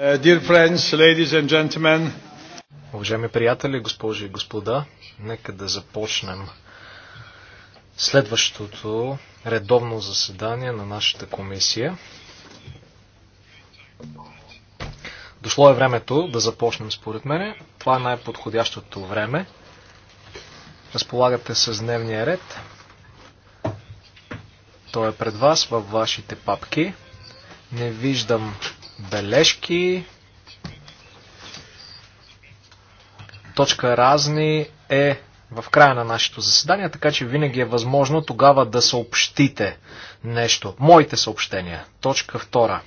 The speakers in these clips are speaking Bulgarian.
Uh, Уважаеми приятели, госпожи и господа, нека да започнем следващото редовно заседание на нашата комисия. Дошло е времето да започнем според мене. Това е най-подходящото време. Разполагате с дневния ред. Той е пред вас във вашите папки. Не виждам бележки. Точка разни е в края на нашето заседание, така че винаги е възможно тогава да съобщите нещо. Моите съобщения. Точка втора.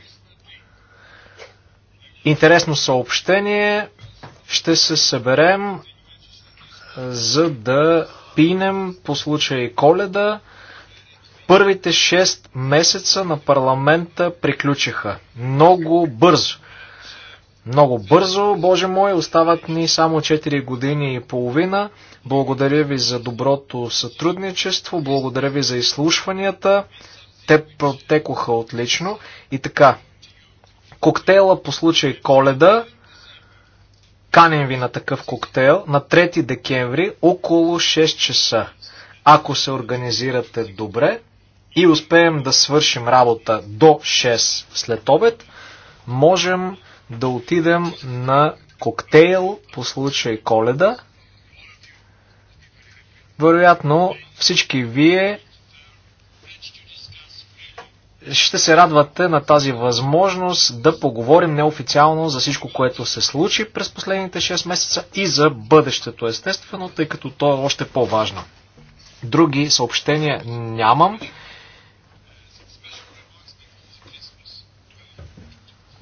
Интересно съобщение. Ще се съберем за да пинем по случай коледа. Първите 6 месеца на парламента приключиха. Много бързо. Много бързо, Боже мой, остават ни само 4 години и половина. Благодаря ви за доброто сътрудничество, благодаря ви за изслушванията. Те протекоха отлично. И така, коктейла по случай коледа, каним ви на такъв коктейл на 3 декември около 6 часа. Ако се организирате добре, и успеем да свършим работа до 6 след обед, можем да отидем на коктейл по случай коледа. Вероятно всички вие ще се радвате на тази възможност да поговорим неофициално за всичко, което се случи през последните 6 месеца и за бъдещето, естествено, тъй като то е още по-важно. Други съобщения нямам.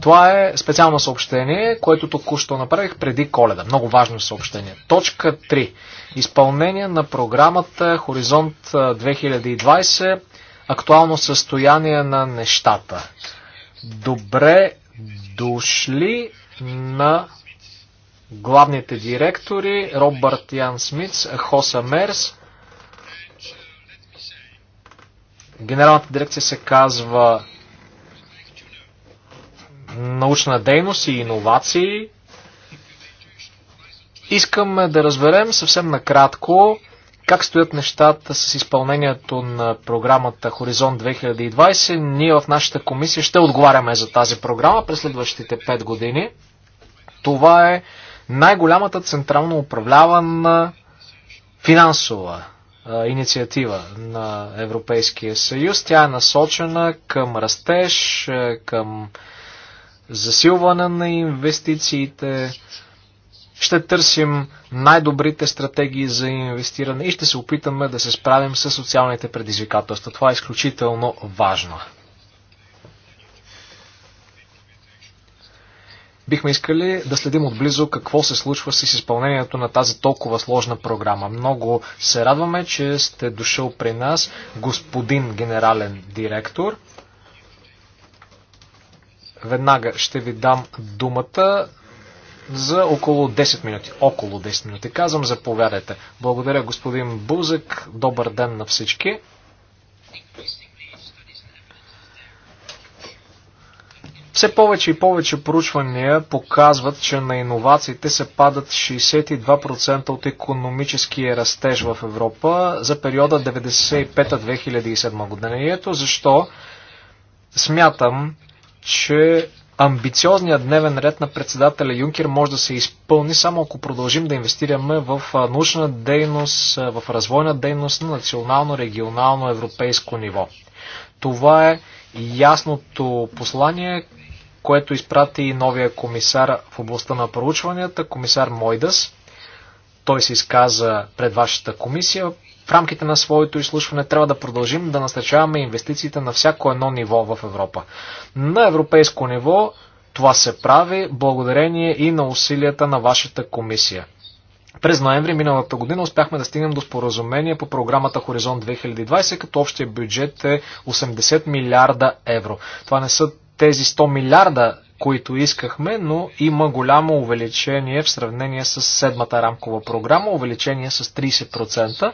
Това е специално съобщение, което току-що направих преди коледа. Много важно съобщение. Точка 3. Изпълнение на програмата Хоризонт 2020. Актуално състояние на нещата. Добре дошли на главните директори Робърт Ян Смитс, Хоса Мерс. Генералната дирекция се казва научна дейност и иновации. Искаме да разберем съвсем накратко как стоят нещата с изпълнението на програмата Хоризонт 2020. Ние в нашата комисия ще отговаряме за тази програма през следващите 5 години. Това е най-голямата централно управлявана финансова инициатива на Европейския съюз. Тя е насочена към растеж, към засилване на инвестициите, ще търсим най-добрите стратегии за инвестиране и ще се опитаме да се справим с социалните предизвикателства. Това е изключително важно. Бихме искали да следим отблизо какво се случва с изпълнението на тази толкова сложна програма. Много се радваме, че сте дошъл при нас господин генерален директор. Веднага ще ви дам думата за около 10 минути. Около 10 минути. Казвам, заповядайте. Благодаря, господин Бузък. Добър ден на всички. Все повече и повече проучвания показват, че на иновациите се падат 62% от економическия растеж в Европа за периода 1995-2007 година. И ето защо смятам, че амбициозният дневен ред на председателя Юнкер може да се изпълни само ако продължим да инвестираме в научна дейност, в развойна дейност на национално, регионално, европейско ниво. Това е ясното послание, което изпрати и новия комисар в областта на проучванията, комисар Мойдас. Той се изказа пред вашата комисия в рамките на своето изслушване трябва да продължим да насърчаваме инвестициите на всяко едно ниво в Европа. На европейско ниво това се прави благодарение и на усилията на вашата комисия. През ноември миналата година успяхме да стигнем до споразумение по програмата Хоризонт 2020, като общия бюджет е 80 милиарда евро. Това не са тези 100 милиарда, които искахме, но има голямо увеличение в сравнение с седмата рамкова програма, увеличение с 30%.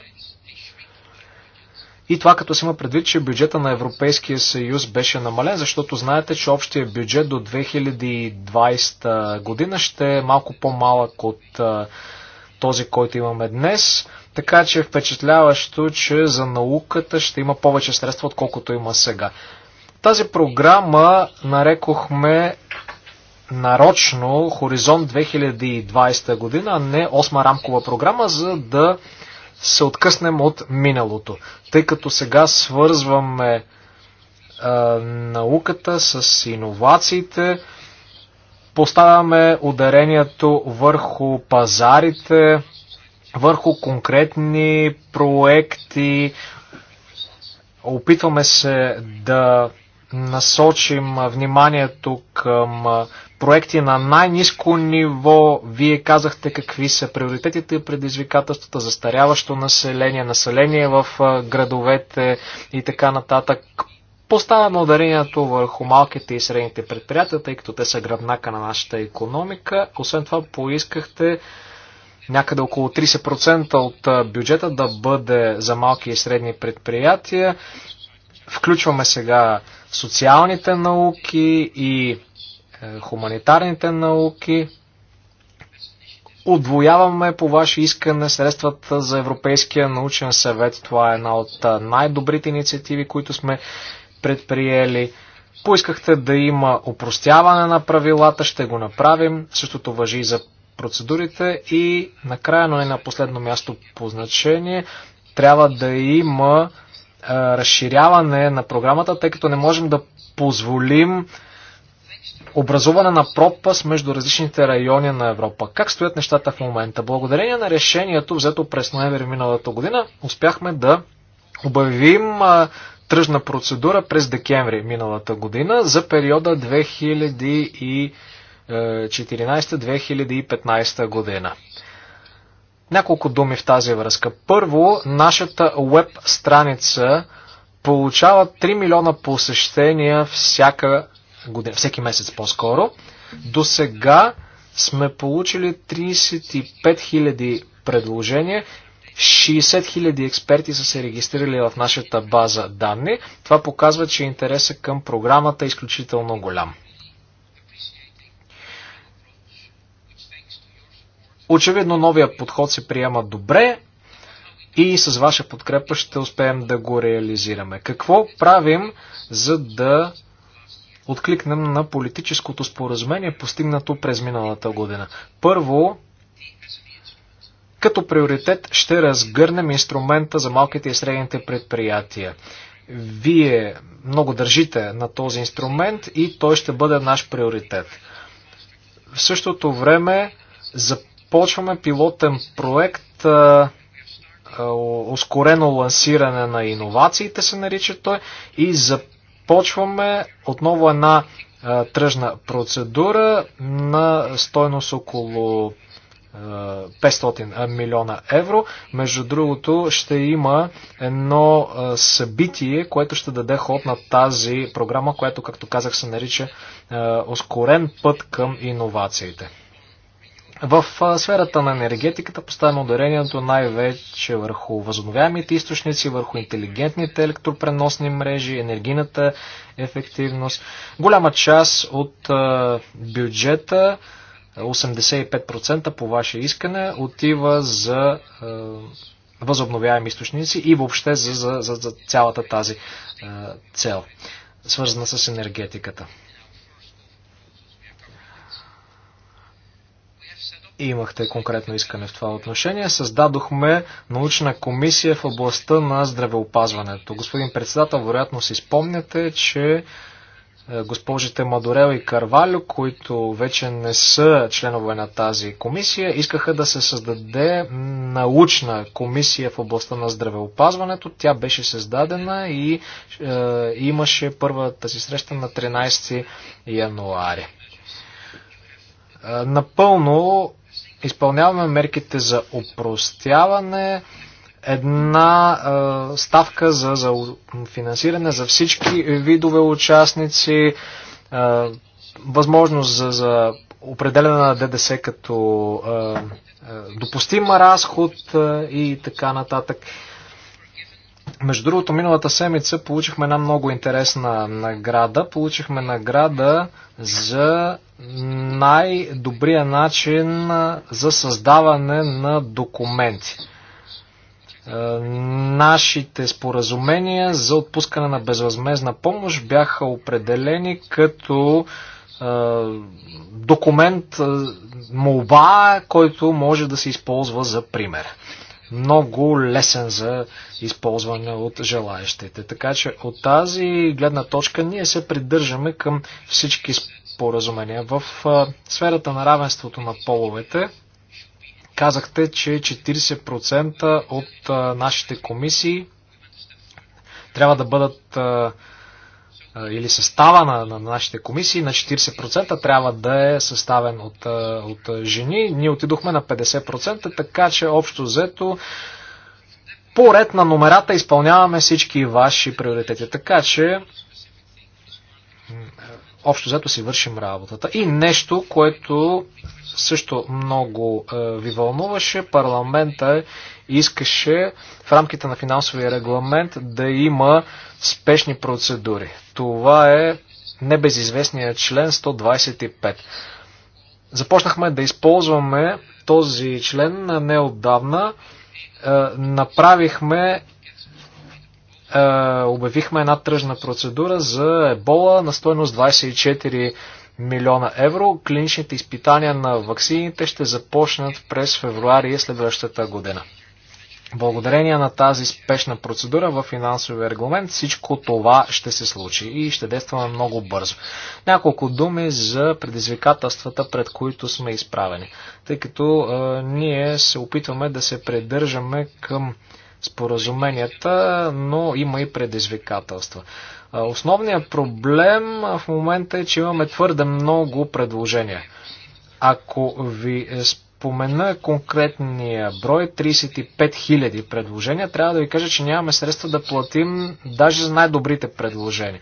И това като се има предвид, че бюджета на Европейския съюз беше намален, защото знаете, че общия бюджет до 2020 година ще е малко по-малък от този, който имаме днес. Така че е впечатляващо, че за науката ще има повече средства, отколкото има сега. Тази програма нарекохме нарочно Хоризонт 2020 година, а не осма рамкова програма, за да се откъснем от миналото, тъй като сега свързваме а, е, науката с иновациите, поставяме ударението върху пазарите, върху конкретни проекти, опитваме се да насочим вниманието към проекти на най-низко ниво. Вие казахте какви са приоритетите и предизвикателствата, застаряващо население, население в градовете и така нататък. Поставяме ударението върху малките и средните предприятия, тъй като те са гръбнака на нашата економика. Освен това поискахте някъде около 30% от бюджета да бъде за малки и средни предприятия. Включваме сега социалните науки и е, хуманитарните науки. Отвояваме по ваше искане средствата за Европейския научен съвет. Това е една от е, най-добрите инициативи, които сме предприели. Поискахте да има опростяване на правилата, ще го направим. Същото въжи и за процедурите и накрая, но не на последно място по значение, трябва да има е, разширяване на програмата, тъй като не можем да позволим образуване на пропаст между различните райони на Европа. Как стоят нещата в момента? Благодарение на решението, взето през ноември миналата година, успяхме да обявим тръжна процедура през декември миналата година за периода 2014-2015 година. Няколко думи в тази връзка. Първо, нашата веб страница получава 3 милиона посещения всяка година, всеки месец по-скоро. До сега сме получили 35 000 предложения. 60 000 експерти са се регистрирали в нашата база данни. Това показва, че интересът към програмата е изключително голям. Очевидно новия подход се приема добре и с ваша подкрепа ще успеем да го реализираме. Какво правим, за да откликнем на политическото споразумение, постигнато през миналата година. Първо, като приоритет ще разгърнем инструмента за малките и средните предприятия. Вие много държите на този инструмент и той ще бъде наш приоритет. В същото време започваме пилотен проект ускорено лансиране на иновациите се нарича той и за Почваме отново една а, тръжна процедура на стойност около 500 милиона евро. Между другото, ще има едно събитие, което ще даде ход на тази програма, която, както казах, се нарича ускорен път към иновациите. В сферата на енергетиката поставяме ударението най-вече върху възобновяемите източници, върху интелигентните електропреносни мрежи, енергийната ефективност. Голяма част от бюджета 85% по ваше искане отива за възобновяеми източници и въобще за, за, за, за цялата тази цел, свързана с енергетиката. и имахте конкретно искане в това отношение. Създадохме научна комисия в областта на здравеопазването. Господин председател, вероятно си спомняте, че е, госпожите Мадорел и Карвалю, които вече не са членове на тази комисия, искаха да се създаде научна комисия в областта на здравеопазването. Тя беше създадена и е, имаше първата си среща на 13 януари. Е, напълно изпълняваме мерките за опростяване, една а, е, ставка за, за финансиране за всички видове участници, а, е, възможност за, за определена на ДДС като а, е, а, допустима разход а, и така нататък. А, между другото, миналата седмица получихме една много интересна награда. Получихме награда за най-добрия начин за създаване на документи. Е, нашите споразумения за отпускане на безвъзмезна помощ бяха определени като е, документ е, молба, който може да се използва за пример много лесен за използване от желаящите. Така че от тази гледна точка ние се придържаме към всички споразумения. В сферата на равенството на половете казахте, че 40% от нашите комисии трябва да бъдат или състава на, на нашите комисии на 40% трябва да е съставен от, от жени. Ние отидохме на 50%, така че общо взето по ред на номерата изпълняваме всички ваши приоритети. Така че общо взето си вършим работата. И нещо, което също много е, ви вълнуваше, парламента е искаше в рамките на финансовия регламент да има спешни процедури. Това е небезизвестният член 125. Започнахме да използваме този член неотдавна. Е, направихме е, обявихме една тръжна процедура за ебола на стоеност 24 милиона евро. Клиничните изпитания на ваксините ще започнат през февруари следващата година. Благодарение на тази спешна процедура в финансовия регламент всичко това ще се случи и ще действаме много бързо. Няколко думи за предизвикателствата, пред които сме изправени, тъй като а, ние се опитваме да се придържаме към споразуменията, но има и предизвикателства. А, основният проблем в момента е, че имаме твърде много предложения. Ако ви спомена конкретния брой 35 000 предложения, трябва да ви кажа, че нямаме средства да платим даже за най-добрите предложения.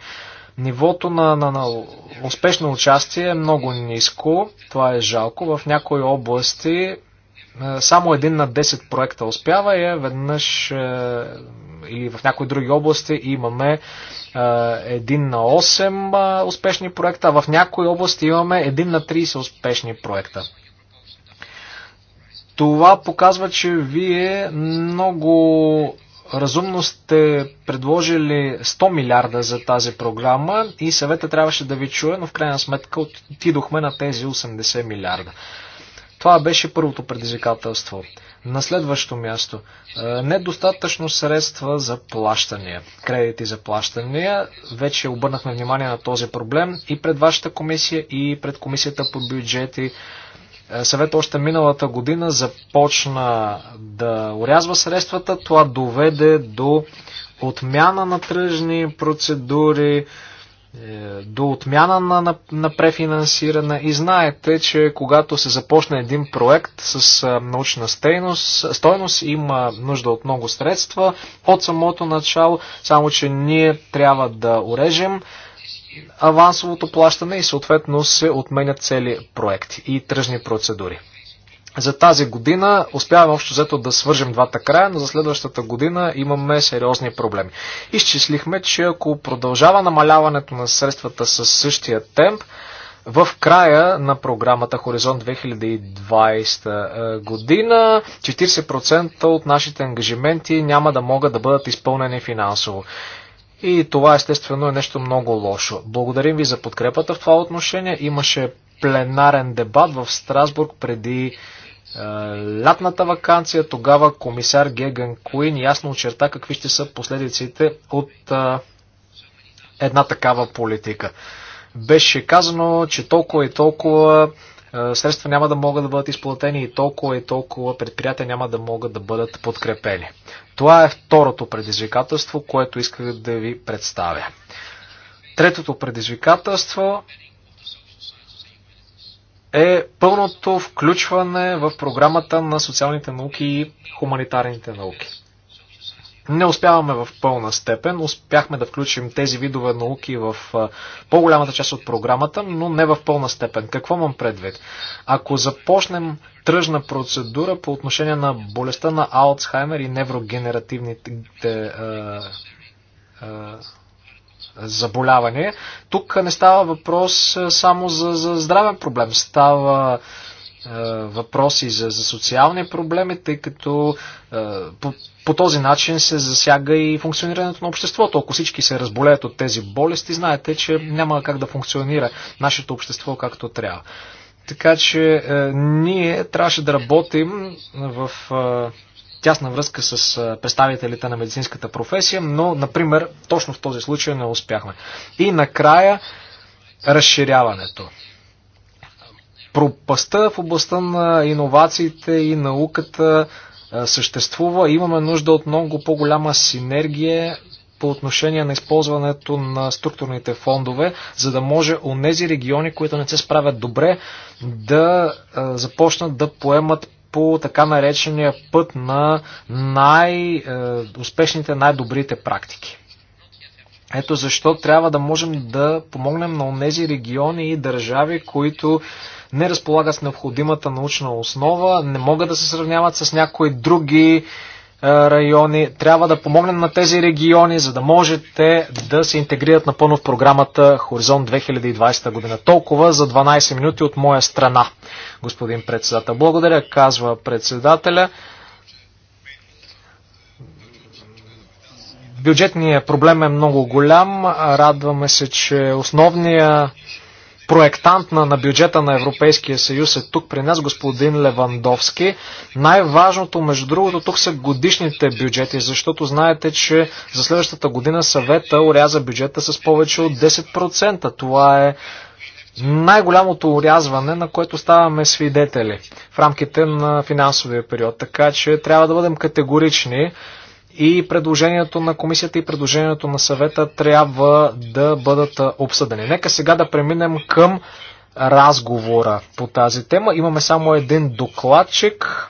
Нивото на, на, на успешно участие е много ниско, това е жалко. В някои области е, само един на 10 проекта успява и е веднъж е, или в някои други области имаме един на 8 успешни проекта, а в някои области имаме един на 30 успешни проекта. Това показва, че вие много разумно сте предложили 100 милиарда за тази програма и съвета трябваше да ви чуе, но в крайна сметка отидохме на тези 80 милиарда. Това беше първото предизвикателство. На следващо място, е, недостатъчно средства за плащания, кредити за плащания. Вече обърнахме внимание на този проблем и пред вашата комисия, и пред комисията по бюджети съвет още миналата година започна да урязва средствата. Това доведе до отмяна на тръжни процедури, е, до отмяна на, на, на префинансиране и знаете, че когато се започне един проект с научна стейност, стойност, има нужда от много средства от самото начало, само че ние трябва да урежем авансовото плащане и съответно се отменят цели проекти и тръжни процедури. За тази година успяваме общо взето да свържем двата края, но за следващата година имаме сериозни проблеми. Изчислихме, че ако продължава намаляването на средствата със същия темп, в края на програмата Хоризонт 2020 е, година 40% от нашите ангажименти няма да могат да бъдат изпълнени финансово. И това естествено е нещо много лошо. Благодарим ви за подкрепата в това отношение. Имаше пленарен дебат в Страсбург преди е, лятната вакансия. Тогава комисар Геган Куин ясно очерта какви ще са последиците от е, една такава политика. Беше казано, че толкова и толкова е, средства няма да могат да бъдат изплатени и толкова и толкова предприятия няма да могат да бъдат подкрепени. Това е второто предизвикателство, което исках да ви представя. Третото предизвикателство е пълното включване в програмата на социалните науки и хуманитарните науки не успяваме в пълна степен. Успяхме да включим тези видове науки в по-голямата част от програмата, но не в пълна степен. Какво имам предвид? Ако започнем тръжна процедура по отношение на болестта на Алцхаймер и неврогенеративните заболявания, тук не става въпрос само за, за здравен проблем. Става въпроси за, за социални проблеми, тъй като е, по, по този начин се засяга и функционирането на обществото. Ако всички се разболеят от тези болести, знаете, че няма как да функционира нашето общество както трябва. Така че е, ние трябваше да работим в е, тясна връзка с представителите на медицинската професия, но, например, точно в този случай не успяхме. И накрая разширяването пропаста в областта на иновациите и науката съществува. Имаме нужда от много по-голяма синергия по отношение на използването на структурните фондове, за да може нези региони, които не се справят добре, да започнат да поемат по така наречения път на най-успешните, най-добрите практики. Ето защо трябва да можем да помогнем на тези региони и държави, които не разполага с необходимата научна основа, не могат да се сравняват с някои други е, райони. Трябва да помогнем на тези региони, за да можете да се интегрират напълно в програмата Хоризонт 2020 година. Толкова за 12 минути от моя страна, господин председател. Благодаря, казва председателя. Бюджетният проблем е много голям. Радваме се, че основният проектант на, на бюджета на Европейския съюз е тук при нас, господин Левандовски. Най-важното, между другото, тук са годишните бюджети, защото знаете, че за следващата година съвета уряза бюджета с повече от 10%. Това е най-голямото урязване, на което ставаме свидетели в рамките на финансовия период. Така че трябва да бъдем категорични и предложението на комисията и предложението на съвета трябва да бъдат обсъдени. Нека сега да преминем към разговора по тази тема. Имаме само един докладчик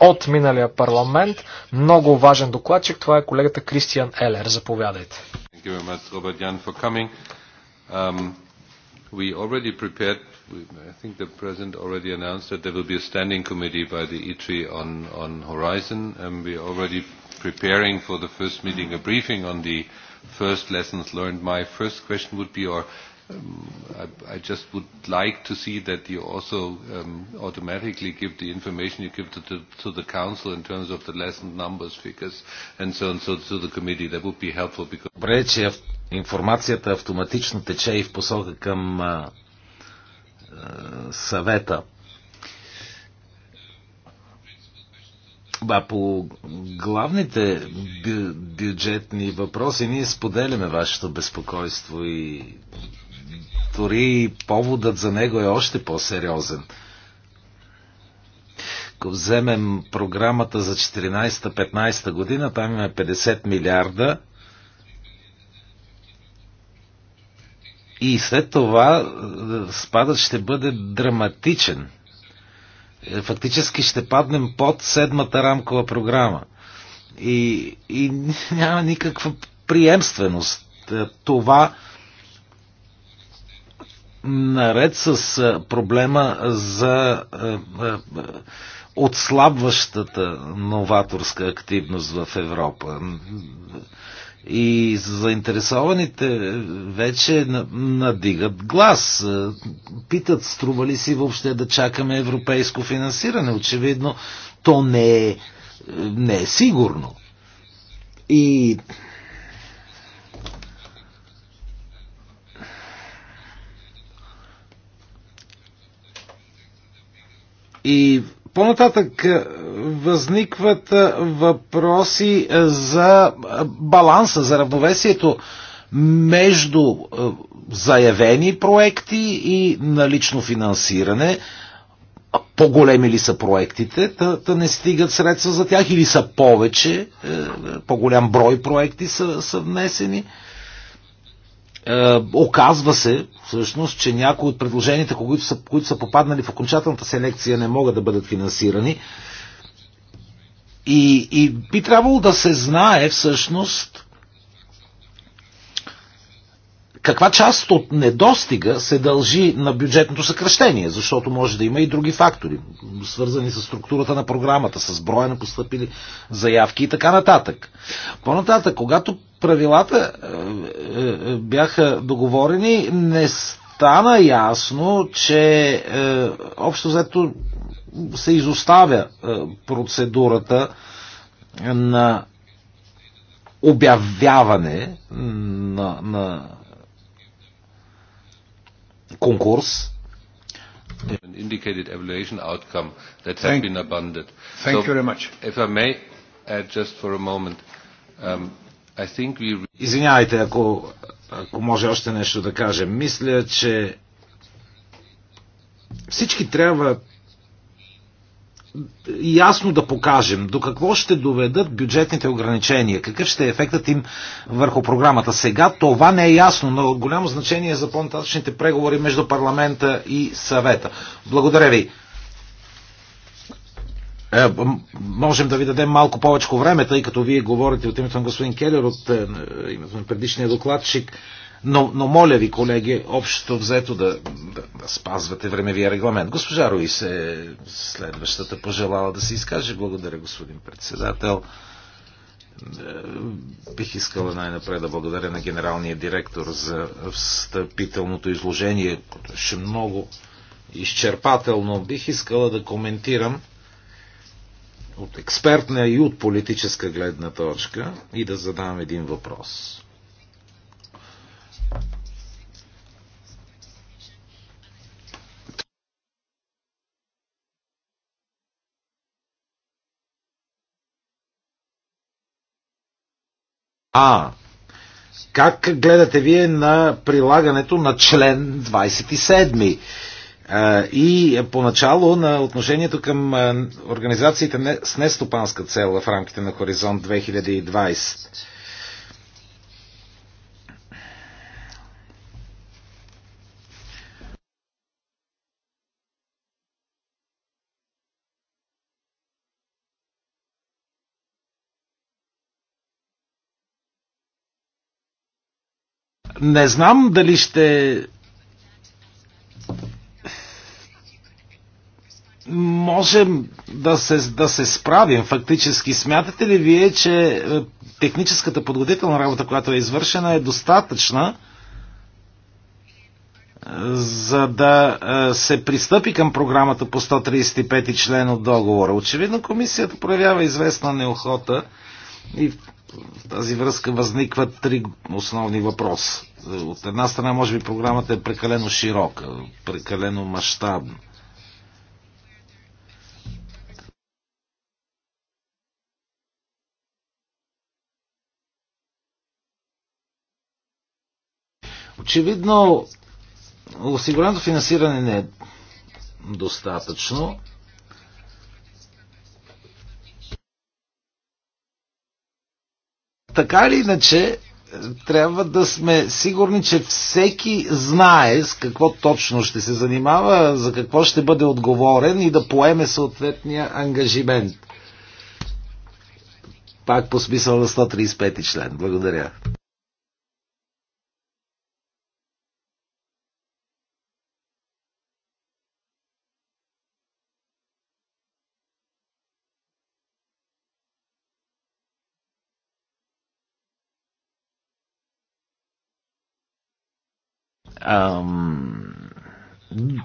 от миналия парламент. Много важен докладчик. Това е колегата Кристиан Елер. Заповядайте. Um, I think the President already announced that there will be a standing committee by the ITRI e on, on Horizon, and we already preparing for the first meeting a briefing on the first lessons learned, my first question would be, or um, I, I just would like to see that you also um, automatically give the information you give to, to, to the council in terms of the lesson numbers, figures, and so on, so to the committee. That would be helpful because. Добре, че информацията автоматично тече и в посока към съвета А по главните бю- бюджетни въпроси ние споделяме вашето безпокойство и дори поводът за него е още по-сериозен. Ако вземем програмата за 14-15 година, там има 50 милиарда и след това е, спадът ще бъде драматичен – фактически ще паднем под седмата рамкова програма. И, и няма никаква приемственост. Е, това наред с е, проблема за е, отслабващата новаторска активност в Европа. И заинтересованите вече надигат глас. Питат, струва ли си въобще да чакаме европейско финансиране. Очевидно, то не е, не е сигурно. И И по-нататък е, възникват е, въпроси е, за баланса, за равновесието между заявени проекти и налично финансиране. По-големи ли са проектите, да, да не стигат средства за тях или са повече, по-голям брой проекти са, са внесени. Е, оказва се, всъщност, че някои от предложенията, които са, които са попаднали в окончателната селекция, не могат да бъдат финансирани. И, и би трябвало да се знае, всъщност, каква част от недостига се дължи на бюджетното съкръщение, защото може да има и други фактори, свързани с структурата на програмата, с броя на поступили заявки и така нататък. По-нататък, когато правилата бяха договорени, не стана ясно, че общо взето се изоставя процедурата на обявяване на, на конкурс. An indicated evaluation outcome that has been abundant. Thank so, you very much. If I may add just for a moment, um, Извинявайте, ако, ако може още нещо да кажа. Мисля, че всички трябва ясно да покажем до какво ще доведат бюджетните ограничения, какъв ще е ефектът им върху програмата. Сега това не е ясно, но голямо значение е за по-нататъчните преговори между парламента и съвета. Благодаря ви. Е, можем да ви дадем малко повече време, тъй като вие говорите от името на господин Келер, от е, е, името на предишния докладчик. Но, но моля ви, колеги, общото взето да, да, да спазвате времевия регламент. Госпожа Руис е следващата пожелала да се изкаже. Благодаря, господин председател. Бих искала най-напред да благодаря на генералния директор за встъпителното изложение, което ще много изчерпателно. Бих искала да коментирам от експертна и от политическа гледна точка и да задам един въпрос. А, как гледате вие на прилагането на член 27? и поначало на отношението към организациите с нестопанска цел в рамките на Хоризонт 2020. Не знам дали ще можем да се, да се справим фактически? Смятате ли вие, че е, техническата подготвителна работа, която е извършена, е достатъчна, е, за да е, се пристъпи към програмата по 135 член от договора? Очевидно комисията проявява известна неохота и в тази връзка възникват три основни въпроса. От една страна, може би програмата е прекалено широка, прекалено мащабна Очевидно, осигуреното финансиране не е достатъчно. Така или иначе, трябва да сме сигурни, че всеки знае с какво точно ще се занимава, за какво ще бъде отговорен и да поеме съответния ангажимент. Пак по смисъл на 135 член. Благодаря.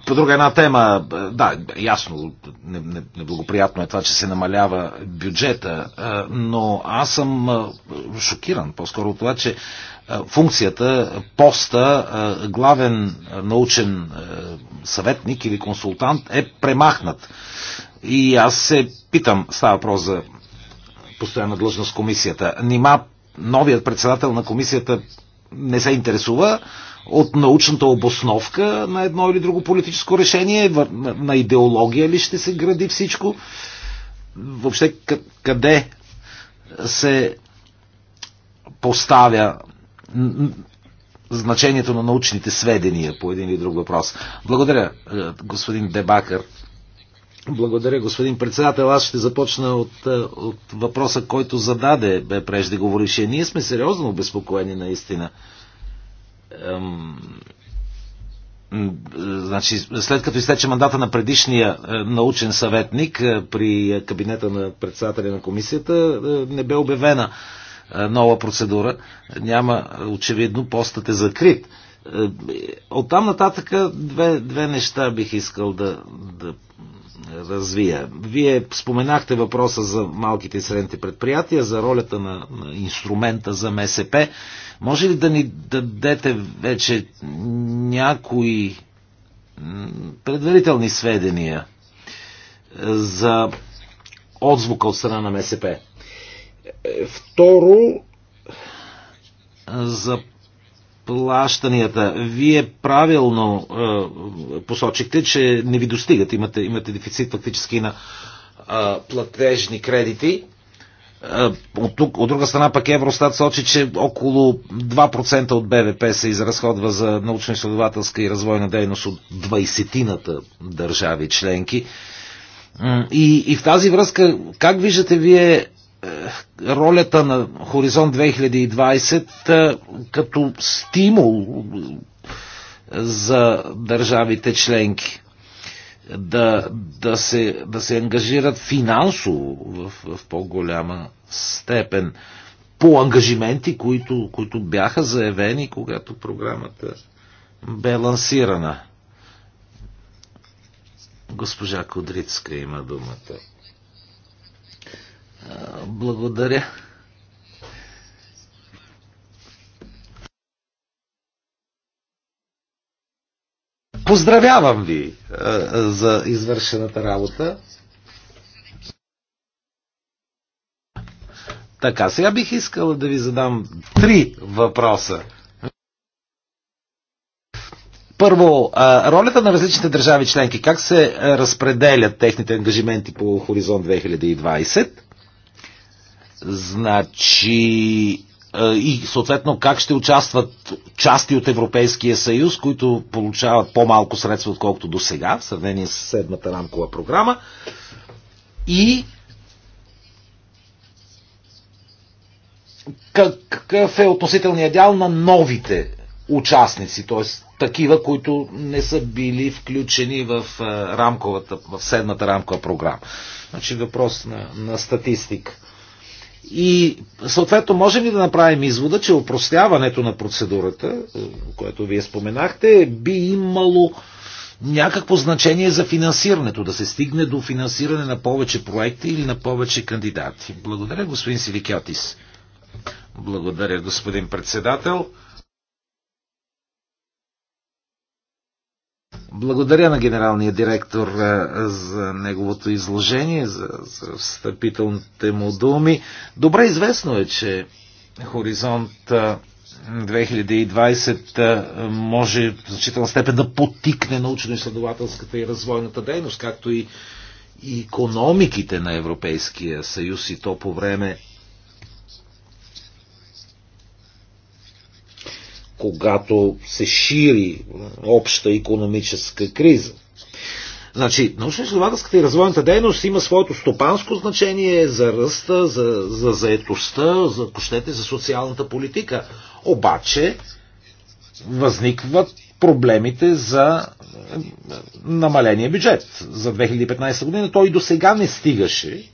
По друга една тема, да, ясно, неблагоприятно е това, че се намалява бюджета, но аз съм шокиран по-скоро от това, че функцията, поста, главен научен съветник или консултант е премахнат. И аз се питам, става въпрос за постоянна длъжност комисията. Нима новият председател на комисията не се интересува от научната обосновка на едно или друго политическо решение, на идеология ли ще се гради всичко, въобще къде се поставя значението на научните сведения по един или друг въпрос. Благодаря, е, господин Дебакър. Благодаря, господин председател. Аз ще започна от, е, от въпроса, който зададе бе преждеговорише. Ние сме сериозно обезпокоени наистина. Ем... Значи, след като изтече мандата на предишния е, научен съветник е, при кабинета на председателя на комисията, не бе обявена нова процедура. Няма, очевидно, постът е закрит. От там нататък две, две неща бих искал да, да развия. Вие споменахте въпроса за малките и средните предприятия, за ролята на, на инструмента за МСП. Може ли да ни дадете вече някои предварителни сведения е, за отзвука от страна на МСП? Е, второ, за плащанията. Вие правилно е, посочихте, че не ви достигат. Имате, имате дефицит фактически на е, платежни кредити. Е, от, тук, от друга страна пък Евростат сочи, че около 2% от БВП се изразходва за научно-изследователска и развойна дейност от 20-тината държави членки. И, и в тази връзка, как виждате вие е, ролята на Хоризонт 2020 е, като стимул е, за държавите членки да, да, се, да се ангажират финансово в, в по-голяма степен по ангажименти, които, които бяха заявени, когато програмата бе лансирана. Госпожа Кодрицка има думата. Благодаря. Поздравявам ви е, за извършената работа. Така, сега бих искала да ви задам три въпроса. Първо, е, ролята на различните държави членки, как се разпределят техните ангажименти по Хоризонт 2020? Значи и съответно как ще участват части от Европейския съюз, които получават по-малко средства, отколкото до сега, в сравнение с седмата рамкова програма. И какъв е относителният дял на новите участници, т.е. такива, които не са били включени в, рамковата, в седмата рамкова програма. Значи въпрос на, на статистика. И съответно можем ли да направим извода, че опростяването на процедурата, е, което вие споменахте, би имало някакво значение за финансирането, да се стигне до финансиране на повече проекти или на повече кандидати. Благодаря, господин Силикиотис. Благодаря, господин председател. Благодаря на генералния директор е, за неговото изложение, за, за встъпителните му думи. Добре известно е, че Хоризонт 2020 е, е, може в значителна степен да потикне научно-изследователската и развойната дейност, както и, и економиките на Европейския съюз и то по време когато се шири обща економическа криза. Значи, научно-изследователската и развойната дейност има своето стопанско значение за ръста, за, за заетостта, за, кощете, за социалната политика. Обаче, възникват проблемите за е, намаления бюджет за 2015 година. Той и до сега не стигаше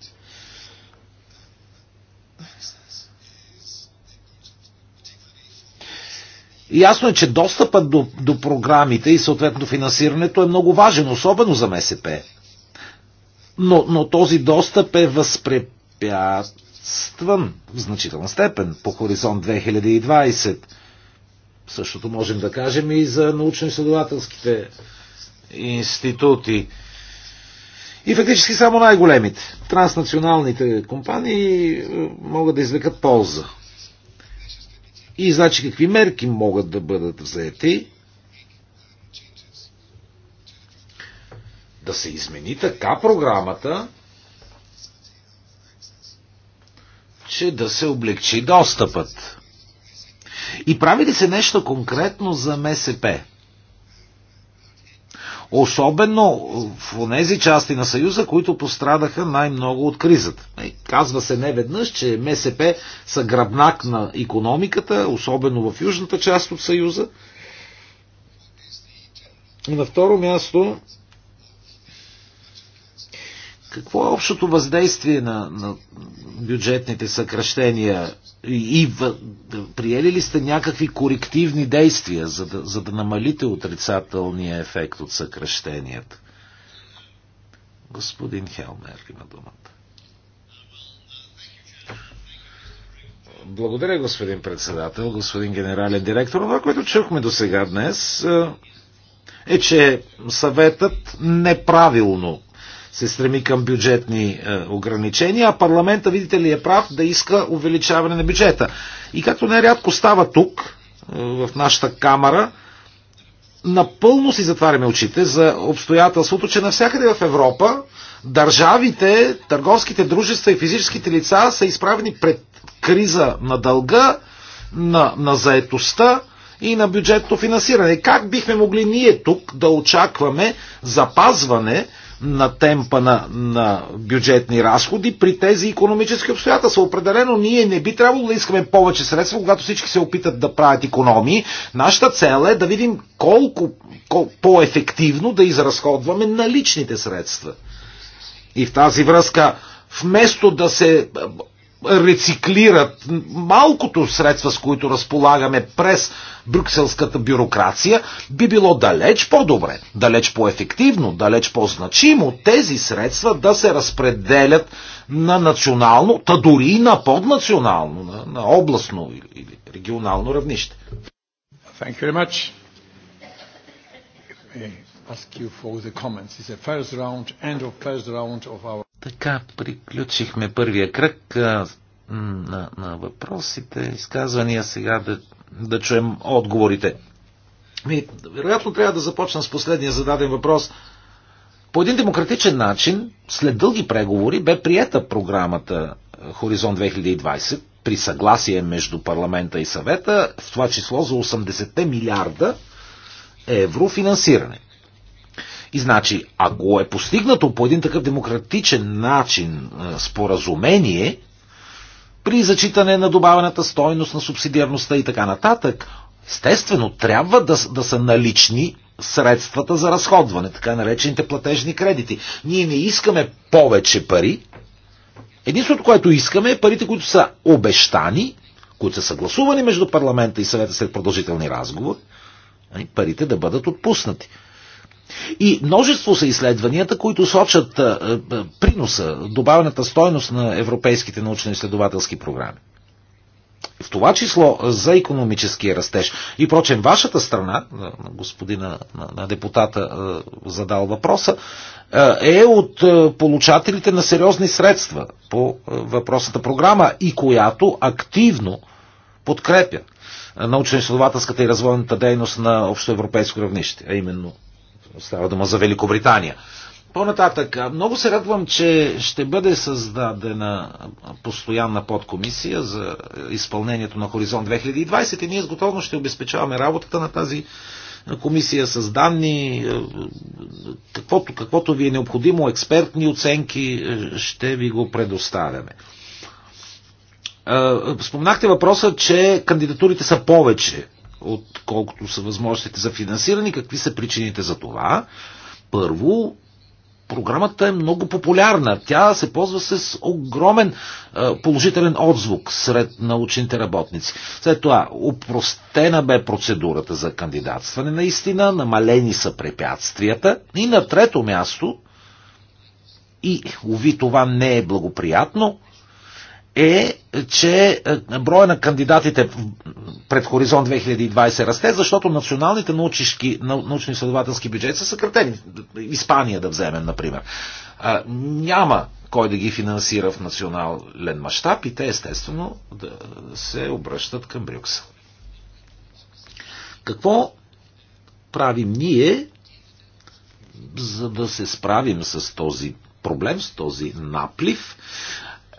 Ясно е, че достъпът до, до програмите и съответно финансирането е много важен, особено за МСП. Но, но този достъп е възпрепятстван в значителна степен по хоризонт 2020. Същото можем да кажем и за научно-изследователските институти. И фактически само най-големите транснационалните компании е, могат да извлекат полза и значи какви мерки могат да бъдат взети да се измени така програмата, че да се облегчи достъпът. И прави ли се нещо конкретно за МСП? особено в тези части на Съюза, които пострадаха най-много от кризата. Е, казва се не веднъж, че МСП са гръбнак на економиката, особено в южната част от Съюза. И на второ място какво е общото въздействие на, на бюджетните съкръщения и, и приели ли сте някакви корективни действия, за да, за да намалите отрицателния ефект от съкръщенията? Господин Хелмер има думата. Благодаря, господин председател, господин генерален директор. Това, което чухме до сега днес, е, е че съветът неправилно се стреми към бюджетни е, ограничения, а парламента, видите ли, е прав да иска увеличаване на бюджета. И както нерядко става тук, е, в нашата камера, напълно си затваряме очите за обстоятелството, че навсякъде в Европа държавите, търговските дружества и физическите лица са изправени пред криза на дълга, на, на заетостта и на бюджетно финансиране. Как бихме могли ние тук да очакваме запазване на темпа на, на бюджетни разходи при тези економически обстоятелства. Определено ние не би трябвало да искаме повече средства, когато всички се опитат да правят економии. Нашата цел е да видим колко, колко по-ефективно да изразходваме наличните средства. И в тази връзка, вместо да се рециклират малкото средства, с които разполагаме през брюкселската бюрокрация, би било далеч по-добре, далеч по-ефективно, далеч по-значимо тези средства да се разпределят на национално, та дори и на поднационално, на, на областно или, регионално равнище. Thank you very much ask you for the comments. It's the first round, end of first round of our... Така приключихме първия кръг а, на, на въпросите, изказвания. Сега да, да чуем отговорите. Ми, вероятно трябва да започна с последния зададен въпрос. По един демократичен начин, след дълги преговори, бе приета програмата е, Хоризонт 2020 при съгласие между парламента и съвета, в това число за 80 милиарда евро финансиране. И значи, ако е постигнато по един такъв демократичен начин е, споразумение, при зачитане на добавената стойност на субсидиарността и така нататък, естествено трябва да, да са налични средствата за разходване, така наречените платежни кредити. Ние не искаме повече пари. единството, което искаме е парите, които са обещани, които са съгласувани между парламента и съвета след продължителни разговори, нали, парите да бъдат отпуснати. И множество са изследванията, които сочат приноса, добавената стойност на европейските научно-изследователски програми. В това число за економическия растеж. И прочен, вашата страна, господина на депутата задал въпроса, е от получателите на сериозни средства по въпросната програма и която активно подкрепя научно-изследователската и развойната дейност на общоевропейско равнище, а именно Става дума за Великобритания. По-нататък, много се радвам, че ще бъде създадена постоянна подкомисия за изпълнението на Хоризонт 2020 и ние с готовност ще обезпечаваме работата на тази комисия с данни, е, каквото, каквото ви е необходимо, експертни оценки е, ще ви го предоставяме. Е, спомнахте въпроса, че кандидатурите са повече отколкото са възможностите за финансиране. Какви са причините за това? Първо, програмата е много популярна. Тя се ползва с огромен положителен отзвук сред научните работници. След това, упростена бе процедурата за кандидатстване наистина, намалени са препятствията и на трето място, и уви това не е благоприятно, е, че е, броя на кандидатите пред Хоризонт 2020 расте, защото националните научно-изследователски бюджети са съкратени. Испания да вземем, например. А, няма кой да ги финансира в национален мащаб и те естествено да се обръщат към Брюксел. Какво правим ние, за да се справим с този проблем, с този наплив?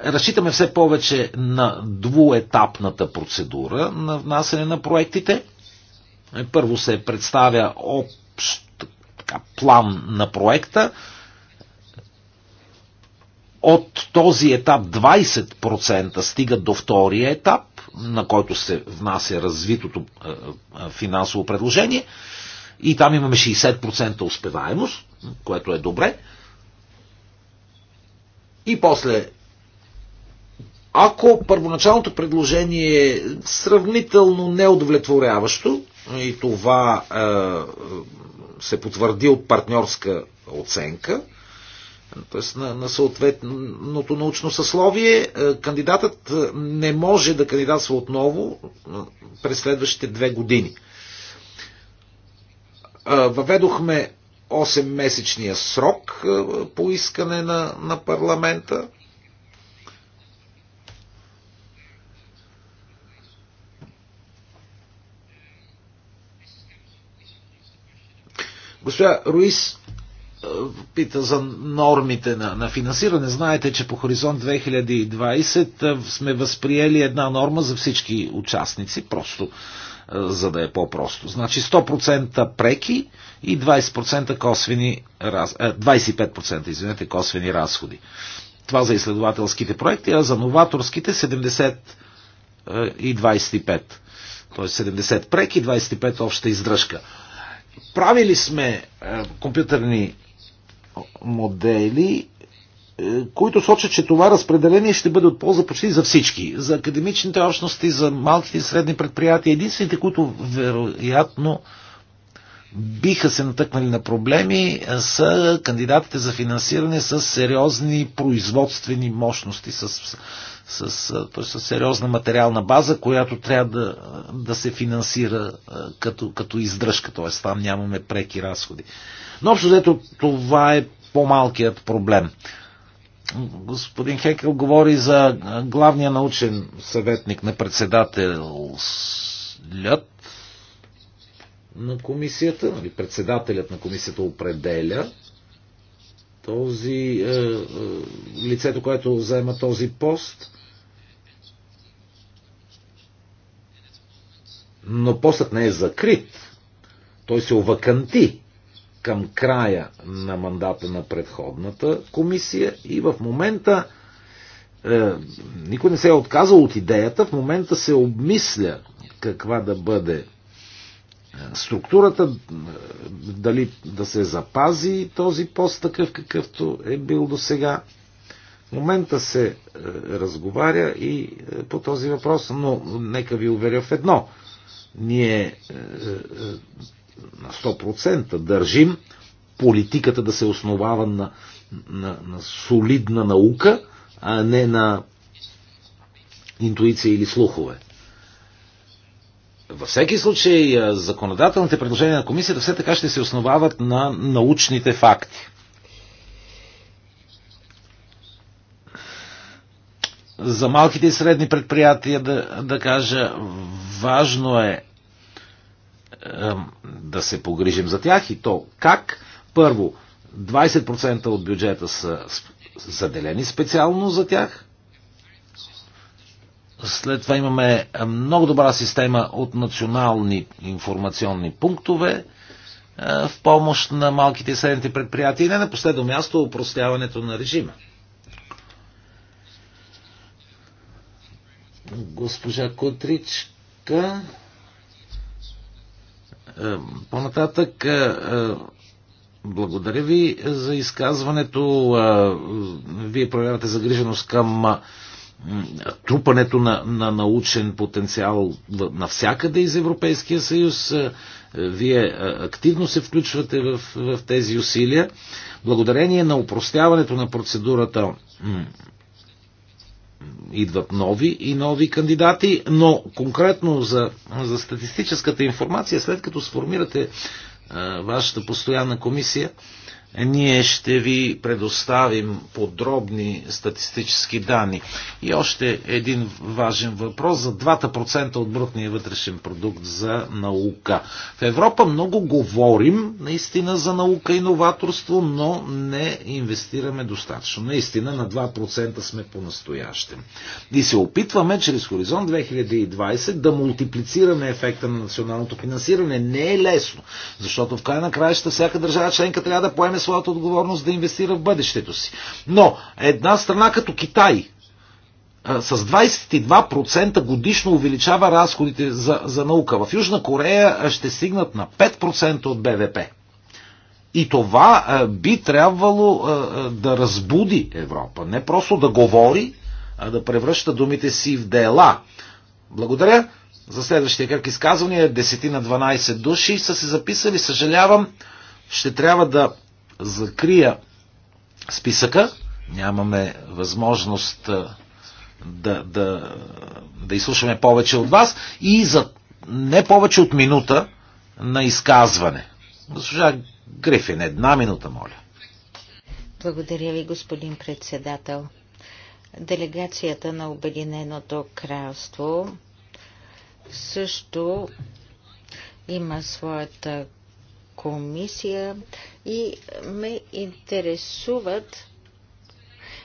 Разчитаме все повече на двуетапната процедура на внасене на проектите. Първо се представя общ така, план на проекта. От този етап 20% стигат до втория етап, на който се внася развитото е, е, финансово предложение. И там имаме 60% успеваемост, което е добре. И после ако първоначалното предложение е сравнително неудовлетворяващо, и това е, се потвърди от партньорска оценка, т.е. На, на съответното научно съсловие, е, кандидатът не може да кандидатства отново е, през следващите две години. Е, въведохме 8-месечния срок е, по искане на, на парламента Госпожа Руис е, пита за нормите на, на финансиране. Знаете, че по Хоризонт 2020 е, сме възприели една норма за всички участници, просто е, за да е по-просто. Значи 100% преки и 20% косвени, 25% извинете, косвени разходи. Това за изследователските проекти, а за новаторските 70 и 25. Тоест 70 преки, 25 обща издръжка правили сме е, компютърни модели, е, които сочат, че това разпределение ще бъде от полза почти за всички. За академичните общности, за малките и средни предприятия, единствените, които вероятно биха се натъкнали на проблеми, е, са кандидатите за финансиране с сериозни производствени мощности, с с, с сериозна материална база, която трябва да, да се финансира като, като издръжка, т.е. там нямаме преки разходи. Но общо взето това е по-малкият проблем. Господин Хекел говори за главния научен съветник на председател председателят на комисията, нали, председателят на комисията определя този е, е, лицето, което взема този пост. но постът не е закрит. Той се оваканти към края на мандата на предходната комисия и в момента е, никой не се е отказал от идеята, в момента се обмисля каква да бъде е, структурата, е, дали да се запази този пост такъв какъвто е бил до сега. В момента се е, разговаря и по този въпрос, но нека ви уверя в едно – ние е, е, на 100% държим политиката да се основава на, на, на солидна наука, а не на интуиция или слухове. Във всеки случай, е, законодателните предложения на комисията все така ще се основават на научните факти. За малките и средни предприятия да, да кажа, важно е, е да се погрижим за тях и то как? Първо, 20% от бюджета са заделени специално за тях. След това имаме много добра система от национални информационни пунктове е, в помощ на малките и средните предприятия и не на последно място упростяването на режима. госпожа Кутричка. Е, по-нататък, е, е, благодаря ви за изказването. Вие проявявате загриженост към трупането на, на научен потенциал навсякъде из Европейския съюз. Вие активно се включвате в, в тези усилия. Благодарение на упростяването на процедурата идват нови и нови кандидати, но конкретно за, за статистическата информация, след като сформирате вашата постоянна комисия, ние ще ви предоставим подробни статистически данни. И още един важен въпрос за 2% от брутния вътрешен продукт за наука. В Европа много говорим наистина за наука и новаторство, но не инвестираме достатъчно. Наистина на 2% сме по настояще И се опитваме чрез Хоризонт 2020 да мултиплицираме ефекта на националното финансиране. Не е лесно, защото в края на краища всяка държава членка трябва да поеме е своята отговорност да инвестира в бъдещето си. Но една страна като Китай, с 22% годишно увеличава разходите за, за наука. В Южна Корея ще стигнат на 5% от БВП. И това би трябвало да разбуди Европа. Не просто да говори, а да превръща думите си в дела. Благодаря. За следващия кръг изказвания 10 на 12 души са се записали. Съжалявам, ще трябва да закрия списъка. Нямаме възможност да, да, да изслушаме повече от вас и за не повече от минута на изказване. Госпожа Грифин, една минута, моля. Благодаря ви, господин председател. Делегацията на Обединеното кралство също има своята комисия и ме интересуват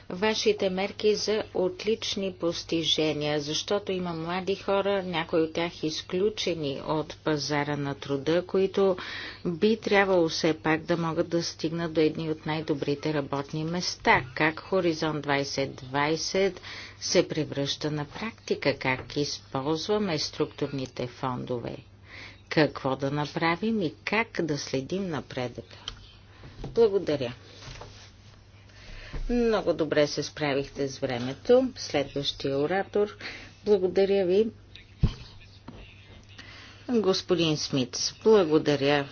вашите мерки за отлични постижения, защото има млади хора, някои от тях изключени от пазара на труда, които би трябвало все пак да могат да стигнат до едни от най-добрите работни места. Как Хоризонт 2020 се превръща на практика, как използваме структурните фондове какво да направим и как да следим напредъка. Благодаря. Много добре се справихте с времето. Следващия оратор. Благодаря ви. Господин Смитс, благодаря,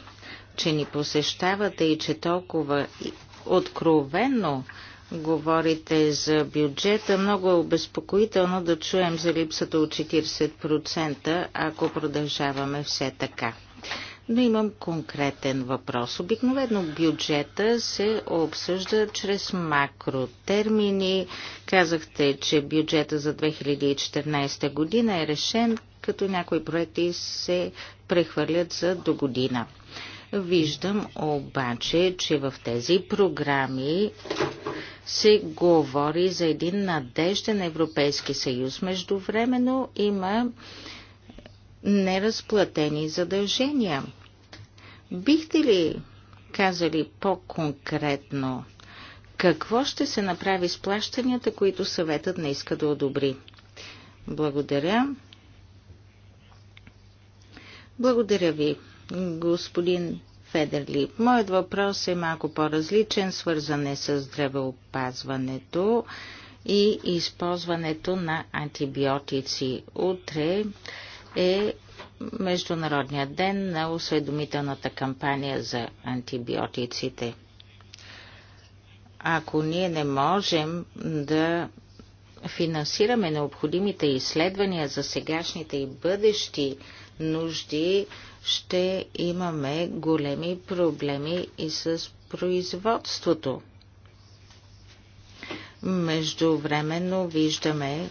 че ни посещавате и че толкова откровенно говорите за бюджета. Много е обезпокоително да чуем за липсата от 40%, ако продължаваме все така. Но имам конкретен въпрос. Обикновено бюджета се обсъжда чрез макротермини. Казахте, че бюджета за 2014 година е решен, като някои проекти се прехвърлят за до година. Виждам обаче, че в тези програми се говори за един надежден Европейски съюз. Междувременно има неразплатени задължения. Бихте ли казали по-конкретно какво ще се направи с плащанията, които съветът не иска да одобри? Благодаря. Благодаря ви, господин Федерли. Моят въпрос е малко по-различен, свързан е с здравеопазването и използването на антибиотици. Утре е Международният ден на осведомителната кампания за антибиотиците. Ако ние не можем да финансираме необходимите изследвания за сегашните и бъдещи нужди, ще имаме големи проблеми и с производството. Междувременно виждаме,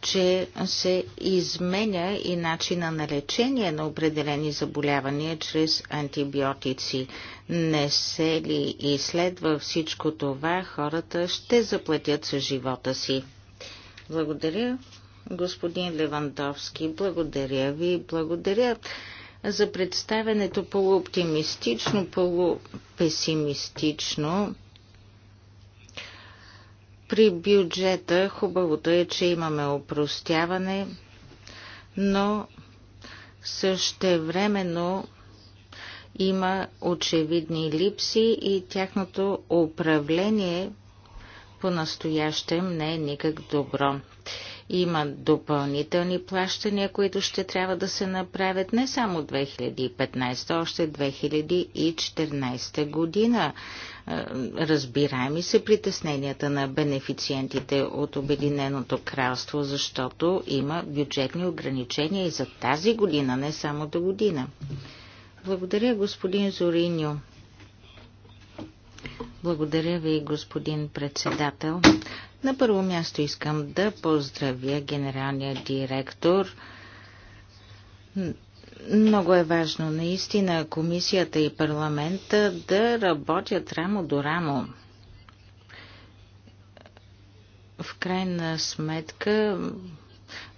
че се изменя и начина на лечение на определени заболявания чрез антибиотици. Не се ли изследва всичко това, хората ще заплатят с живота си. Благодаря господин Левандовски. Благодаря ви, благодаря за представенето полуоптимистично, полупесимистично. При бюджета хубавото е, че имаме опростяване, но същевременно има очевидни липси и тяхното управление по-настоящем не е никак добро. Има допълнителни плащания, които ще трябва да се направят не само 2015, още 2014 година. Е, разбираеми се притесненията на бенефициентите от Обединеното кралство, защото има бюджетни ограничения и за тази година, не само до година. Благодаря, господин Зориньо. Благодаря ви, господин председател. На първо място искам да поздравя генералния директор. Много е важно наистина комисията и парламента да работят рамо до рамо. В крайна сметка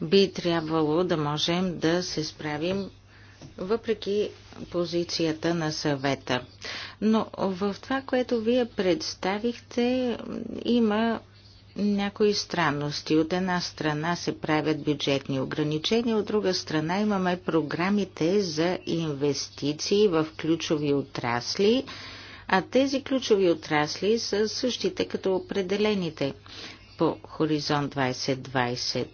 би трябвало да можем да се справим въпреки позицията на съвета. Но в това, което вие представихте, има някои странности. От една страна се правят бюджетни ограничения, от друга страна имаме програмите за инвестиции в ключови отрасли, а тези ключови отрасли са същите като определените по Хоризонт 2020.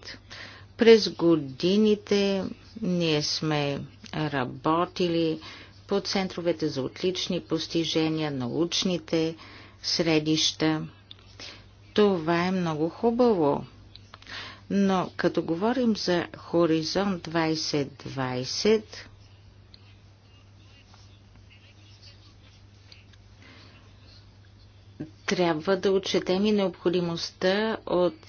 През годините ние сме работили по центровете за отлични постижения, научните средища. Това е много хубаво. Но като говорим за Хоризонт 2020, трябва да отчетем и необходимостта от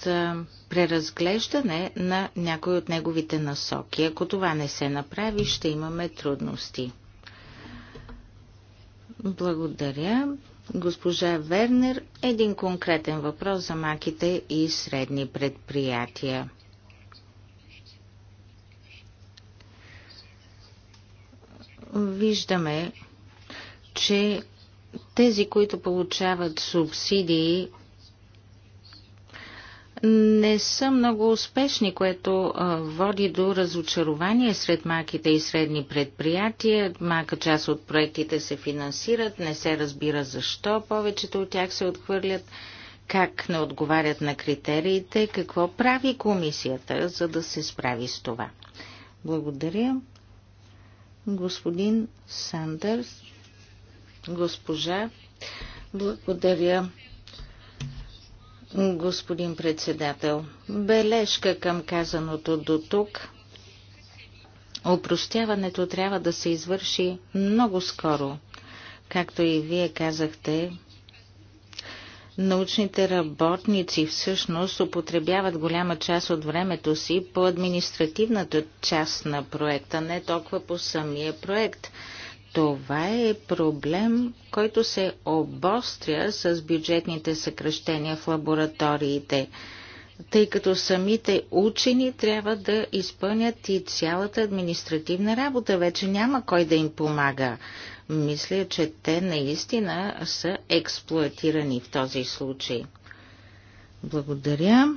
преразглеждане на някои от неговите насоки. Ако това не се направи, ще имаме трудности. Благодаря госпожа Вернер един конкретен въпрос за маките и средни предприятия. Виждаме, че тези, които получават субсидии не са много успешни, което води до разочарование сред малките и средни предприятия. Малка част от проектите се финансират, не се разбира защо повечето от тях се отхвърлят, как не отговарят на критериите, какво прави комисията, за да се справи с това. Благодаря. Господин Сандърс, госпожа, благодаря господин председател. Бележка към казаното до тук. Опростяването трябва да се извърши много скоро. Както и вие казахте, научните работници всъщност употребяват голяма част от времето си по административната част на проекта, не толкова по самия проект – това е проблем, който се обостря с бюджетните съкръщения в лабораториите, тъй като самите учени трябва да изпълнят и цялата административна работа. Вече няма кой да им помага. Мисля, че те наистина са експлуатирани в този случай. Благодаря.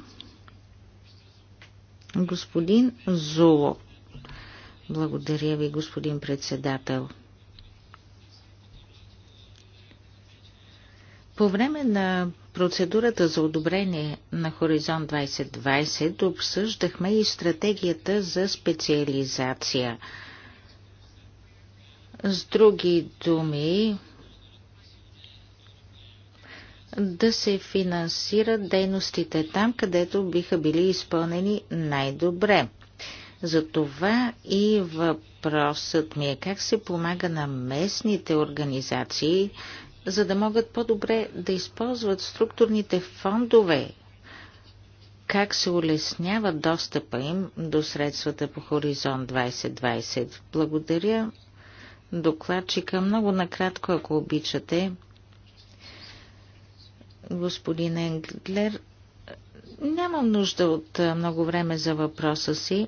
Господин Золо, Благодаря ви, господин председател. По време на процедурата за одобрение на Хоризонт 2020 обсъждахме и стратегията за специализация. С други думи, да се финансират дейностите там, където биха били изпълнени най-добре. Затова и въпросът ми е как се помага на местните организации за да могат по-добре да използват структурните фондове, как се улеснява достъпа им до средствата по Хоризонт 2020. Благодаря докладчика. Много накратко, ако обичате, господин Енглер, нямам нужда от много време за въпроса си.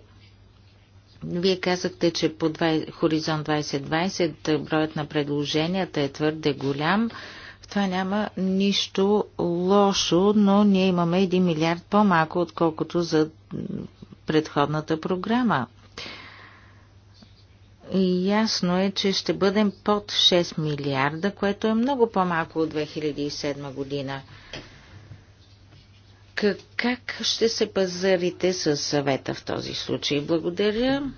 Вие казахте, че по 20, Хоризонт 2020 е, броят на предложенията е твърде голям. В това няма нищо лошо, но ние имаме 1 милиард по-малко, отколкото за предходната програма. И ясно е, че ще бъдем под 6 милиарда, което е много по-малко от 2007 година. Как ще се пазарите с съвета в този случай? Благодаря.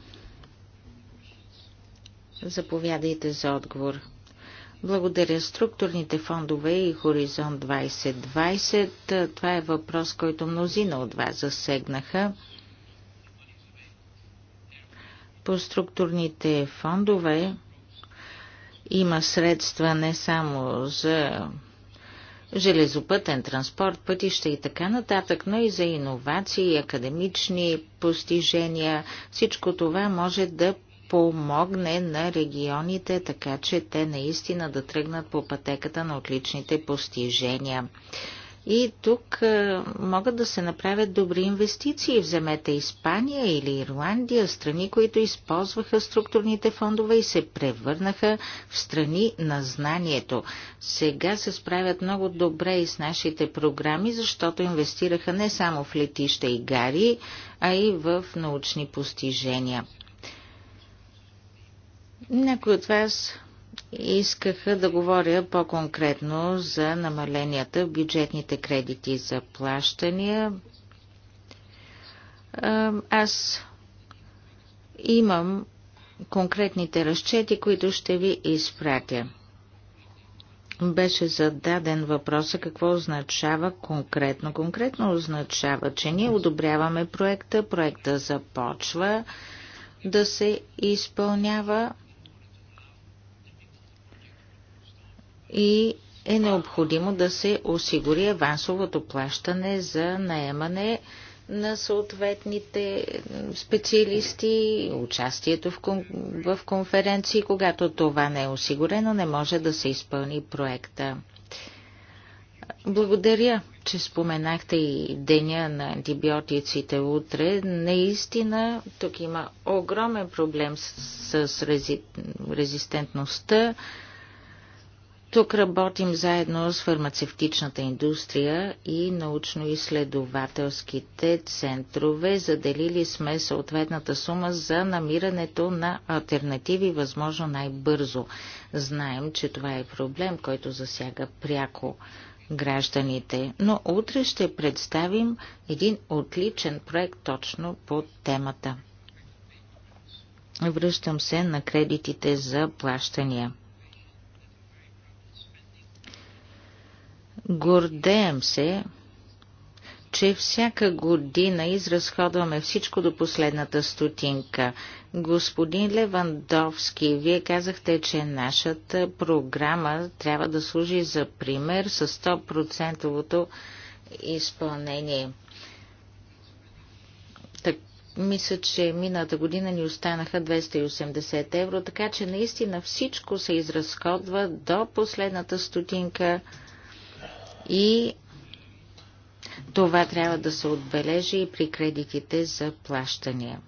Заповядайте за отговор. Благодаря. Структурните фондове и Хоризонт 2020. Това е въпрос, който мнозина от вас засегнаха. По структурните фондове има средства не само за железопътен транспорт, пътища и така нататък, но и за иновации, академични постижения. Всичко това може да помогне на регионите, така че те наистина да тръгнат по пътеката на отличните постижения. И тук е, могат да се направят добри инвестиции. Вземете Испания или Ирландия, страни, които използваха структурните фондове и се превърнаха в страни на знанието. Сега се справят много добре и с нашите програми, защото инвестираха не само в летища и гари, а и в научни постижения. Някои от вас искаха да говоря по-конкретно за намаленията в бюджетните кредити за плащания. Аз имам конкретните разчети, които ще ви изпратя. Беше зададен въпроса какво означава конкретно. Конкретно означава, че ние одобряваме проекта, проекта започва да се изпълнява и е необходимо да се осигури авансовото плащане за наемане на съответните специалисти, участието в, конференции. Когато това не е осигурено, не може да се изпълни проекта. Благодаря, че споменахте и деня на антибиотиците утре. Наистина, тук има огромен проблем с, резистентността тук работим заедно с фармацевтичната индустрия и научно-изследователските центрове. Заделили сме съответната сума за намирането на альтернативи възможно най-бързо. Знаем, че това е проблем, който засяга пряко гражданите, но утре ще представим един отличен проект точно по темата. Връщам се на кредитите за плащания. Гордеем се, че всяка година изразходваме всичко до последната стотинка. Господин Левандовски, вие казахте, че нашата програма трябва да служи за пример с 100 изпълнение. Так, мисля, че миналата година ни останаха 280 евро, така че наистина всичко се изразходва до последната стотинка и това трябва да се отбележи и при кредитите за плащания.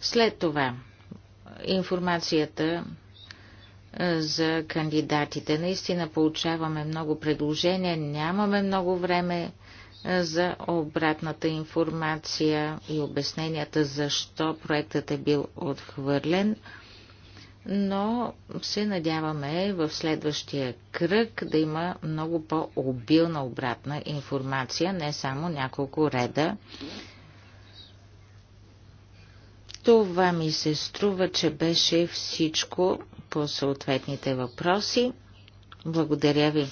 След това информацията е, за кандидатите. Наистина получаваме много предложения, нямаме много време е, за обратната информация и обясненията защо проектът е бил отхвърлен но се надяваме в следващия кръг да има много по-обилна обратна информация, не само няколко реда. Това ми се струва, че беше всичко по съответните въпроси. Благодаря ви.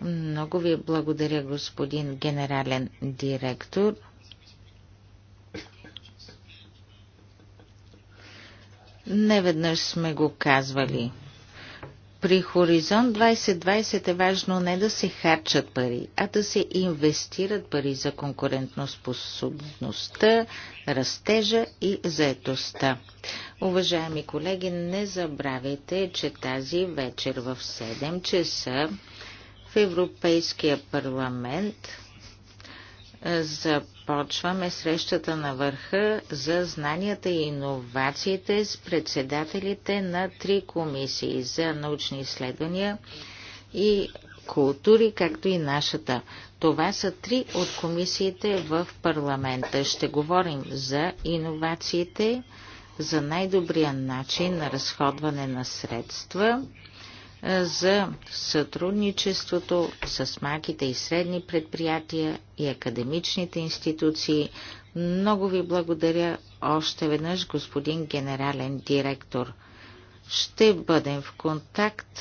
Много ви благодаря, господин генерален директор. Неведнъж сме го казвали. При Хоризонт 2020 е важно не да се харчат пари, а да се инвестират пари за конкурентноспособността, растежа и заетостта. Уважаеми колеги, не забравяйте, че тази вечер в 7 часа в Европейския парламент Започваме срещата на върха за знанията и иновациите с председателите на три комисии за научни изследвания и култури, както и нашата. Това са три от комисиите в парламента. Ще говорим за иновациите, за най-добрия начин на разходване на средства – за сътрудничеството с малките и средни предприятия и академичните институции. Много ви благодаря още веднъж, господин генерален директор. Ще бъдем в контакт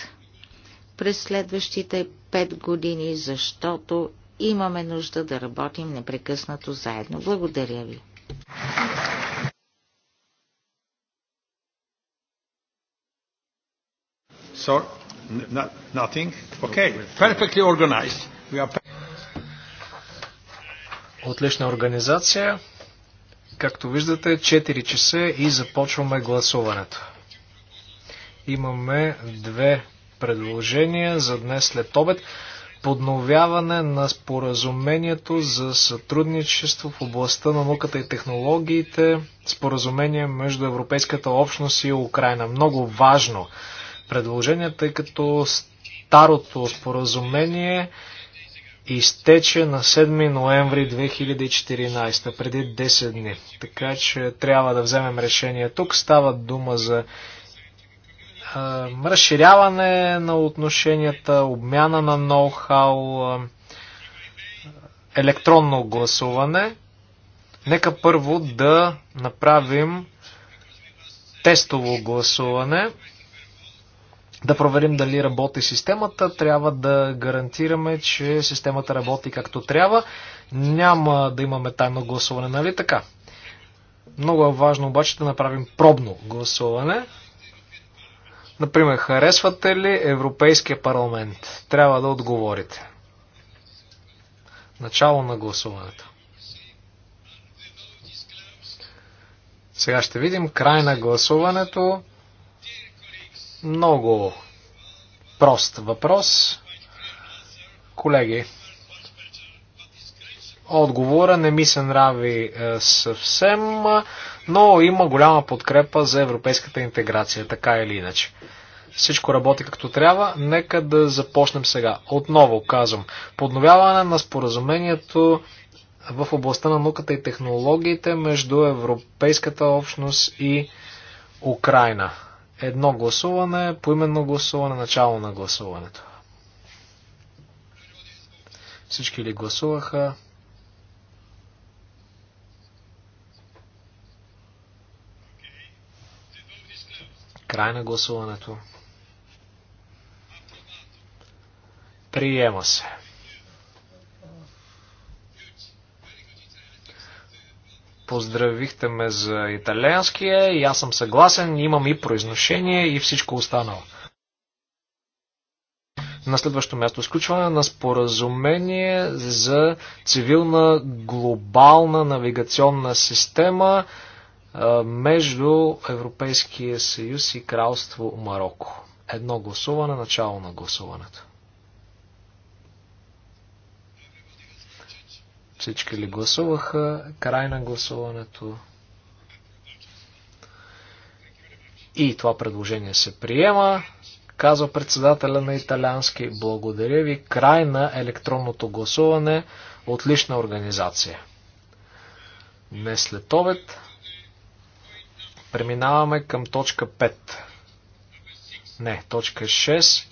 през следващите пет години, защото имаме нужда да работим непрекъснато заедно. Благодаря ви. Sorry nothing? Okay, perfectly organized. We are... Отлична организация. Както виждате, 4 часа и започваме гласуването. Имаме две предложения за днес след обед. Подновяване на споразумението за сътрудничество в областта на науката и технологиите, споразумение между Европейската общност и Украина. Много важно предложение, тъй като старото споразумение изтече на 7 ноември 2014, преди 10 дни. Така че трябва да вземем решение. Тук става дума за а, разширяване на отношенията, обмяна на ноу-хау, електронно гласуване. Нека първо да направим тестово гласуване да проверим дали работи системата, трябва да гарантираме, че системата работи както трябва. Няма да имаме тайно гласуване, нали така? Много е важно обаче да направим пробно гласуване. Например, харесвате ли Европейския парламент? Трябва да отговорите. Начало на гласуването. Сега ще видим край на гласуването. Много прост въпрос. Колеги, отговора не ми се нрави е, съвсем, но има голяма подкрепа за европейската интеграция, така или иначе. Всичко работи както трябва. Нека да започнем сега. Отново казвам, подновяване на споразумението в областта на науката и технологиите между Европейската общност и Украина. Едно гласуване, поименно гласуване, начало на гласуването. Всички ли гласуваха? Край на гласуването. Приема се. Поздравихте ме за италианския и аз съм съгласен, имам и произношение и всичко останало. На следващо място изключване на споразумение за цивилна глобална навигационна система между Европейския съюз и Кралство Марокко. Едно гласуване, начало на гласуването. Всички ли гласуваха? Край на гласуването. И това предложение се приема, казва председателя на италиански. Благодаря ви. Край на електронното гласуване. Отлична организация. Днес след обед преминаваме към точка 5. Не, точка 6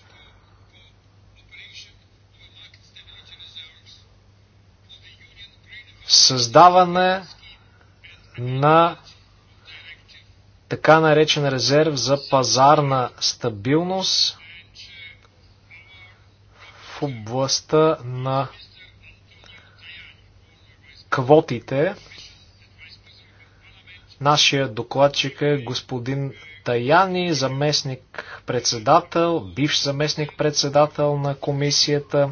създаване на така наречен резерв за пазарна стабилност в областта на квотите. Нашия докладчик е господин Таяни, заместник председател, бивш заместник председател на комисията.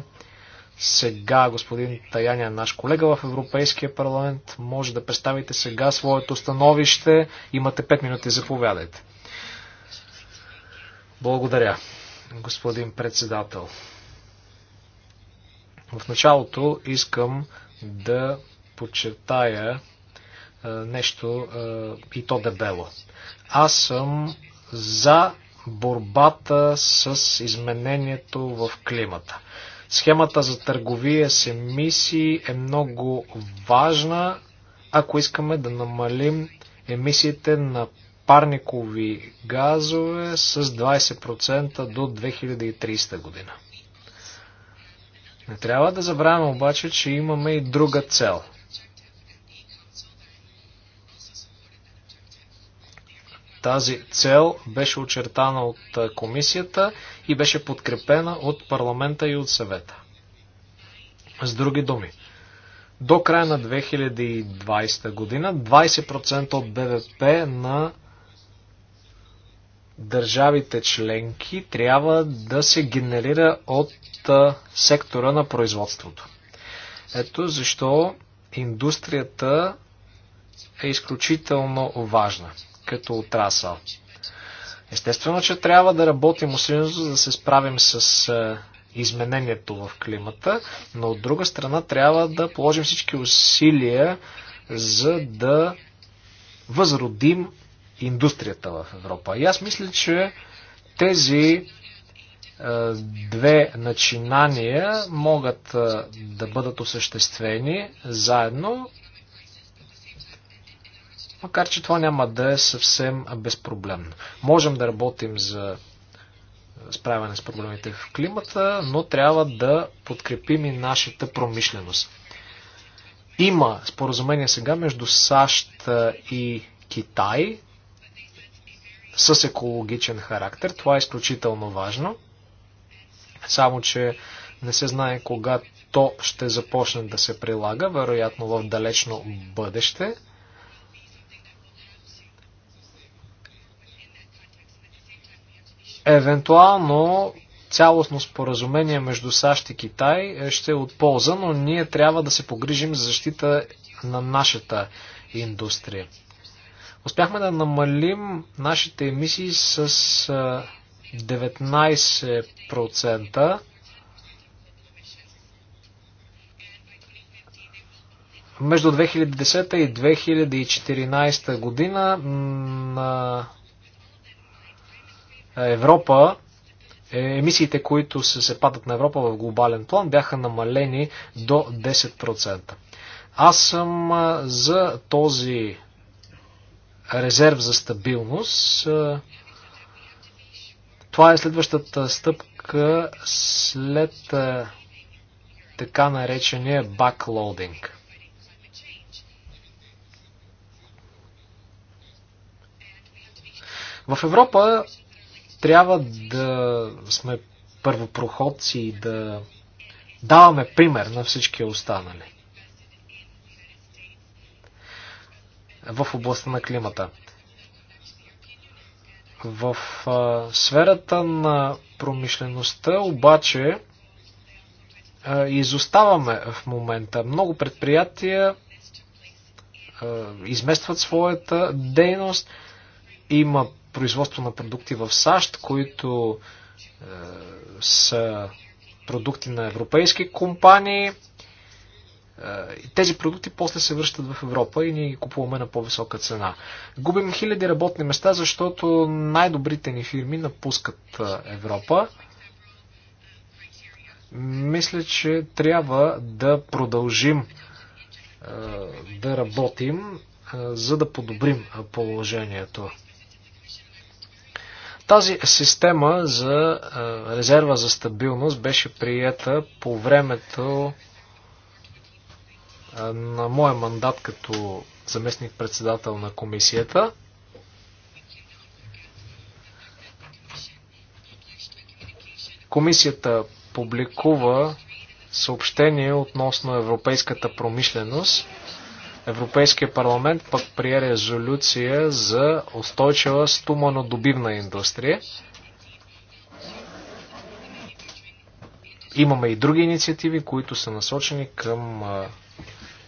Сега господин Таяня, наш колега в Европейския парламент, може да представите сега своето становище. Имате 5 минути, заповядайте. Благодаря, господин председател. В началото искам да подчертая нещо и то дебело. Аз съм за борбата с изменението в климата. Схемата за търговия с емисии е много важна, ако искаме да намалим емисиите на парникови газове с 20% до 2300 година. Не трябва да забравяме обаче, че имаме и друга цел – Тази цел беше очертана от комисията и беше подкрепена от парламента и от съвета. С други думи, до края на 2020 година 20% от БВП на държавите членки трябва да се генерира от сектора на производството. Ето защо индустрията е изключително важна като отрасъл. Естествено, че трябва да работим усилено, за да се справим с е, изменението в климата, но от друга страна трябва да положим всички усилия, за да възродим индустрията в Европа. И аз мисля, че тези е, две начинания могат е, да бъдат осъществени заедно Макар, че това няма да е съвсем безпроблемно. Можем да работим за справяне с проблемите в климата, но трябва да подкрепим и нашата промишленост. Има споразумение сега между САЩ и Китай с екологичен характер. Това е изключително важно. Само, че не се знае кога то ще започне да се прилага, вероятно в далечно бъдеще. Евентуално цялостно споразумение между САЩ и Китай е, ще е от полза, но ние трябва да се погрижим за защита на нашата индустрия. Успяхме да намалим нашите емисии с 19%. Между 2010 и 2014 година на Европа, е, емисиите, които се, се падат на Европа в глобален план, бяха намалени до 10%. Аз съм за този резерв за стабилност. Това е следващата стъпка след така наречения баклоудинг. В Европа трябва да сме първопроходци и да даваме пример на всички останали. В областта на климата. В а, сферата на промишлеността обаче а, изоставаме в момента. Много предприятия а, изместват своята дейност, има производство на продукти в САЩ, които е, са продукти на европейски компании. Е, тези продукти после се връщат в Европа и ние ги купуваме на по-висока цена. Губим хиляди работни места, защото най-добрите ни фирми напускат е, Европа. Мисля, че трябва да продължим е, да работим, е, за да подобрим е, положението. Тази система за е, резерва за стабилност беше приета по времето е, на моя мандат като заместник председател на комисията. Комисията публикува съобщение относно европейската промишленост – Европейския парламент пък прие резолюция за устойчива стуманодобивна индустрия. Имаме и други инициативи, които са насочени към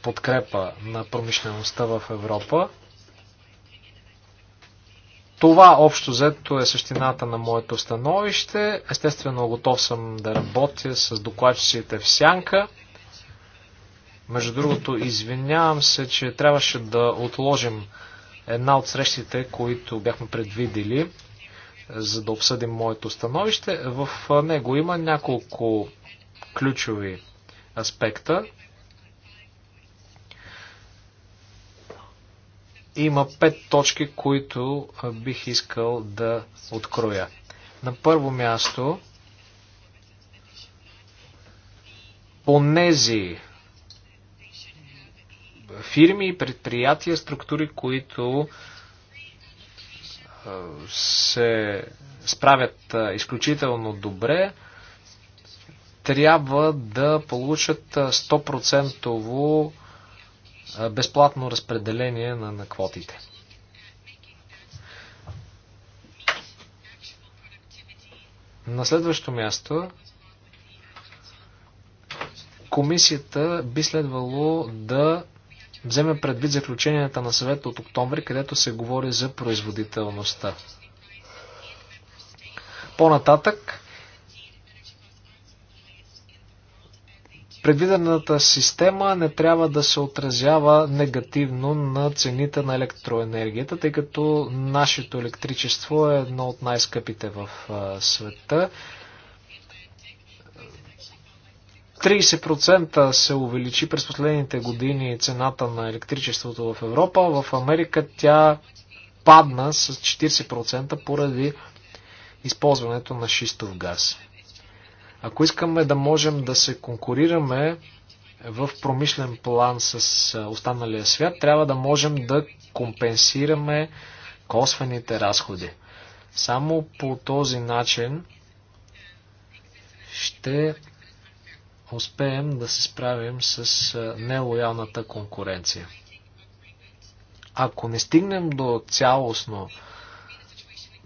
подкрепа на промишлеността в Европа. Това общо взето е същината на моето становище. Естествено, готов съм да работя с докладчиците в сянка. Между другото, извинявам се, че трябваше да отложим една от срещите, които бяхме предвидели, за да обсъдим моето становище. В него има няколко ключови аспекта. Има пет точки, които бих искал да откроя. На първо място, понези фирми и предприятия, структури, които се справят изключително добре, трябва да получат 100% безплатно разпределение на, на квотите. На следващо място, комисията би следвало да вземе предвид заключенията на съвета от октомври, където се говори за производителността. По-нататък, предвидената система не трябва да се отразява негативно на цените на електроенергията, тъй като нашето електричество е едно от най-скъпите в света. 30% се увеличи през последните години цената на електричеството в Европа. В Америка тя падна с 40% поради използването на шистов газ. Ако искаме да можем да се конкурираме в промишлен план с останалия свят, трябва да можем да компенсираме косвените разходи. Само по този начин ще успеем да се справим с нелоялната конкуренция. Ако не стигнем до цялостно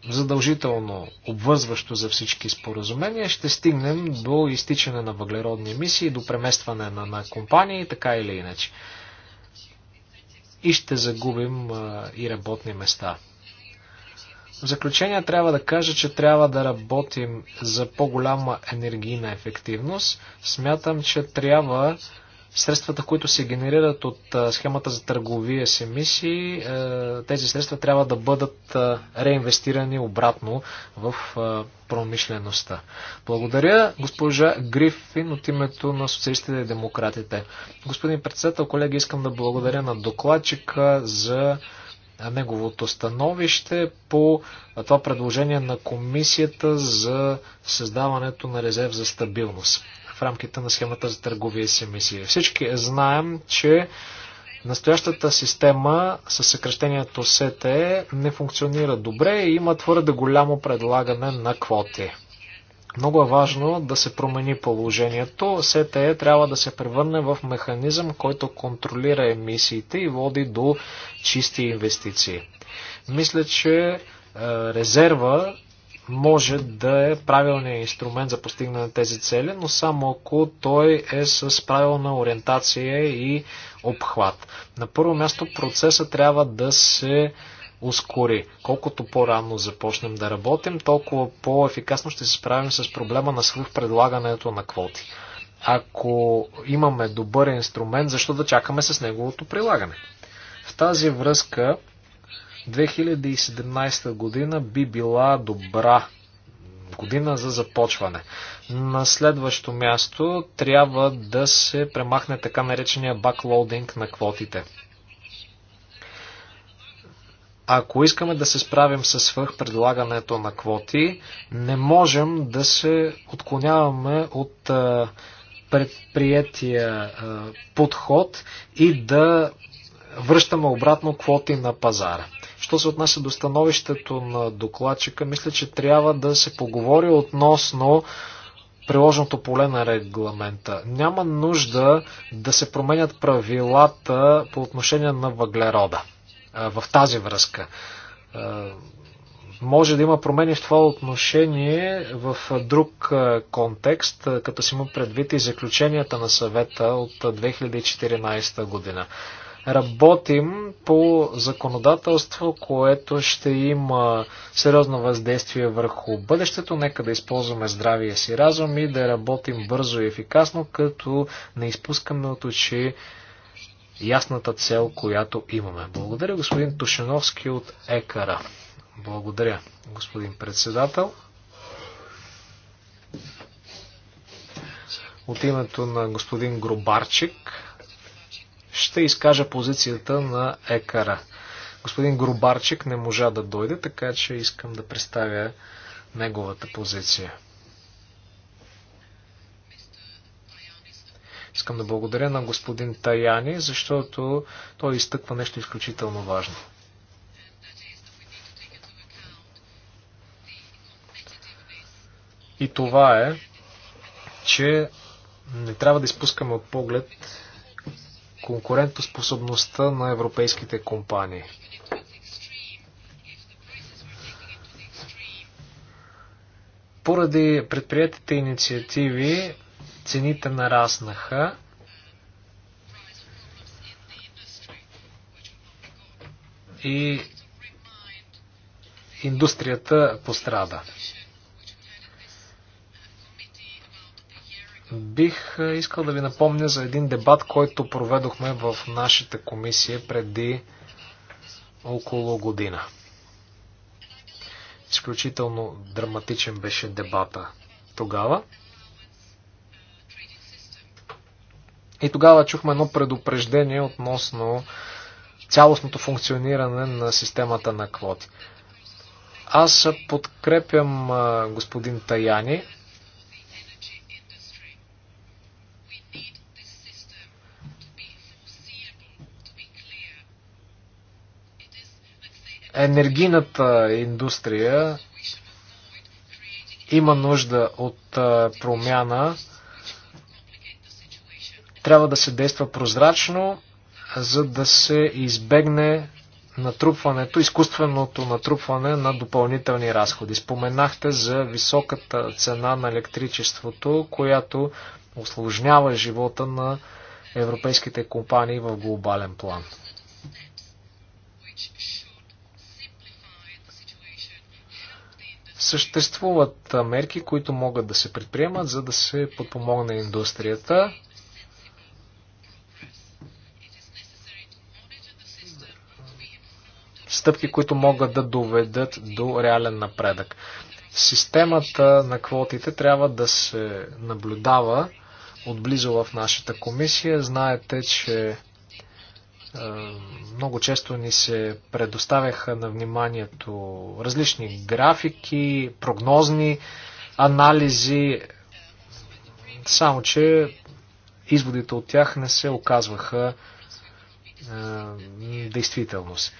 задължително обвързващо за всички споразумения, ще стигнем до изтичане на въглеродни емисии, до преместване на, на компании, така или иначе. И ще загубим а, и работни места. В заключение трябва да кажа, че трябва да работим за по-голяма енергийна ефективност. Смятам, че трябва средствата, които се генерират от схемата за търговия с емисии, тези средства трябва да бъдат реинвестирани обратно в промишлеността. Благодаря госпожа Грифин от името на социалистите и демократите. Господин председател, колеги, искам да благодаря на докладчика за неговото становище по това предложение на комисията за създаването на резерв за стабилност в рамките на схемата за търговия с емисии. Всички знаем, че настоящата система с съкрещението СТЕ не функционира добре и има твърде голямо предлагане на квоти. Много е важно да се промени положението. СТЕ трябва да се превърне в механизъм, който контролира емисиите и води до чисти инвестиции. Мисля, че е, резерва може да е правилният инструмент за постигане на тези цели, но само ако той е с правилна ориентация и обхват. На първо място процеса трябва да се ускори. Колкото по-рано започнем да работим, толкова по-ефикасно ще се справим с проблема на свръхпредлагането на квоти. Ако имаме добър инструмент, защо да чакаме с неговото прилагане? В тази връзка 2017 година би била добра година за започване. На следващо място трябва да се премахне така наречения баклоудинг на квотите. Ако искаме да се справим с предлагането на квоти, не можем да се отклоняваме от предприятия подход и да връщаме обратно квоти на пазара. Що се отнася до становището на докладчика, мисля, че трябва да се поговори относно приложното поле на регламента. Няма нужда да се променят правилата по отношение на въглерода в тази връзка. Може да има промени в това отношение в друг контекст, като си му предвид и заключенията на съвета от 2014 година. Работим по законодателство, което ще има сериозно въздействие върху бъдещето. Нека да използваме здравия си разум и да работим бързо и ефикасно, като не изпускаме от очи ясната цел, която имаме. Благодаря господин Тушановски от ЕКАРА. Благодаря, господин председател. От името на господин Грубарчик ще изкажа позицията на ЕКАРА. Господин Грубарчик не можа да дойде, така че искам да представя неговата позиция. Искам да благодаря на господин Таяни, защото той изтъква нещо изключително важно. И това е, че не трябва да изпускаме от поглед конкурентоспособността на европейските компании. Поради предприятите инициативи, цените нараснаха. И индустрията пострада. Бих искал да ви напомня за един дебат, който проведохме в нашата комисия преди около година. Изключително драматичен беше дебата тогава. И тогава чухме едно предупреждение относно цялостното функциониране на системата на квоти. Аз подкрепям господин Таяни. Енергийната индустрия има нужда от промяна. Трябва да се действа прозрачно, за да се избегне натрупването, изкуственото натрупване на допълнителни разходи. Споменахте за високата цена на електричеството, която осложнява живота на европейските компании в глобален план. Съществуват мерки, които могат да се предприемат, за да се подпомогне индустрията. стъпки, които могат да доведат до реален напредък. Системата на квотите трябва да се наблюдава отблизо в нашата комисия. Знаете, че е, много често ни се предоставяха на вниманието различни графики, прогнозни анализи, само че изводите от тях не се оказваха е, действителност.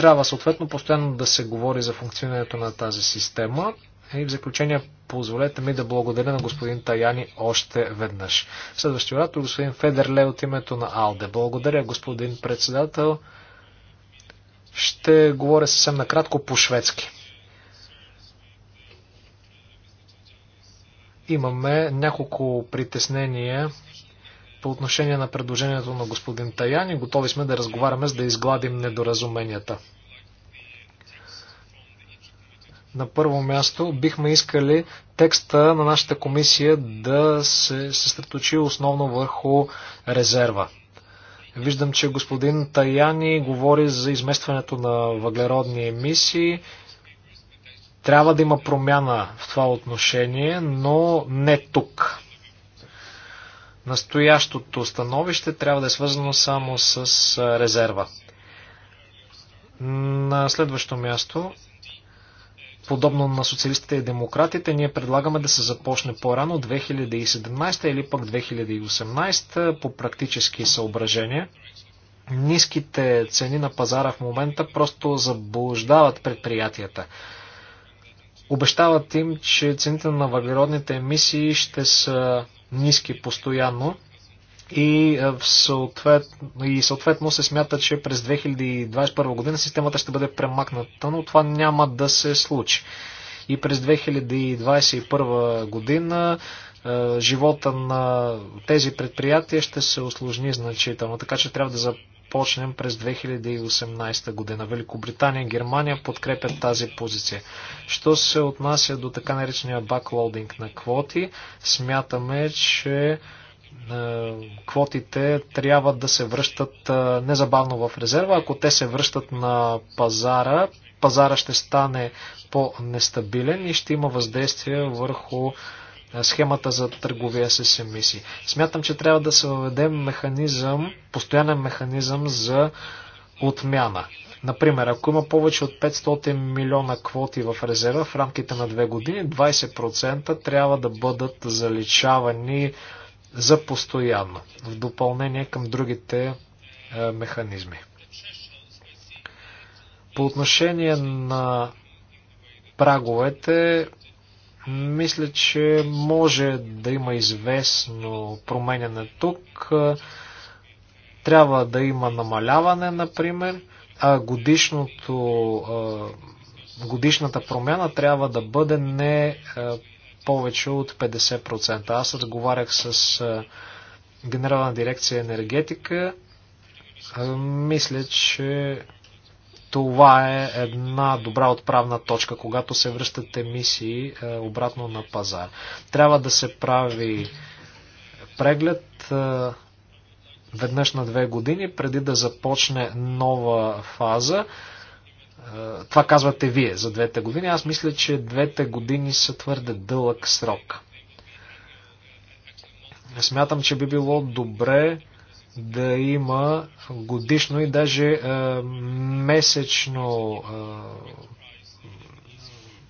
Трябва съответно постоянно да се говори за функционирането на тази система. И в заключение, позволете ми да благодаря на господин Таяни още веднъж. Следващия оратор, господин Федерле от името на Алде. Благодаря, господин председател. Ще говоря съвсем накратко по шведски. Имаме няколко притеснения по отношение на предложението на господин Таяни. Готови сме да разговаряме, за да изгладим недоразуменията. На първо място бихме искали текста на нашата комисия да се съсредоточи основно върху резерва. Виждам, че господин Таяни говори за изместването на въглеродни емисии. Трябва да има промяна в това отношение, но не тук. Настоящото становище трябва да е свързано само с резерва. На следващо място, подобно на социалистите и демократите, ние предлагаме да се започне по-рано 2017 или пък 2018 по практически съображения. Ниските цени на пазара в момента просто заблуждават предприятията. Обещават им, че цените на въглеродните емисии ще са ниски постоянно и, е, съответно, и съответно се смята, че през 2021 година системата ще бъде премакната, но това няма да се случи. И през 2021 година е, живота на тези предприятия ще се осложни значително, така че трябва да започнем през 2018 година. Великобритания и Германия подкрепят тази позиция. Що се отнася до така наречения баклоудинг на квоти, смятаме, че е, квотите трябва да се връщат е, незабавно в резерва. Ако те се връщат на пазара, пазара ще стане по-нестабилен и ще има въздействие върху е, схемата за търговия с емисии. Смятам, че трябва да се въведе механизъм, постоянен механизъм за отмяна. Например, ако има повече от 500 милиона квоти в резерва в рамките на две години, 20% трябва да бъдат заличавани за постоянно, в допълнение към другите е, механизми. По отношение на праговете, мисля, че може да има известно променяне тук. Трябва да има намаляване, например, а годишното, годишната промяна трябва да бъде не повече от 50%. Аз разговарях с Генерална дирекция енергетика. Мисля, че това е една добра отправна точка, когато се връщат емисии е, обратно на пазар. Трябва да се прави преглед е, веднъж на две години, преди да започне нова фаза. Е, това казвате вие за двете години. Аз мисля, че двете години са твърде дълъг срок. Смятам, че би било добре да има годишно и даже а, е, месечно а, е,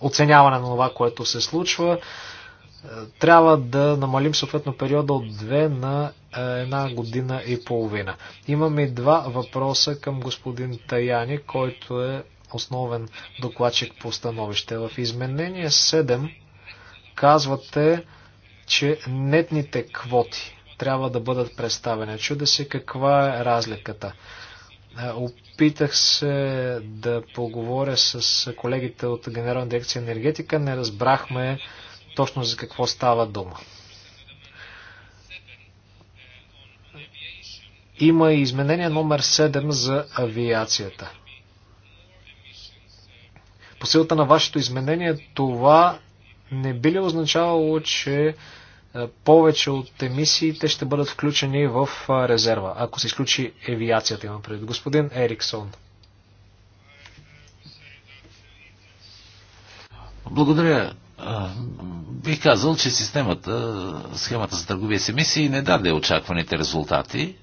оценяване на това, което се случва. Е, трябва да намалим съответно периода от 2 на една година и половина. Имаме два въпроса към господин Таяни, който е основен докладчик по становище. В изменение 7 казвате, че нетните квоти трябва да бъдат представени. Чуда се каква е разликата. Е, опитах се да поговоря с колегите от Генерална дирекция енергетика. Не разбрахме точно за какво става дума. Има и изменение номер 7 за авиацията. По силата на вашето изменение това не би ли означавало, че е, повече от емисиите ще бъдат включени в резерва, ако се изключи авиацията, имам пред. Господин Ериксон. Благодаря. Бих казал, че системата, схемата за търговия с емисии не даде очакваните резултати.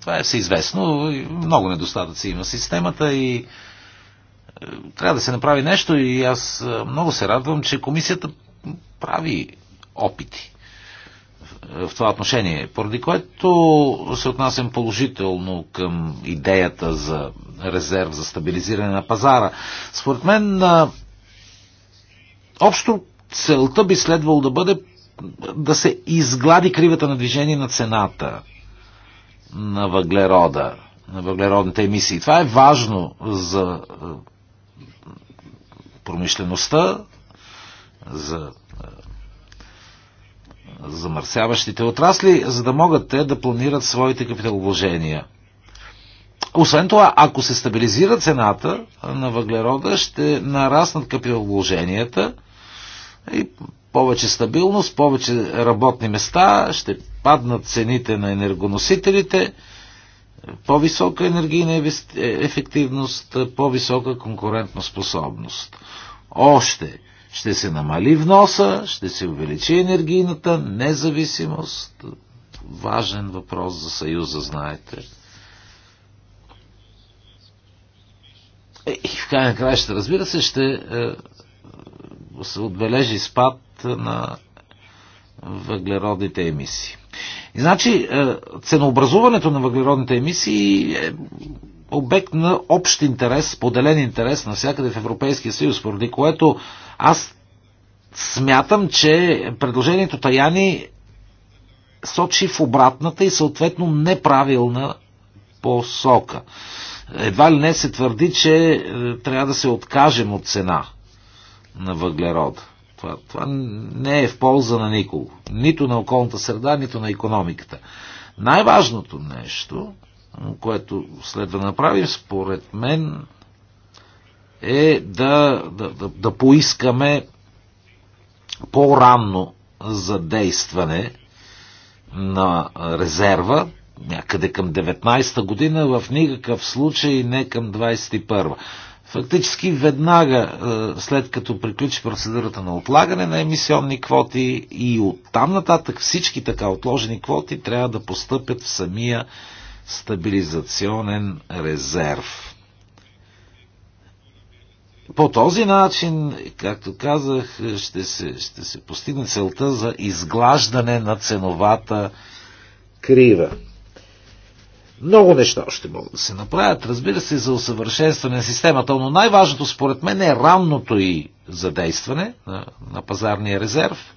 това е, е всеизвестно. Много недостатъци има системата и е, трябва да се направи нещо и аз много се радвам, че комисията прави опити в това отношение, поради което се отнасям положително към идеята за резерв за стабилизиране на пазара. Според мен, общо целта би следвало да бъде да се изглади кривата на движение на цената на въглерода, на въглеродните емисии. Това е важно за промишлеността, за замърсяващите отрасли, за да могат те да планират своите капиталовложения. Освен това, ако се стабилизира цената на въглерода, ще нараснат капиталовложенията и повече стабилност, повече работни места, ще паднат цените на енергоносителите, по-висока енергийна е- ефективност, по-висока конкурентна способност. Още ще се намали вноса, ще се увеличи енергийната независимост. Важен въпрос за Съюза, знаете. И в крайна краища, разбира се, ще е, се отбележи спад на въглеродните емисии. И значи, е, ценообразуването на въглеродните емисии е обект на общ интерес, поделен интерес навсякъде в Европейския съюз, поради което аз смятам, че предложението Таяни сочи в обратната и съответно неправилна посока. Едва ли не се твърди, че е, трябва да се откажем от цена на въглерода. Това, това не е в полза на никого. Нито на околната среда, нито на економиката. Най-важното нещо, което следва да направим, според мен, е да, да, да, да поискаме по-ранно задействане на резерва някъде към 19-та година, в никакъв случай не към 21-та. Фактически веднага е, след като приключи процедурата на отлагане на емисионни квоти и от там нататък всички така отложени квоти трябва да постъпят в самия стабилизационен резерв. По този начин, както казах, ще се, ще се постигне целта за изглаждане на ценовата крива. Много неща още могат да се направят, разбира се, за усъвършенстване на системата, но най-важното според мен е ранното и задействане на, на пазарния резерв –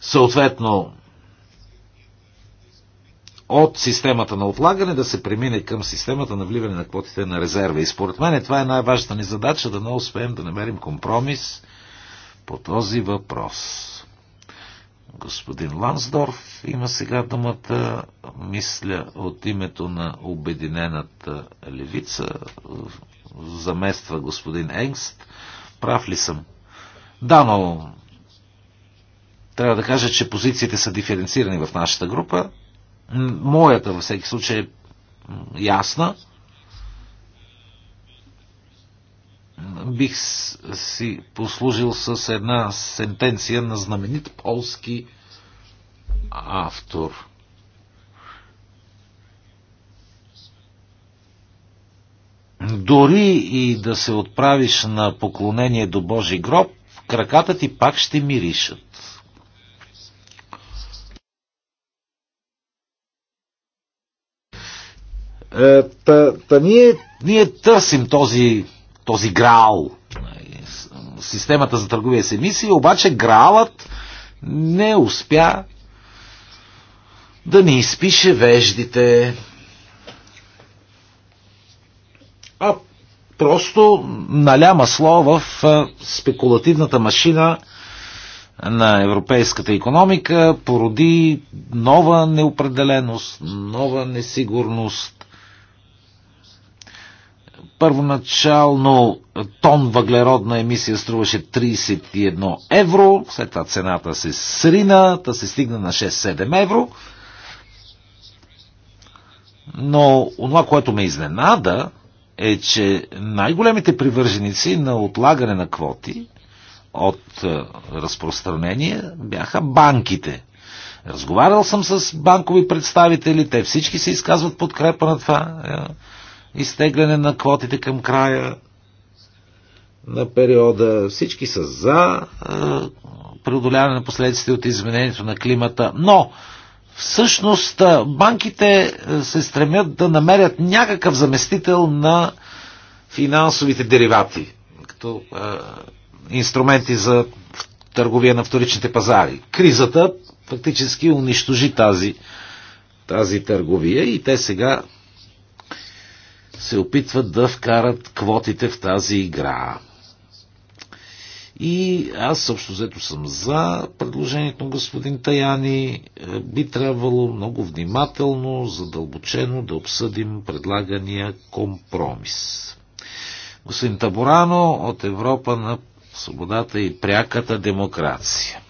Съответно, от системата на отлагане да се премине към системата на вливане на квотите на резерва. И според мен това е най-важната ни задача, да не успеем да намерим компромис по този въпрос. Господин Лансдорф има сега думата, мисля, от името на Обединената левица, замества господин Енгст. Прав ли съм? Да, но трябва да кажа, че позициите са диференцирани в нашата група. Моята във всеки случай е ясна. Бих си послужил с една сентенция на знаменит полски автор. Дори и да се отправиш на поклонение до Божи гроб, краката ти пак ще миришат. Е, та, та ние, ние търсим този, този грал. Системата за търговия с емисии, обаче гралът не успя да ни изпише веждите. А просто наля масло в е, спекулативната машина на европейската економика, породи нова неопределеност, нова несигурност, Първоначално тон въглеродна емисия струваше 31 евро, след това цената се срина, та се стигна на 6-7 евро. Но това, което ме изненада, е, че най-големите привърженици на отлагане на квоти от е, разпространение бяха банките. Разговарял съм с банкови представители, те всички се изказват подкрепа на това е, изтегляне на квотите към края на периода. Всички са за преодоляване на последиците от изменението на климата. Но, всъщност, банките се стремят да намерят някакъв заместител на финансовите деривати, като е, инструменти за търговия на вторичните пазари. Кризата фактически унищожи тази, тази търговия и те сега се опитват да вкарат квотите в тази игра. И аз също взето съм за предложението на господин Таяни. Е, би трябвало много внимателно, задълбочено да обсъдим предлагания компромис. Господин Таборано от Европа на свободата и пряката демокрация.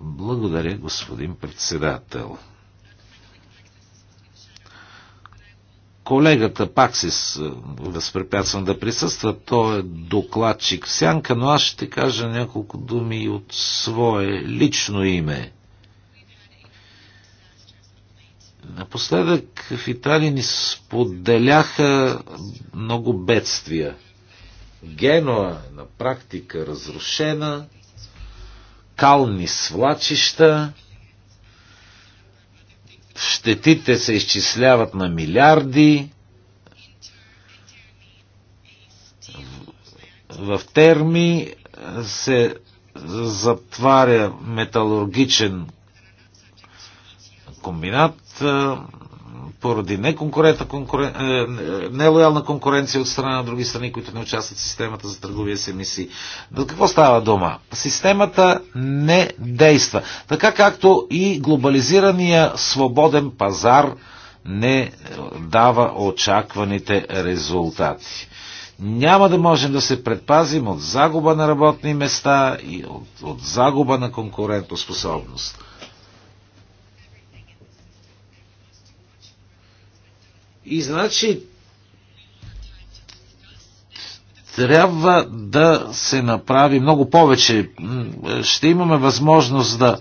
Благодаря, господин председател. колегата пак си е, възпрепятствам да присъства. Той е докладчик в сянка, но аз ще кажа няколко думи от свое лично име. Напоследък в Италия ни споделяха много бедствия. Генуа е на практика разрушена, кални свлачища, щетите се изчисляват на милиарди. В, в терми се затваря металургичен комбинат поради неконкурентна, конкурен... Е, е, нелоялна конкуренция от страна на други страни, които не участват в системата за търговия с емисии. До какво става дума? Системата не действа. Така както и глобализирания свободен пазар не дава очакваните резултати. Няма да можем да се предпазим от загуба на работни места и от, от загуба на конкурентоспособност. И значи трябва да се направи много повече. Ще имаме възможност да,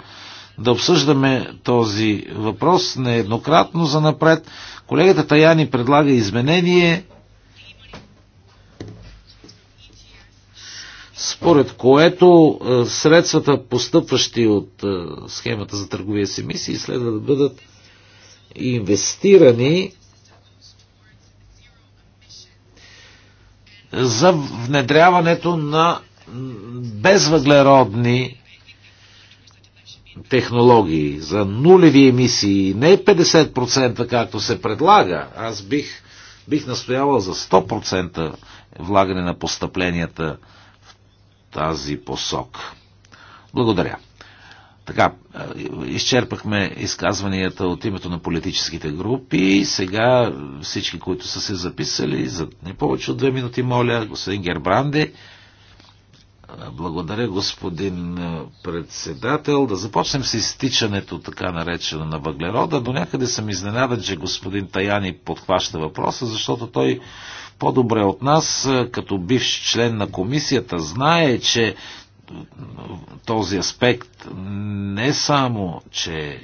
да обсъждаме този въпрос нееднократно за напред. Колегата Таяни предлага изменение, според което е, средствата, постъпващи от е, схемата за търговия с емисии, следва да бъдат инвестирани за внедряването на безвъглеродни технологии, за нулеви емисии, не 50% е както се предлага, аз бих, бих настоявал за 100% влагане на постъпленията в тази посок. Благодаря. Така, е, изчерпахме изказванията от името на политическите групи. Сега всички, които са се записали, за не повече от две минути, моля, господин Гербранде. Благодаря, господин е, председател. Да започнем с изтичането, така наречено, на въглерода. До някъде съм изненадан, че господин Таяни подхваща въпроса, защото той по-добре от нас, е, като бивш член на комисията, знае, че този аспект не само, че е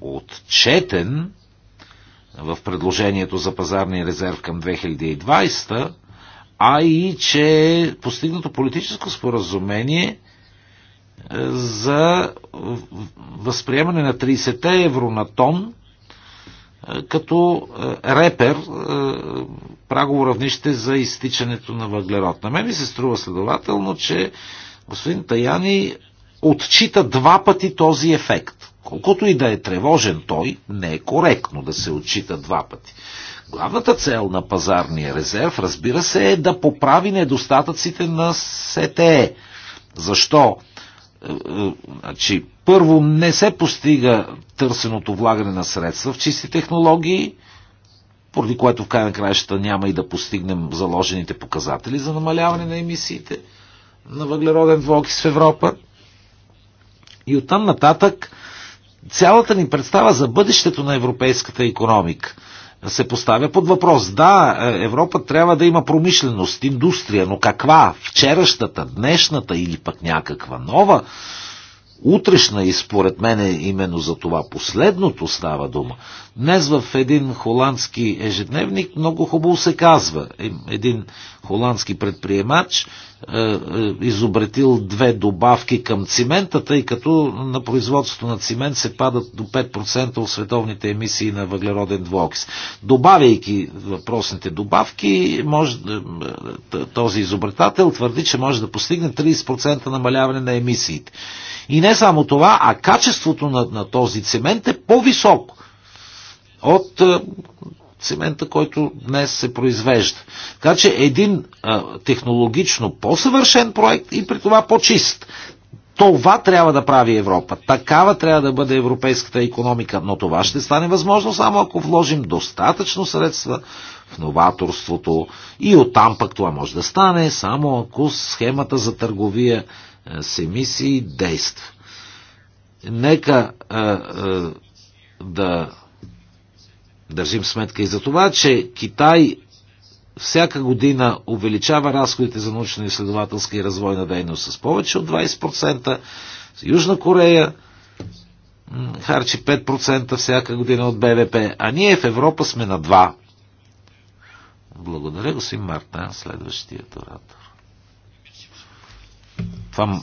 отчетен в предложението за пазарния резерв към 2020, а и че е постигнато политическо споразумение е, за възприемане на 30 евро на тон като е, репер е, прагово равнище за изтичането на въглерод. На мен ми се струва следователно, че господин Таяни отчита два пъти този ефект. Колкото и да е тревожен той, не е коректно да се отчита два пъти. Главната цел на пазарния резерв, разбира се, е да поправи недостатъците на СТЕ. Защо? Значи, първо, не се постига търсеното влагане на средства в чисти технологии, поради което в крайна краища няма и да постигнем заложените показатели за намаляване на емисиите на въглероден двуокис в Европа. И оттам нататък цялата ни представа за бъдещето на европейската економика – се поставя под въпрос. Да, е, Европа трябва да има промишленост, индустрия, но каква? Вчерашната, днешната или пък някаква нова? утрешна и според мен е именно за това последното става дума. Днес в един холандски ежедневник много хубаво се казва, един холандски предприемач, е, е, изобретил две добавки към цимента, тъй като на производството на цимент се падат до 5% от световните емисии на въглероден двуокис. Добавяйки въпросните добавки, може, е, този изобретател твърди, че може да постигне 30% намаляване на емисиите. И не само това, а качеството на, на този цимент е по-високо от цимента, който днес се произвежда. Така че един а, технологично по-съвършен проект и при това по-чист. Това трябва да прави Европа. Такава трябва да бъде европейската економика, но това ще стане възможно само ако вложим достатъчно средства в новаторството и оттам пък това може да стане само ако схемата за търговия с емисии действа. Нека а, а, да Държим сметка и за това, че Китай всяка година увеличава разходите за научно-изследователска и развойна дейност с повече от 20%. Южна Корея харчи 5% всяка година от БВП, а ние в Европа сме на 2%. Благодаря, господин Марта, следващият оратор. Това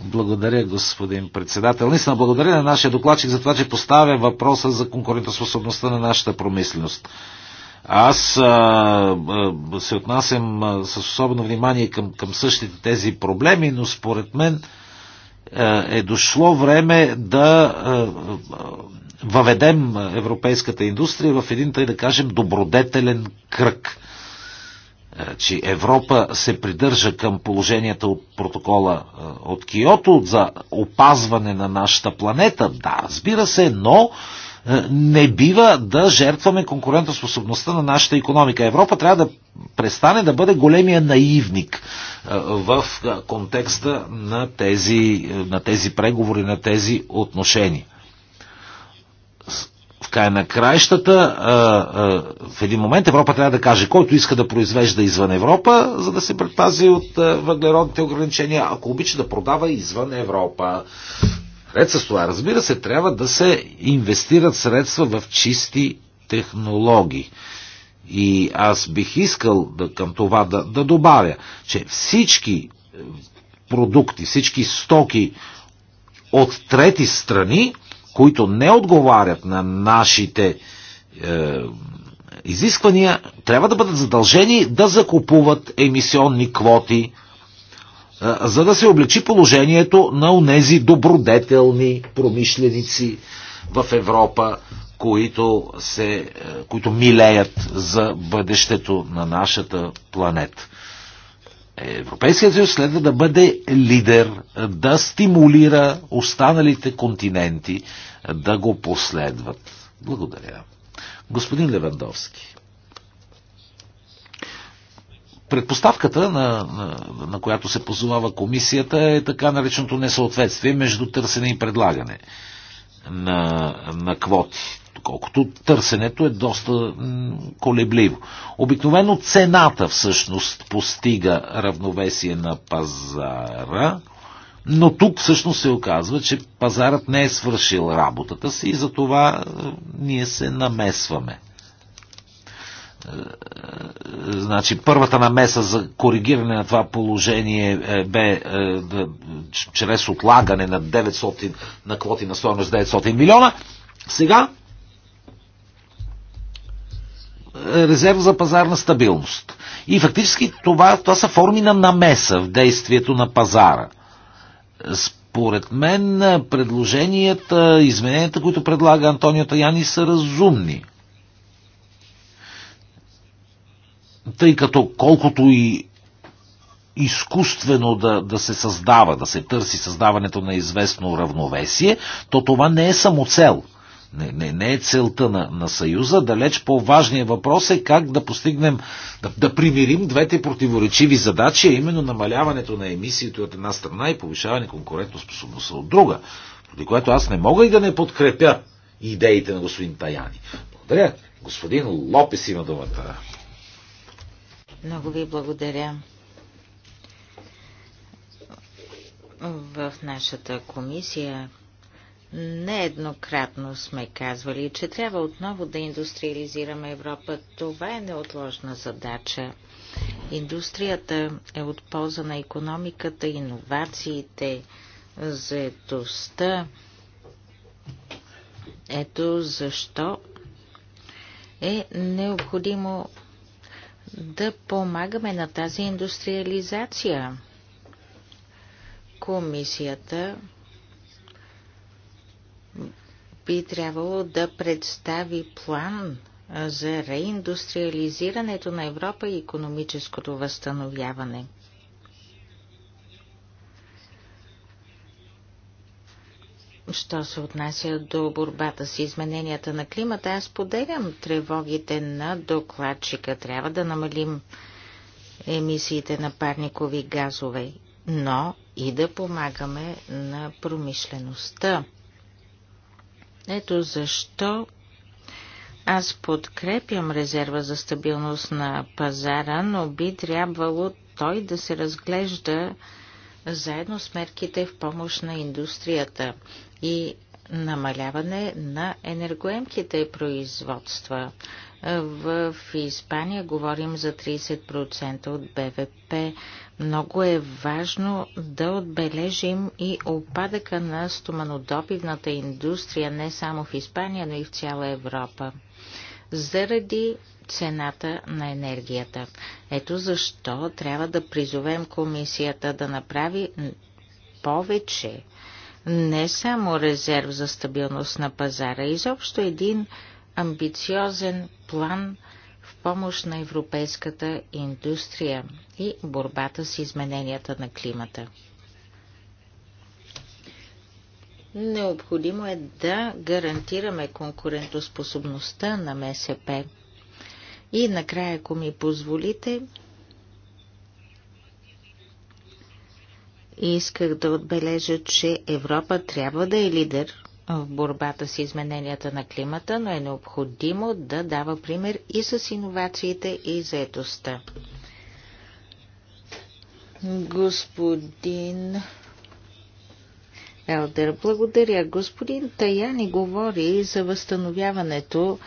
Благодаря, господин председател. Наистина, благодаря на нашия докладчик за това, че поставя въпроса за конкурентоспособността на нашата промисленост. Аз а, а, се отнасям а, с особено внимание към, към същите тези проблеми, но според мен а, е дошло време да а, а, въведем европейската индустрия в един, тъй да кажем, добродетелен кръг е, че Европа се придържа към положенията от протокола е, от Киото за опазване на нашата планета. Да, разбира се, но е, не бива да жертваме конкурентоспособността на нашата економика. Европа трябва да престане да бъде големия наивник в контекста на тези, на тези преговори, на тези отношения е на краищата, в един момент Европа трябва да каже, който иска да произвежда извън Европа, за да се предпази от въглеродните ограничения, ако обича да продава извън Европа. Ред с това, разбира се, трябва да се инвестират средства в чисти технологии. И аз бих искал да, към това да, да добавя, че всички е, продукти, всички стоки от трети страни които не отговарят на нашите е, изисквания, трябва да бъдат задължени да закупуват емисионни квоти, е, за да се облегчи положението на унези добродетелни промишленици в Европа, които, се, е, които милеят за бъдещето на нашата планета. Европейският съюз следва да бъде лидер, да стимулира останалите континенти да го последват. Благодаря. Господин Левандовски. Предпоставката, на, на, на която се позовава комисията, е така нареченото несъответствие между търсене и предлагане на, на квоти. Колкото търсенето е доста колебливо. Обикновено цената всъщност постига равновесие на пазара, но тук всъщност се оказва, че пазарът не е свършил работата си и затова е, ние се намесваме. Е, е, значи първата намеса за коригиране на това положение бе чрез отлагане на 900 на квоти на стоеност 900 милиона. Сега резерв за пазарна стабилност. И фактически това, това са форми на намеса в действието на пазара. Според мен предложенията, измененията, които предлага Антонио Таяни са разумни. Тъй като колкото и изкуствено да, да се създава, да се търси създаването на известно равновесие, то това не е самоцел. цел не, не, не е целта на, на Съюза. Далеч по-важният въпрос е как да постигнем, да, да примирим двете противоречиви задачи, а именно намаляването на емисиите от една страна и повишаване конкурентоспособността от друга. Поради което аз не мога и да не подкрепя идеите на господин Таяни. Благодаря. Господин Лопес има думата. Много ви благодаря. В нашата комисия Нееднократно сме казвали, че трябва отново да индустриализираме Европа. Това е неотложна задача. Индустрията е от полза на економиката, иновациите, заедостта. Ето защо е необходимо да помагаме на тази индустриализация. Комисията би трябвало да представи план за реиндустриализирането на Европа и економическото възстановяване. Що се отнася до борбата с измененията на климата, аз поделям тревогите на докладчика. Трябва да намалим емисиите на парникови газове, но и да помагаме на промишлеността. Ето защо аз подкрепям резерва за стабилност на пазара, но би трябвало той да се разглежда заедно с мерките в помощ на индустрията и намаляване на енергоемките производства. В Испания говорим за 30% от БВП. Много е важно да отбележим и опадъка на стоманодобивната индустрия не само в Испания, но и в цяла Европа. Заради цената на енергията. Ето защо трябва да призовем комисията да направи повече не само резерв за стабилност на пазара, изобщо един амбициозен план в помощ на европейската индустрия и борбата с измененията на климата. Необходимо е да гарантираме конкурентоспособността на МСП. И накрая, ако ми позволите, исках да отбележа, че Европа трябва да е лидер в борбата с измененията на климата, но е необходимо да дава пример и с иновациите и заедостта. Господин Елдер, благодаря. Господин Таяни говори за възстановяването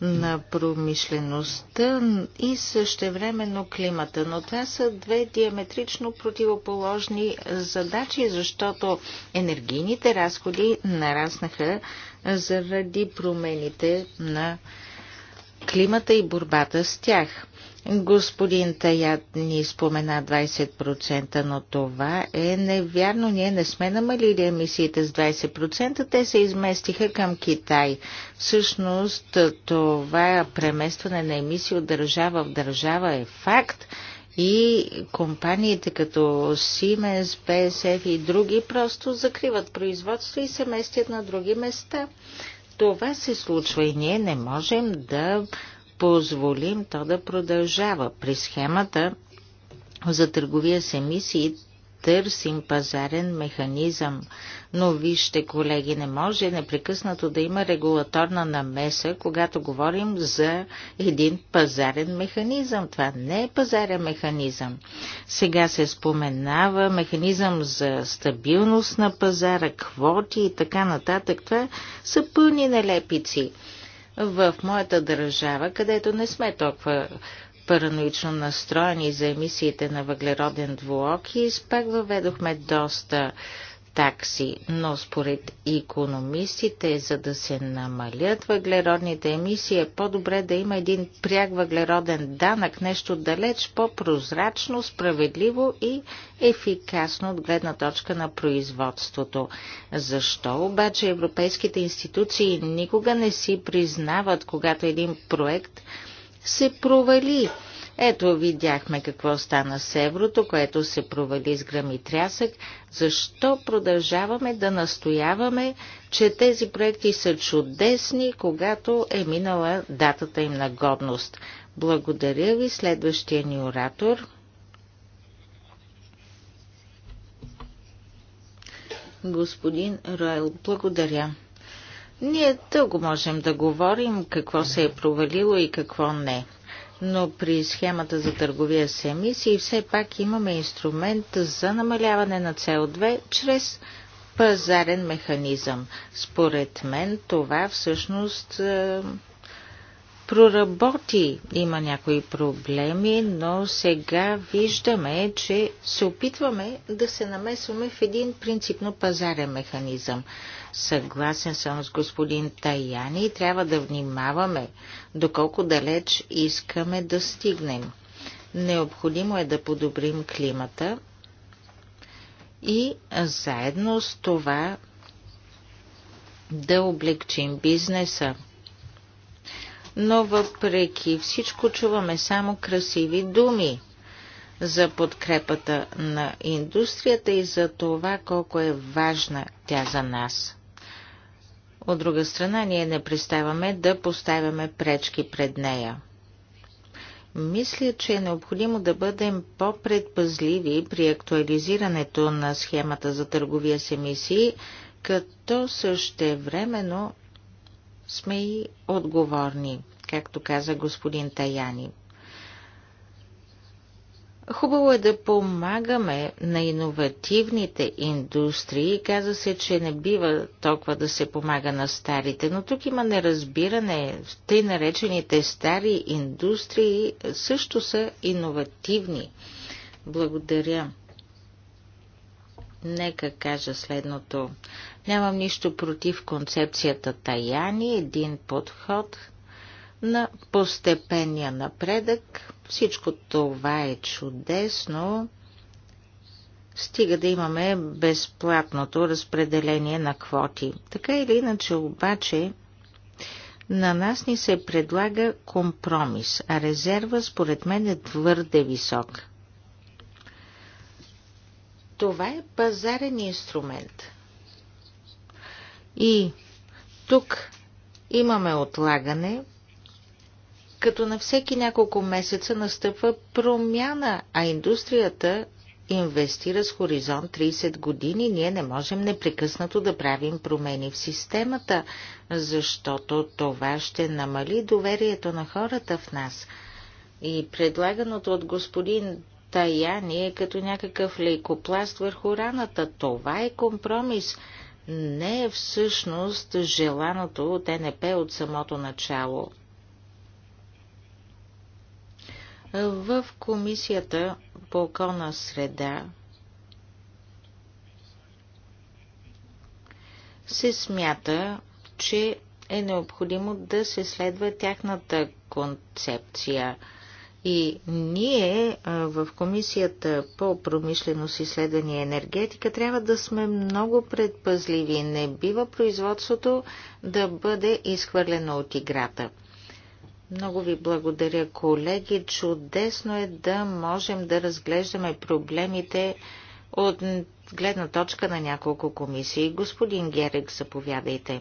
на промишлеността и същевременно климата. Но това са две диаметрично противоположни задачи, защото енергийните разходи нараснаха заради промените на климата и борбата с тях. Господин Таят ни спомена 20%, но това е невярно. Ние не сме намалили емисиите с 20%, те се изместиха към Китай. Всъщност това преместване на емисии от държава в държава е факт и компаниите като Siemens, BSF и други просто закриват производство и се местят на други места. Това се случва и ние не можем да позволим то да продължава. При схемата за търговия с емисии търсим пазарен механизъм. Но вижте, колеги, не може непрекъснато да има регулаторна намеса, когато говорим за един пазарен механизъм. Това не е пазарен механизъм. Сега се споменава механизъм за стабилност на пазара, квоти и така нататък. Това са пълни нелепици в моята държава, където не сме толкова параноично настроени за емисиите на въглероден двуокис, пак въведохме доста такси, но според икономистите, за да се намалят въглеродните емисии, е по-добре да има един пряк въглероден данък, нещо далеч по-прозрачно, справедливо и ефикасно от гледна точка на производството. Защо обаче европейските институции никога не си признават, когато един проект се провали? Ето видяхме какво стана с еврото, което се провали с гръм и трясък. Защо продължаваме да настояваме, че тези проекти са чудесни, когато е минала датата им на годност? Благодаря ви, следващия ни оратор. Господин Ройл, благодаря. Ние дълго можем да говорим какво се е провалило и какво не но при схемата за търговия с емисии все пак имаме инструмент за намаляване на CO2 чрез пазарен механизъм. Според мен това всъщност е, проработи. Има някои проблеми, но сега виждаме, че се опитваме да се намесваме в един принципно пазарен механизъм. Съгласен съм с господин Таяни и трябва да внимаваме доколко далеч искаме да стигнем. Необходимо е да подобрим климата и заедно с това да облегчим бизнеса но въпреки всичко чуваме само красиви думи за подкрепата на индустрията и за това колко е важна тя за нас. От друга страна, ние не представяме да поставяме пречки пред нея. Мисля, че е необходимо да бъдем по-предпазливи при актуализирането на схемата за търговия с емисии, като същевременно сме и отговорни, както каза господин Таяни. Хубаво е да помагаме на иновативните индустрии. Каза се, че не бива толкова да се помага на старите, но тук има неразбиране. Тъй наречените стари индустрии също са иновативни. Благодаря. Нека кажа следното. Нямам нищо против концепцията Таяни, един подход на постепения напредък. Всичко това е чудесно. Стига да имаме безплатното разпределение на квоти. Така или иначе обаче, на нас ни се предлага компромис, а резерва според мен е твърде висок. Това е пазарен инструмент – и тук имаме отлагане, като на всеки няколко месеца настъпва промяна, а индустрията инвестира с хоризонт 30 години, ние не можем непрекъснато да правим промени в системата, защото това ще намали доверието на хората в нас. И предлаганото от господин Таяни е като някакъв лейкопласт върху раната. Това е компромис не е всъщност желаното от НП от самото начало. В Комисията по околна среда се смята, че е необходимо да се следва тяхната концепция – и ние в Комисията по промишленост, изследване и енергетика трябва да сме много предпазливи. Не бива производството да бъде изхвърлено от играта. Много ви благодаря, колеги. Чудесно е да можем да разглеждаме проблемите от гледна точка на няколко комисии. Господин Герек, заповядайте.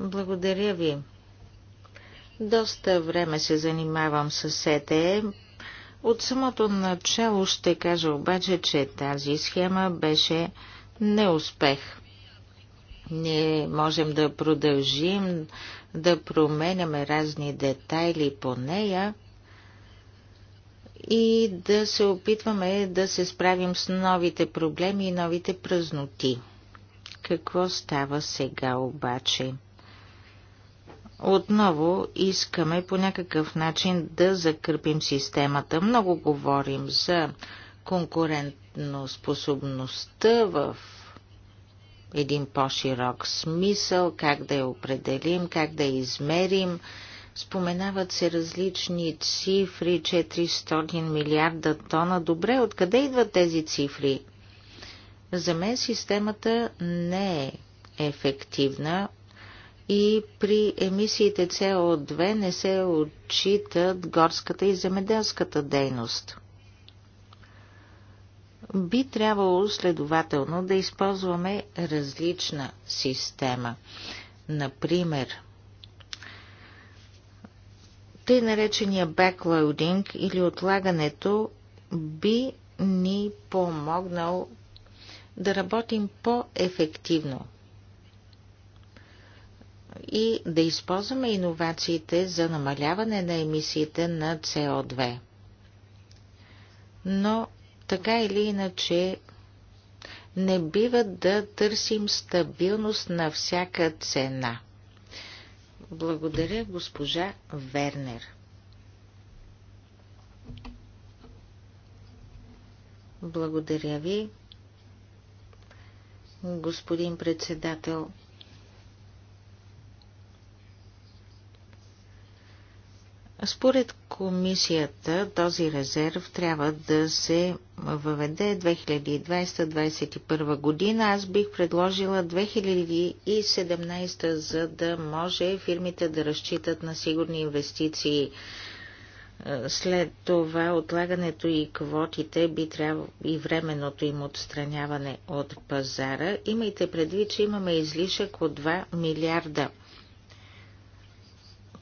Благодаря ви. Доста време се занимавам с СТЕ. От самото начало ще кажа обаче, че тази схема беше неуспех. Ние можем да продължим да променяме разни детайли по нея и да се опитваме да се справим с новите проблеми и новите празноти. Какво става сега обаче? отново искаме по някакъв начин да закърпим системата. Много говорим за конкурентно способността в един по-широк смисъл, как да я определим, как да я измерим. Споменават се различни цифри, 400 милиарда тона. Добре, откъде идват тези цифри? За мен системата не е ефективна, и при емисиите CO2 не се отчитат горската и земеделската дейност. Би трябвало следователно да използваме различна система. Например, тъй наречения backloading или отлагането би ни помогнал да работим по-ефективно и да използваме иновациите за намаляване на емисиите на CO2. Но така или иначе не бива да търсим стабилност на всяка цена. Благодаря, госпожа Вернер. Благодаря ви, господин председател. Според комисията този резерв трябва да се въведе 2020-2021 година. Аз бих предложила 2017, за да може фирмите да разчитат на сигурни инвестиции. Е, след това отлагането и квотите би трябвало и временното им отстраняване от пазара. Имайте предвид, че имаме излишък от 2 милиарда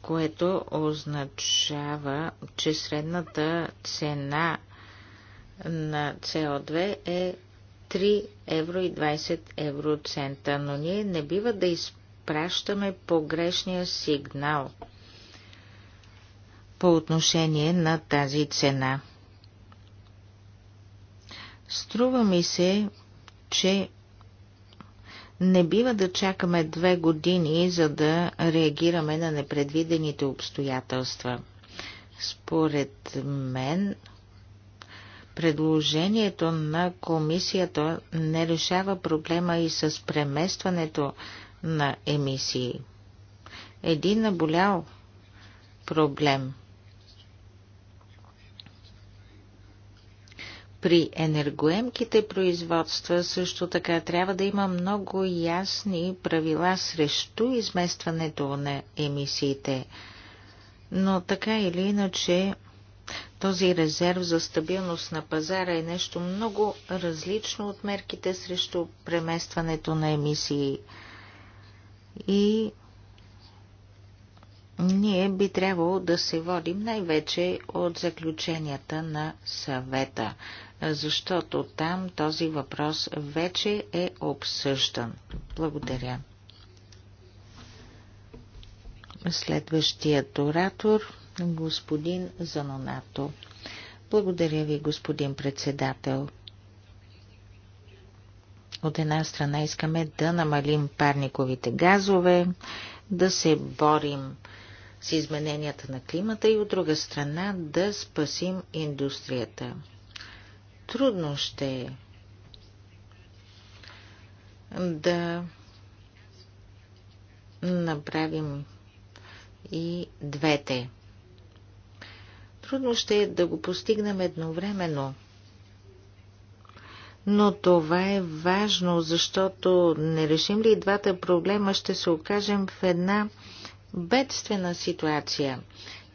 което означава, че средната цена на CO2 е 3 евро и 20 евроцента, но ние не бива да изпращаме погрешния сигнал по отношение на тази цена. Струва ми се, че не бива да чакаме две години, за да реагираме на непредвидените обстоятелства. Според мен, предложението на комисията не решава проблема и с преместването на емисии. Един наболял проблем – При енергоемките производства също така трябва да има много ясни правила срещу изместването на емисиите. Но така или иначе, този резерв за стабилност на пазара е нещо много различно от мерките срещу преместването на емисии. И ние би трябвало да се водим най-вече от заключенията на съвета защото там този въпрос вече е обсъждан. Благодаря. Следващият оратор господин Занонато. Благодаря ви, господин председател. От една страна искаме да намалим парниковите газове, да се борим с измененията на климата и от друга страна да спасим индустрията трудно ще е да направим и двете. Трудно ще е да го постигнем едновременно. Но това е важно, защото не решим ли двата проблема, ще се окажем в една бедствена ситуация.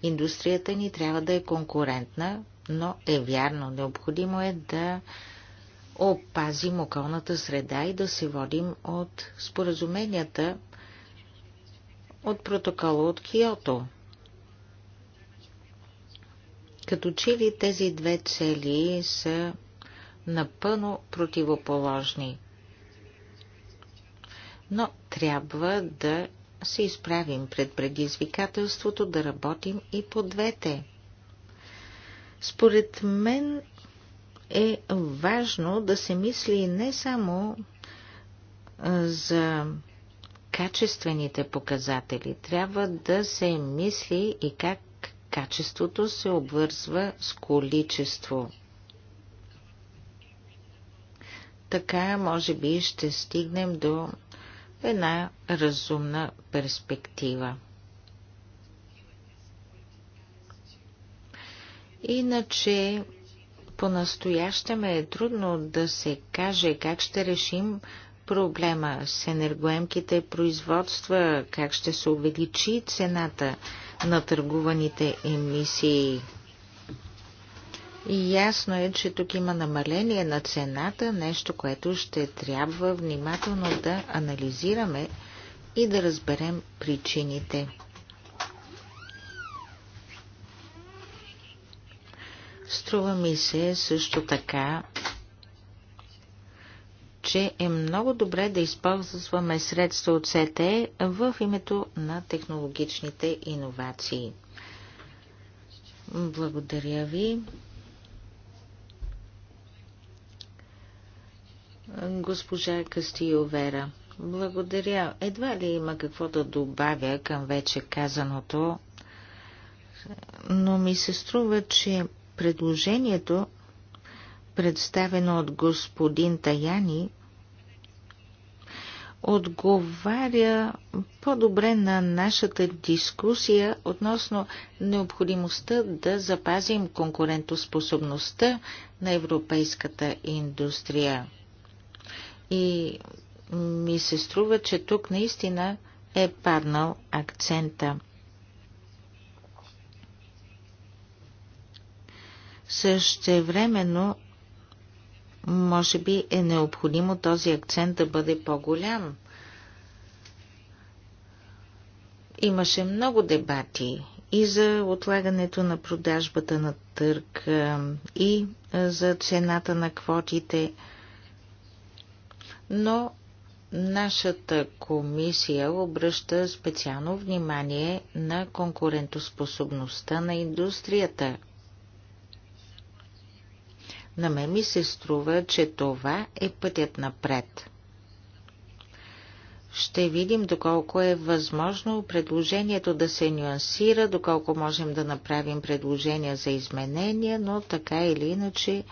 Индустрията ни трябва да е конкурентна, но е вярно. Необходимо е да опазим околната среда и да се водим от споразуменията от протокола от Киото. Като че ли тези две цели са напълно противоположни. Но трябва да се изправим пред предизвикателството да работим и по двете. Според мен е важно да се мисли не само за качествените показатели. Трябва да се мисли и как качеството се обвързва с количество. Така, може би, ще стигнем до една разумна перспектива. Иначе по-настоящем е трудно да се каже как ще решим проблема с енергоемките производства, как ще се увеличи цената на търгуваните емисии. И ясно е, че тук има намаление на цената, нещо, което ще трябва внимателно да анализираме и да разберем причините. Струва ми се също така, че е много добре да използваме средства от СТЕ в името на технологичните иновации. Благодаря ви. Госпожа Кастио Вера, благодаря. Едва ли има какво да добавя към вече казаното, но ми се струва, че Предложението, представено от господин Таяни, отговаря по-добре на нашата дискусия относно необходимостта да запазим конкурентоспособността на европейската индустрия. И ми се струва, че тук наистина е паднал акцента – Същевременно, може би е необходимо този акцент да бъде по-голям. Имаше много дебати и за отлагането на продажбата на търг, и за цената на квотите. Но нашата комисия обръща специално внимание на конкурентоспособността на индустрията – на мен ми се струва, че това е пътят напред. Ще видим доколко е възможно предложението да се нюансира, доколко можем да направим предложения за изменения, но така или иначе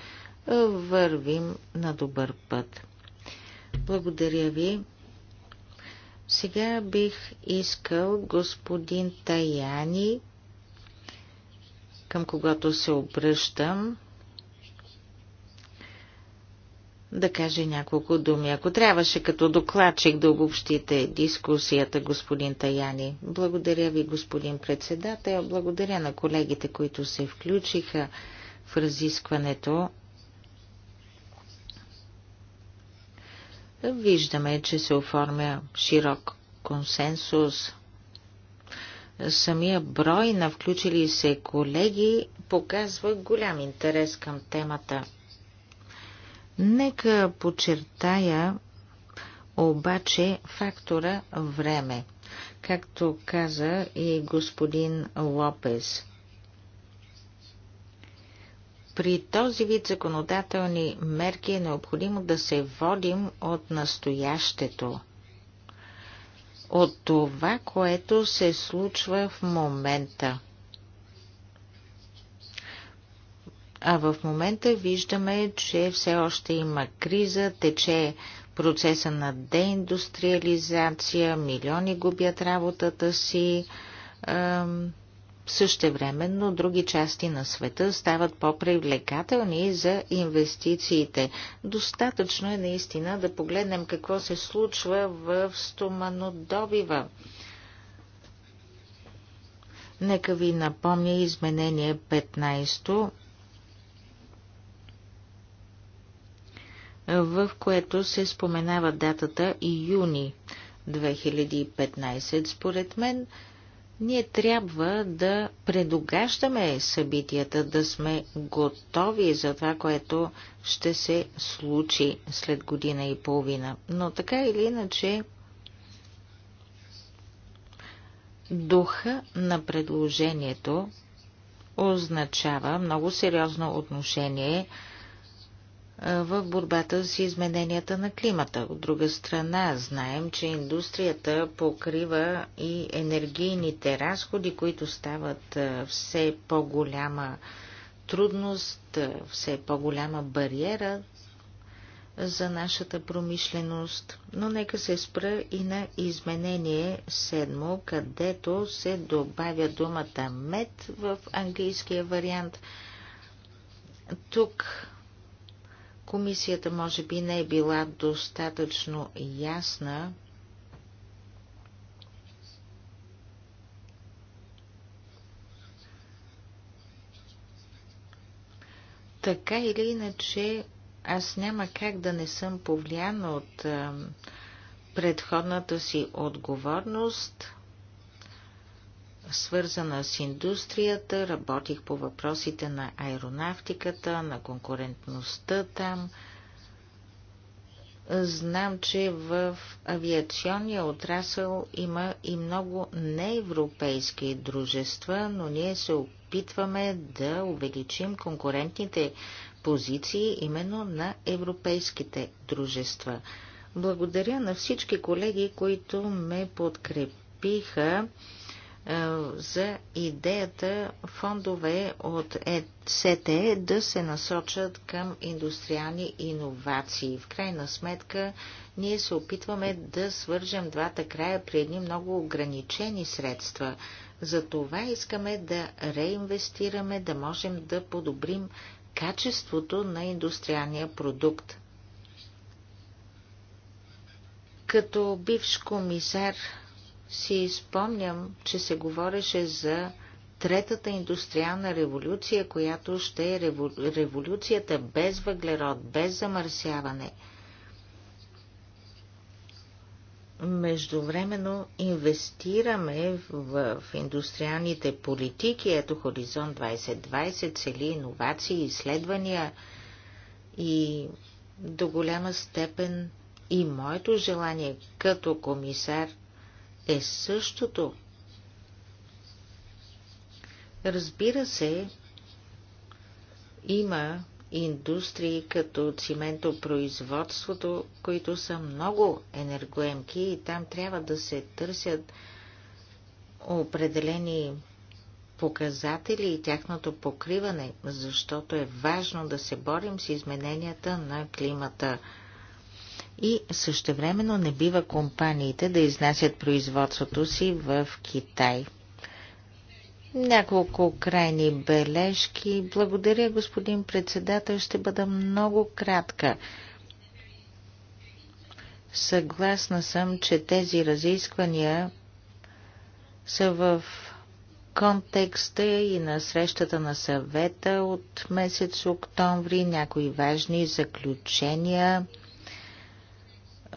вървим на добър път. Благодаря ви. Сега бих искал господин Таяни, към когото се обръщам, да каже няколко думи. Ако трябваше като докладчик да обобщите дискусията, господин Таяни. Благодаря ви, господин председател. Благодаря на колегите, които се включиха в разискването. Виждаме, че се оформя широк консенсус. Самия брой на включили се колеги показва голям интерес към темата – Нека подчертая обаче фактора време, както каза и господин Лопес. При този вид законодателни мерки е необходимо да се водим от настоящето, от това, което се случва в момента – А в момента виждаме, че все още има криза, тече процеса на деиндустриализация, милиони губят работата си. Същевременно други части на света стават по-привлекателни за инвестициите. Достатъчно е наистина да погледнем какво се случва в стоманодобива. Нека ви напомня изменение 15 в което се споменава датата и юни 2015. Според мен, ние трябва да предогаждаме събитията, да сме готови за това, което ще се случи след година и половина. Но така или иначе, духа на предложението означава много сериозно отношение в борбата с измененията на климата. От друга страна, знаем, че индустрията покрива и енергийните разходи, които стават все по-голяма трудност, все по-голяма бариера за нашата промишленост. Но нека се спра и на изменение седмо, където се добавя думата мед в английския вариант. Тук Комисията може би не е била достатъчно ясна Така или иначе, аз няма как да не съм повлияна от а, предходната си отговорност свързана с индустрията, работих по въпросите на аеронавтиката, на конкурентността там. Знам, че в авиационния отрасъл има и много неевропейски дружества, но ние се опитваме да увеличим конкурентните позиции именно на европейските дружества. Благодаря на всички колеги, които ме подкрепиха. Е, за идеята фондове от СТЕ да се насочат към индустриални иновации. В крайна сметка, ние се опитваме да свържем двата края при едни много ограничени средства. Затова искаме да реинвестираме, да можем да подобрим качеството на индустриалния продукт. Като бивш комисар си спомням, че се говореше за третата индустриална революция, която ще е револю... революцията без въглерод, без замърсяване. Междувременно инвестираме в индустриалните политики, ето Хоризонт 2020 цели иновации, изследвания и до голяма степен и моето желание като комисар е същото. Разбира се, има индустрии като циментопроизводството, които са много енергоемки и там трябва да се търсят определени показатели и тяхното покриване, защото е важно да се борим с измененията на климата и същевременно не бива компаниите да изнасят производството си в Китай. Няколко крайни бележки. Благодаря, господин председател. Ще бъда много кратка. Съгласна съм, че тези разисквания са в контекста и на срещата на съвета от месец октомври, някои важни заключения –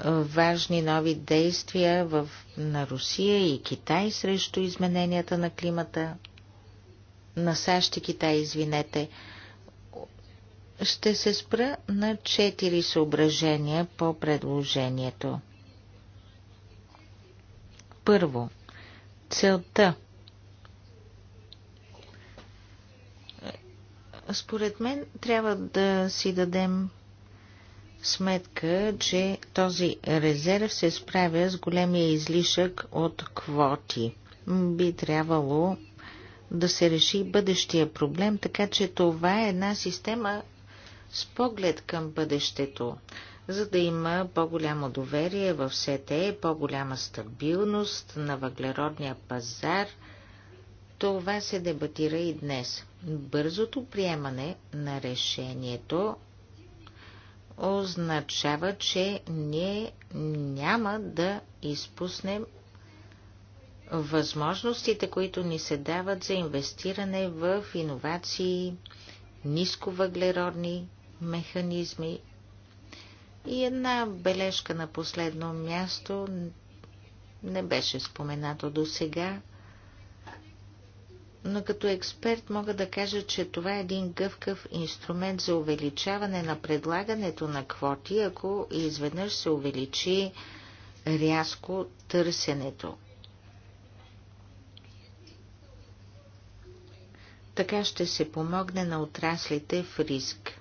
важни нови действия в, на Русия и Китай срещу измененията на климата, на САЩ и Китай, извинете. Ще се спра на четири съображения по предложението. Първо, целта. Според мен трябва да си дадем сметка, че този резерв се справя с големия излишък от квоти. Би трябвало да се реши бъдещия проблем, така че това е една система с поглед към бъдещето, за да има по-голямо доверие в СЕТЕ, по-голяма стабилност на въглеродния пазар. Това се дебатира и днес. Бързото приемане на решението означава, че ние няма да изпуснем възможностите, които ни се дават за инвестиране в иновации, нисковъглеродни механизми. И една бележка на последно място не беше споменато до сега но като експерт мога да кажа, че това е един гъвкав инструмент за увеличаване на предлагането на квоти, ако изведнъж се увеличи рязко търсенето. Така ще се помогне на отраслите в риск.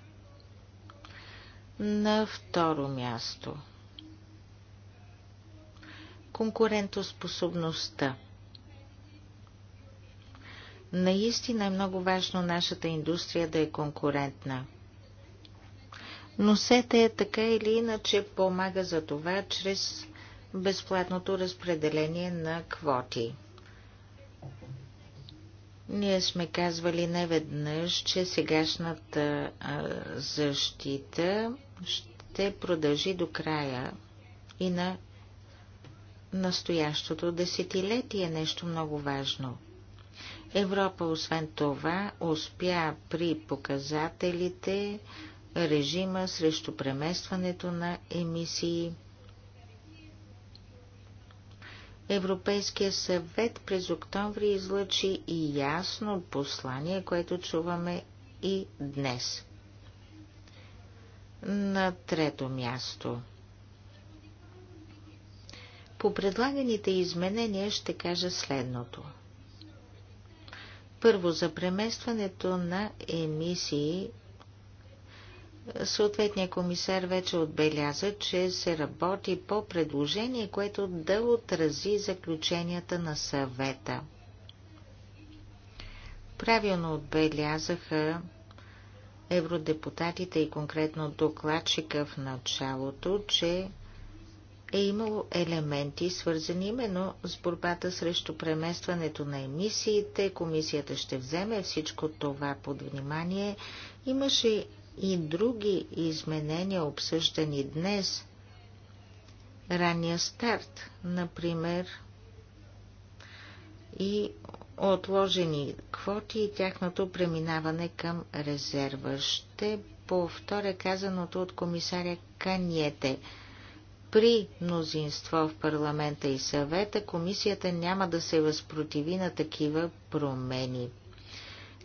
На второ място. Конкурентоспособността – Наистина е много важно нашата индустрия да е конкурентна. Но е така или иначе помага за това чрез безплатното разпределение на квоти. Ние сме казвали неведнъж, че сегашната защита ще продължи до края и на настоящото десетилетие нещо много важно. Европа, освен това, успя при показателите режима срещу преместването на емисии. Европейския съвет през октомври излъчи и ясно послание, което чуваме и днес. На трето място. По предлаганите изменения ще кажа следното – първо, за преместването на емисии Съответният комисар вече отбеляза, че се работи по предложение, което да отрази заключенията на съвета. Правилно отбелязаха евродепутатите и конкретно докладчика в началото, че е имало елементи, свързани именно с борбата срещу преместването на емисиите. Комисията ще вземе всичко това под внимание. Имаше и други изменения, обсъждани днес. Ранния старт, например, и отложени квоти и тяхното преминаване към резерва. Ще повторя казаното от комисаря Каниете – при мнозинство в парламента и съвета, комисията няма да се възпротиви на такива промени.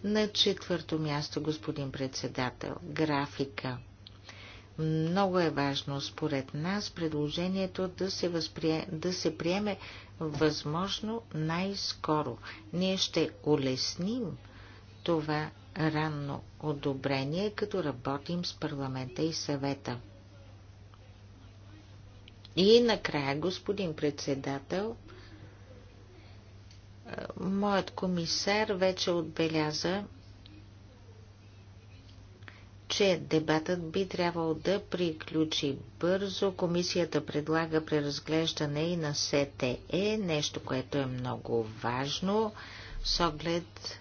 На четвърто място, господин председател, графика. Много е важно, според нас, предложението да се, възприе... да се приеме възможно най-скоро. Ние ще улесним това ранно одобрение, като работим с парламента и съвета. И накрая, господин председател, моят комисар вече отбеляза, че дебатът би трябвало да приключи бързо. Комисията предлага преразглеждане и на СТЕ, нещо, което е много важно с оглед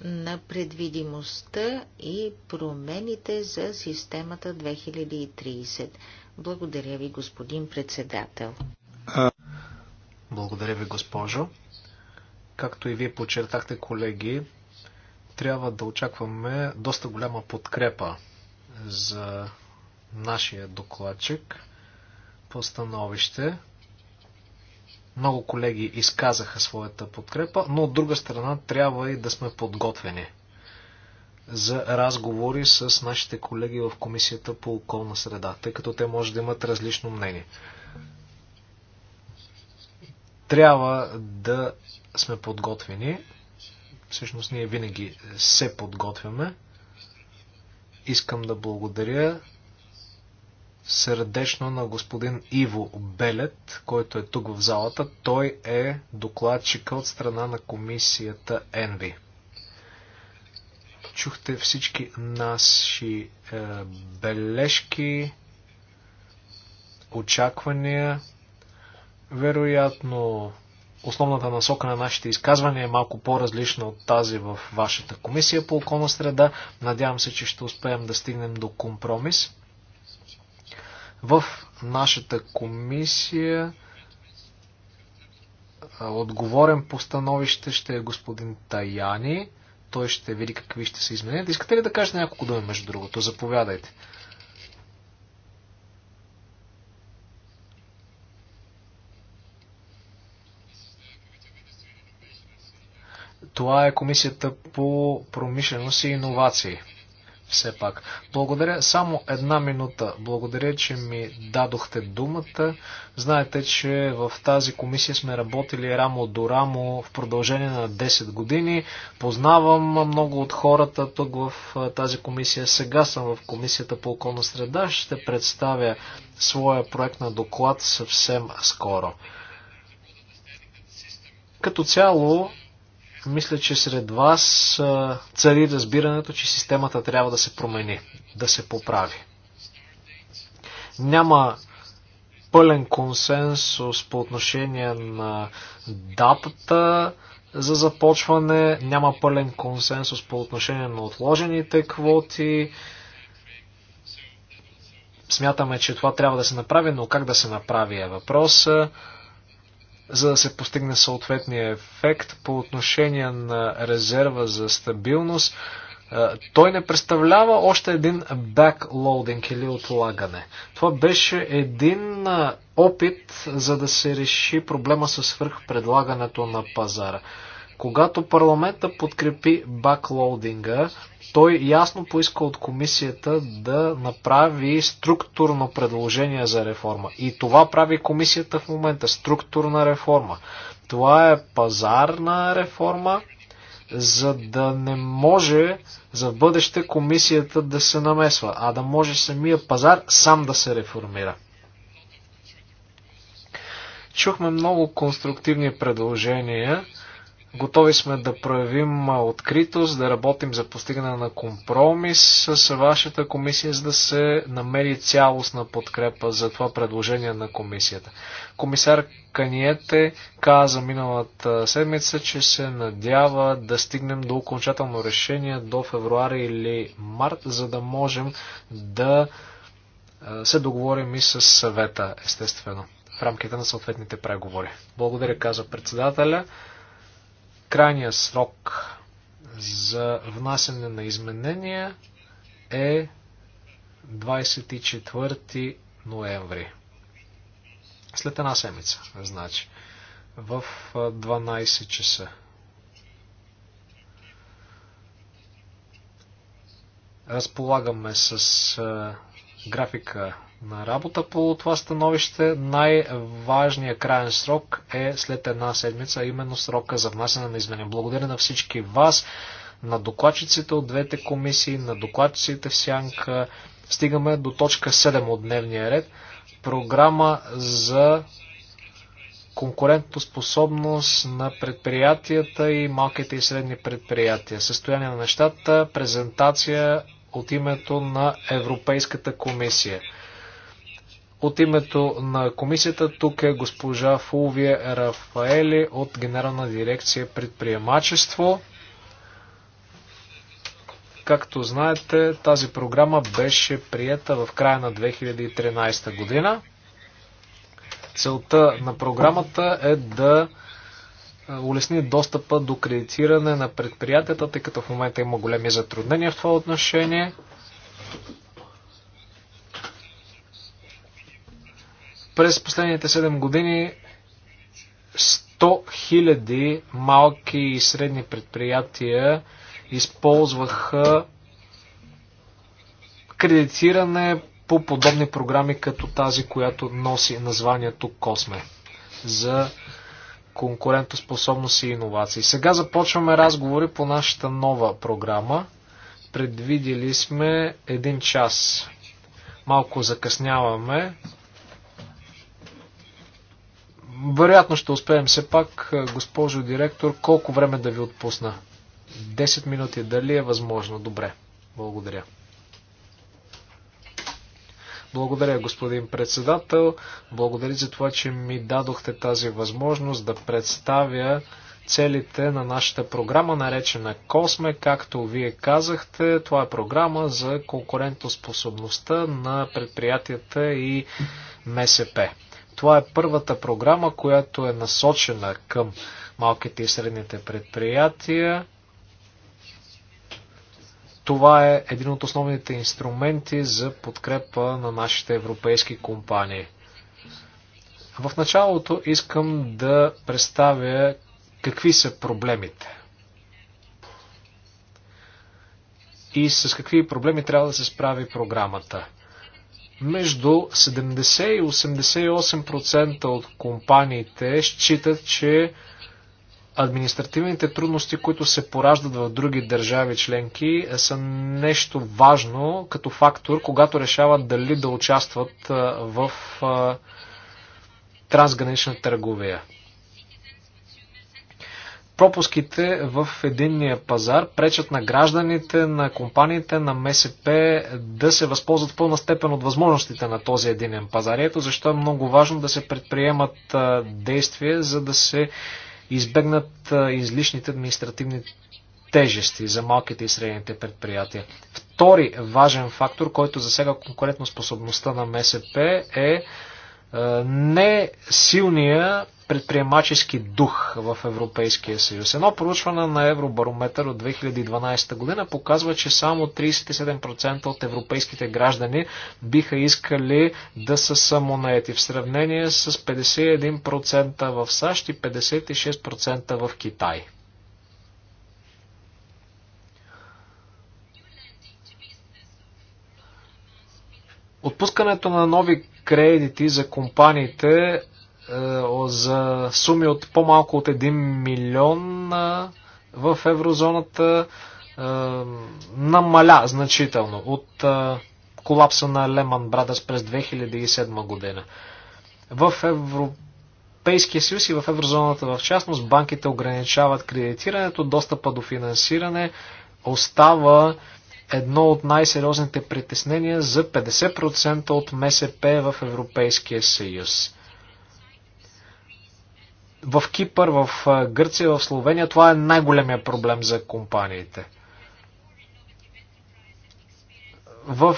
на предвидимостта и промените за системата 2030. Благодаря ви, господин председател. Благодаря ви, госпожо. Както и вие подчертахте, колеги, трябва да очакваме доста голяма подкрепа за нашия докладчик по становище. Много колеги изказаха своята подкрепа, но от друга страна трябва и да сме подготвени за разговори с нашите колеги в Комисията по околна среда, тъй като те може да имат различно мнение. Трябва да сме подготвени. Всъщност ние винаги се подготвяме. Искам да благодаря сърдечно на господин Иво Белет, който е тук в залата. Той е докладчика от страна на комисията Енви. Чухте всички наши е, бележки, очаквания. Вероятно, основната насока на нашите изказвания е малко по-различна от тази в вашата комисия по околна среда. Надявам се, че ще успеем да стигнем до компромис. В нашата комисия е, отговорен по становище ще е господин Таяни той ще види какви ще са измененията. Искате ли да кажете няколко думи, между другото? Заповядайте. Това е комисията по промишленост и иновации все пак. Благодаря. Само една минута. Благодаря, че ми дадохте думата. Знаете, че в тази комисия сме работили рамо до рамо в продължение на 10 години. Познавам много от хората тук в тази комисия. Сега съм в комисията по околна среда. Ще представя своя проект на доклад съвсем скоро. Като цяло, мисля, че сред вас цари разбирането, че системата трябва да се промени, да се поправи. Няма пълен консенсус по отношение на датата за започване, няма пълен консенсус по отношение на отложените квоти. Смятаме, че това трябва да се направи, но как да се направи е въпроса за да се постигне съответния ефект по отношение на резерва за стабилност. Той не представлява още един backloading или отлагане. Това беше един опит за да се реши проблема с свърхпредлагането на пазара. Когато парламента подкрепи баклоудинга, той ясно поиска от комисията да направи структурно предложение за реформа. И това прави комисията в момента структурна реформа. Това е пазарна реформа, за да не може за бъдеще комисията да се намесва, а да може самия пазар сам да се реформира. Чухме много конструктивни предложения Готови сме да проявим откритост, да работим за постигане на компромис с вашата комисия, за да се намери цялостна подкрепа за това предложение на комисията. Комисар Каниете каза миналата седмица, че се надява да стигнем до окончателно решение до февруари или март, за да можем да се договорим и с съвета, естествено, в рамките на съответните преговори. Благодаря, каза председателя. Крайният срок за внасяне на изменения е 24 ноември. След една седмица, значи. В 12 часа. Разполагаме с графика на работа по това становище. Най-важният крайен срок е след една седмица, именно срока за внасяне на изменения. Благодаря на всички вас, на докладчиците от двете комисии, на докладчиците в Сянка. Стигаме до точка 7 от дневния ред. Програма за конкурентоспособност на предприятията и малките и средни предприятия. Състояние на нещата, презентация от името на Европейската комисия. От името на комисията тук е госпожа Фулвия Рафаели от Генерална дирекция предприемачество. Както знаете, тази програма беше приета в края на 2013 година. Целта на програмата е да е, улесни достъпа до кредитиране на предприятията, тъй като в момента има големи затруднения в това отношение. През последните 7 години 100 000 малки и средни предприятия използваха кредитиране по подобни програми като тази, която носи названието Косме за конкурентоспособност и иновации. Сега започваме разговори по нашата нова програма. Предвидели сме един час. Малко закъсняваме, вероятно ще успеем все пак, госпожо директор, колко време да ви отпусна? 10 минути, дали е възможно? Добре, благодаря. Благодаря, господин председател. Благодаря за това, че ми дадохте тази възможност да представя целите на нашата програма, наречена Косме. Както вие казахте, това е програма за конкурентоспособността на предприятията и МСП. Това е първата програма, която е насочена към малките и средните предприятия. Това е един от основните инструменти за подкрепа на нашите европейски компании. В началото искам да представя какви са проблемите. И с какви проблеми трябва да се справи програмата между 70 и 88% от компаниите считат, че административните трудности, които се пораждат в други държави членки, са нещо важно като фактор, когато решават дали да участват в трансгранична търговия пропуските в единния пазар пречат на гражданите, на компаниите, на МСП да се възползват в пълна степен от възможностите на този единен пазар. Ето защо е много важно да се предприемат действия, за да се избегнат излишните административни тежести за малките и средните предприятия. Втори важен фактор, който засяга конкурентоспособността на МСП е е, не силния предприемачески дух в Европейския съюз. Едно проучване на Евробарометър от 2012 година показва, че само 37% от европейските граждани биха искали да са самонаети в сравнение с 51% в САЩ и 56% в Китай. Отпускането на нови кредити за компаниите е, за суми от по-малко от 1 милион е, в еврозоната е, намаля значително от колапса на Lehman Brothers през 2007 година. В Европейския съюз и в еврозоната в частност банките ограничават кредитирането, достъпа до финансиране остава едно от най-сериозните притеснения за 50% от МСП в Европейския съюз. В Кипър, в Гърция, в Словения това е най-големия проблем за компаниите. В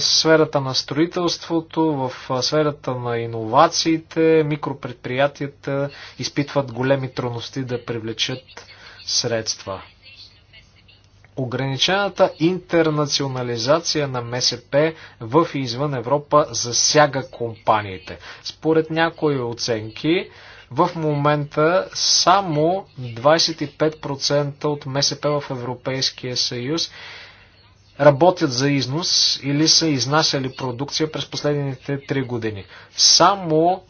сферата на строителството, в сферата на иновациите, микропредприятията изпитват големи трудности да привлечат средства. Ограничената интернационализация на МСП в и извън Европа засяга компаниите. Според някои оценки, в момента само 25% от МСП в Европейския съюз работят за износ или са изнасяли продукция през последните 3 години. Само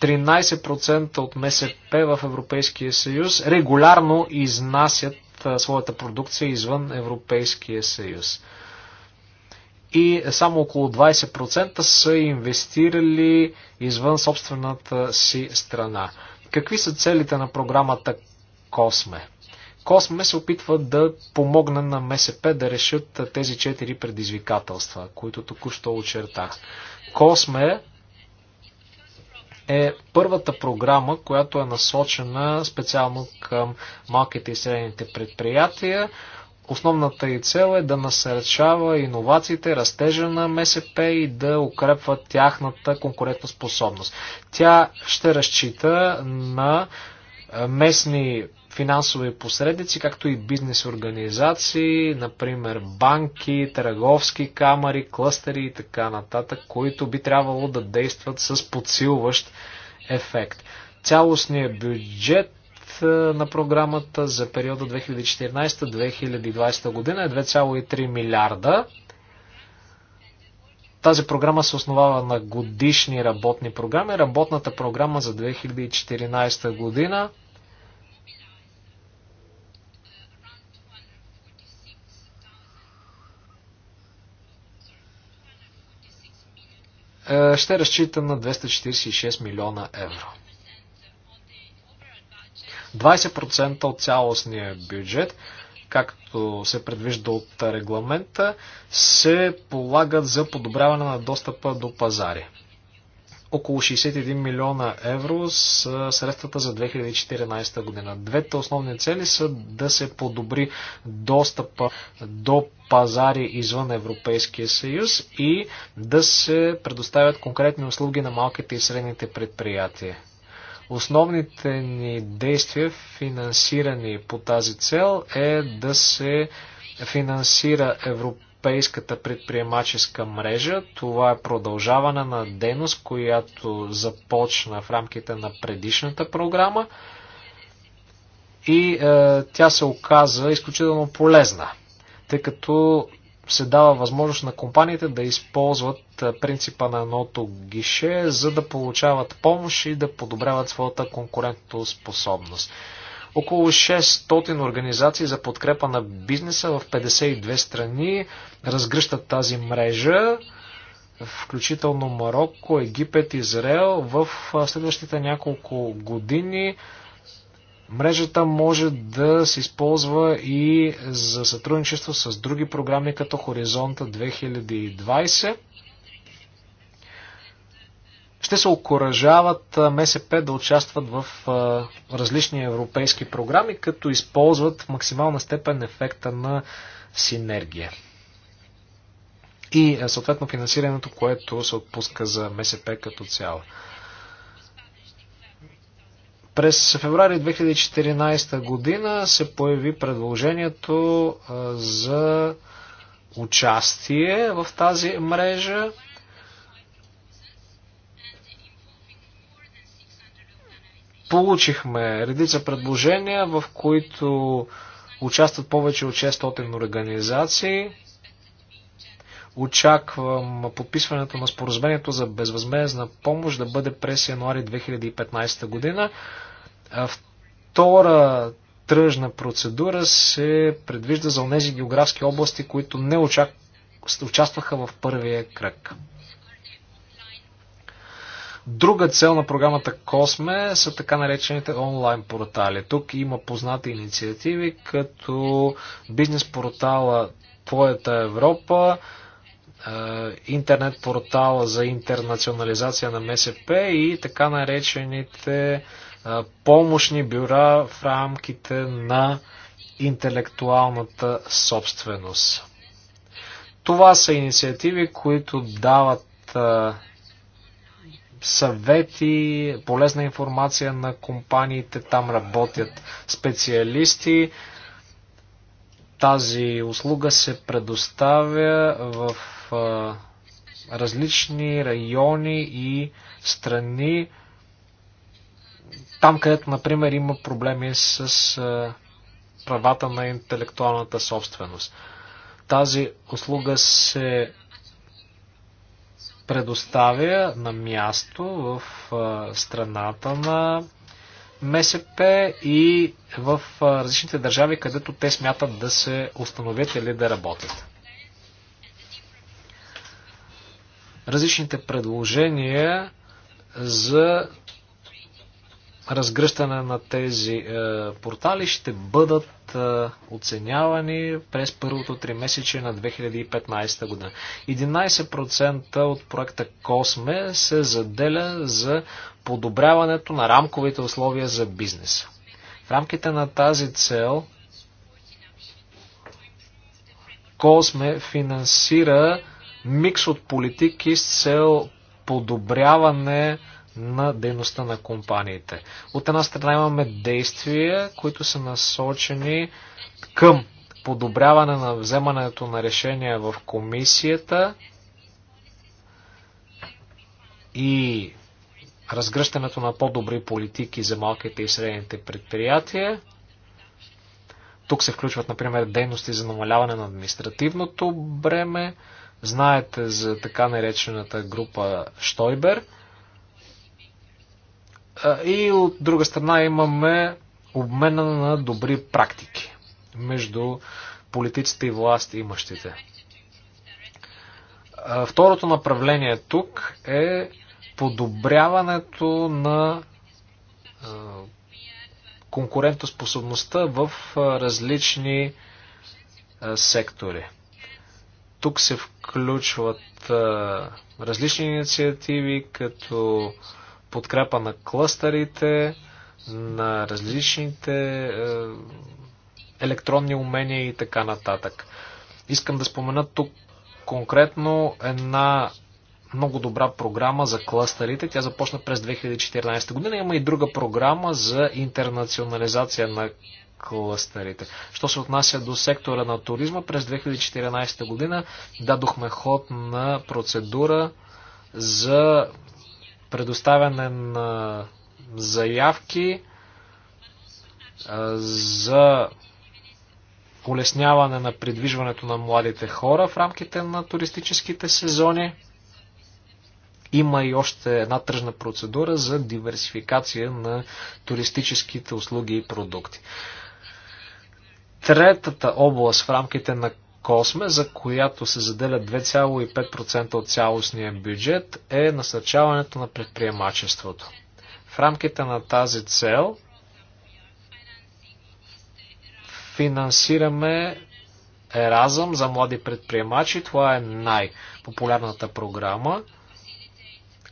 13% от МСП в Европейския съюз регулярно изнасят своята продукция извън Европейския съюз. И само около 20% са инвестирали извън собствената си страна. Какви са целите на програмата Косме? Косме се опитва да помогне на МСП да решат тези четири предизвикателства, които току-що очертах. Косме е първата програма, която е насочена специално към малките и средните предприятия. Основната й цел е да насърчава иновациите, растежа на МСП и да укрепва тяхната конкурентоспособност. Тя ще разчита на местни финансови посредници, както и бизнес организации, например банки, търговски камери, клъстери и така нататък, които би трябвало да действат с подсилващ ефект. Цялостният бюджет е, на програмата за периода 2014-2020 година е 2,3 милиарда. Тази програма се основава на годишни работни програми. Работната програма за 2014 година Е, ще разчита на 246 милиона евро. 20% от цялостния бюджет, както се предвижда от регламента, се полагат за подобряване на достъпа до пазари около 61 милиона евро с средствата за 2014 година. Двете основни цели са да се подобри достъпа до пазари извън Европейския съюз и да се предоставят конкретни услуги на малките и средните предприятия. Основните ни действия, финансирани по тази цел, е да се финансира Европейския Европейската предприемаческа мрежа. Това е продължаване на дейност, която започна в рамките на предишната програма и е, тя се оказа изключително полезна, тъй като се дава възможност на компаниите да използват е, принципа на едното гише, за да получават помощ и да подобряват своята конкурентоспособност. способност около 600 организации за подкрепа на бизнеса в 52 страни разгръщат тази мрежа, включително Марокко, Египет, Израел. В следващите няколко години Мрежата може да се използва и за сътрудничество с други програми, като Хоризонта 2020 ще се окоръжават МСП да участват в различни европейски програми, като използват в максимална степен ефекта на синергия. И съответно финансирането, което се отпуска за МСП като цяло. През феврари 2014 година се появи предложението за участие в тази мрежа Получихме редица предложения, в които участват повече от 600 организации. Очаквам подписването на споразумението за безвъзмезна помощ да бъде през януари 2015 година. Втора тръжна процедура се предвижда за тези географски области, които не участваха в първия кръг. Друга цел на програмата Косме са така наречените онлайн портали. Тук има познати инициативи, като бизнес портала Твоята Европа, е, интернет портала за интернационализация на МСП и така наречените е, помощни бюра в рамките на интелектуалната собственост. Това са инициативи, които дават е, съвети, полезна информация на компаниите, там работят специалисти. Тази услуга се предоставя в различни райони и страни, там където, например, има проблеми с правата на интелектуалната собственост. Тази услуга се предоставя на място в страната на МСП и в различните държави, където те смятат да се установят или да работят. Различните предложения за разгръщане на тези е, портали ще бъдат е, оценявани през първото три месече на 2015 година. 11% от проекта Косме се заделя за подобряването на рамковите условия за бизнеса. В рамките на тази цел Косме финансира микс от политики с цел подобряване на на дейността на компаниите. От една страна имаме действия, които са насочени към подобряване на вземането на решения в комисията и разгръщането на по-добри политики за малките и средните предприятия. Тук се включват, например, дейности за намаляване на административното бреме. Знаете за така наречената група Штойбер – и от друга страна имаме обмена на добри практики между политиците и власт и имащите. Второто направление тук е подобряването на конкурентоспособността в различни сектори. Тук се включват различни инициативи, като подкрепа на клъстерите, на различните е, електронни умения и така нататък. Искам да спомена тук конкретно една много добра програма за клъстерите. Тя започна през 2014 година. Има и друга програма за интернационализация на клъстерите. Що се отнася до сектора на туризма, през 2014 година дадохме ход на процедура за предоставяне на заявки за улесняване на придвижването на младите хора в рамките на туристическите сезони. Има и още една тръжна процедура за диверсификация на туристическите услуги и продукти. Третата област, в рамките на Косме, за която се заделя 2,5% от цялостния бюджет, е насърчаването на предприемачеството. В рамките на тази цел финансираме Еразъм за млади предприемачи. Това е най-популярната програма.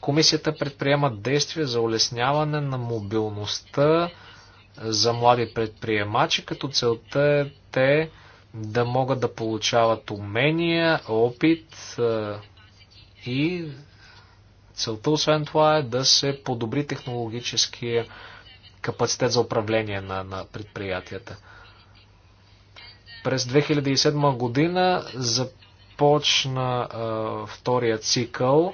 Комисията предприема действия за улесняване на мобилността за млади предприемачи, като целта е те да могат да получават умения, опит и целта освен това е да се подобри технологическия капацитет за управление на, на предприятията. През 2007 година започна а, втория цикъл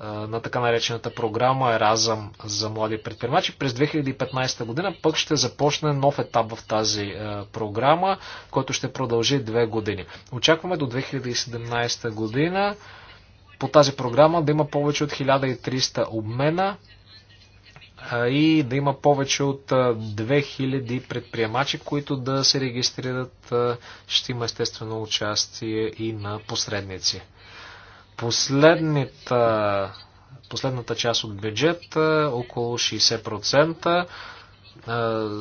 на така наречената програма Еразъм за млади предприемачи. През 2015 година пък ще започне нов етап в тази програма, който ще продължи две години. Очакваме до 2017 година по тази програма да има повече от 1300 обмена и да има повече от 2000 предприемачи, които да се регистрират. Ще има естествено участие и на посредници. Последната, последната част от бюджета, около 60%,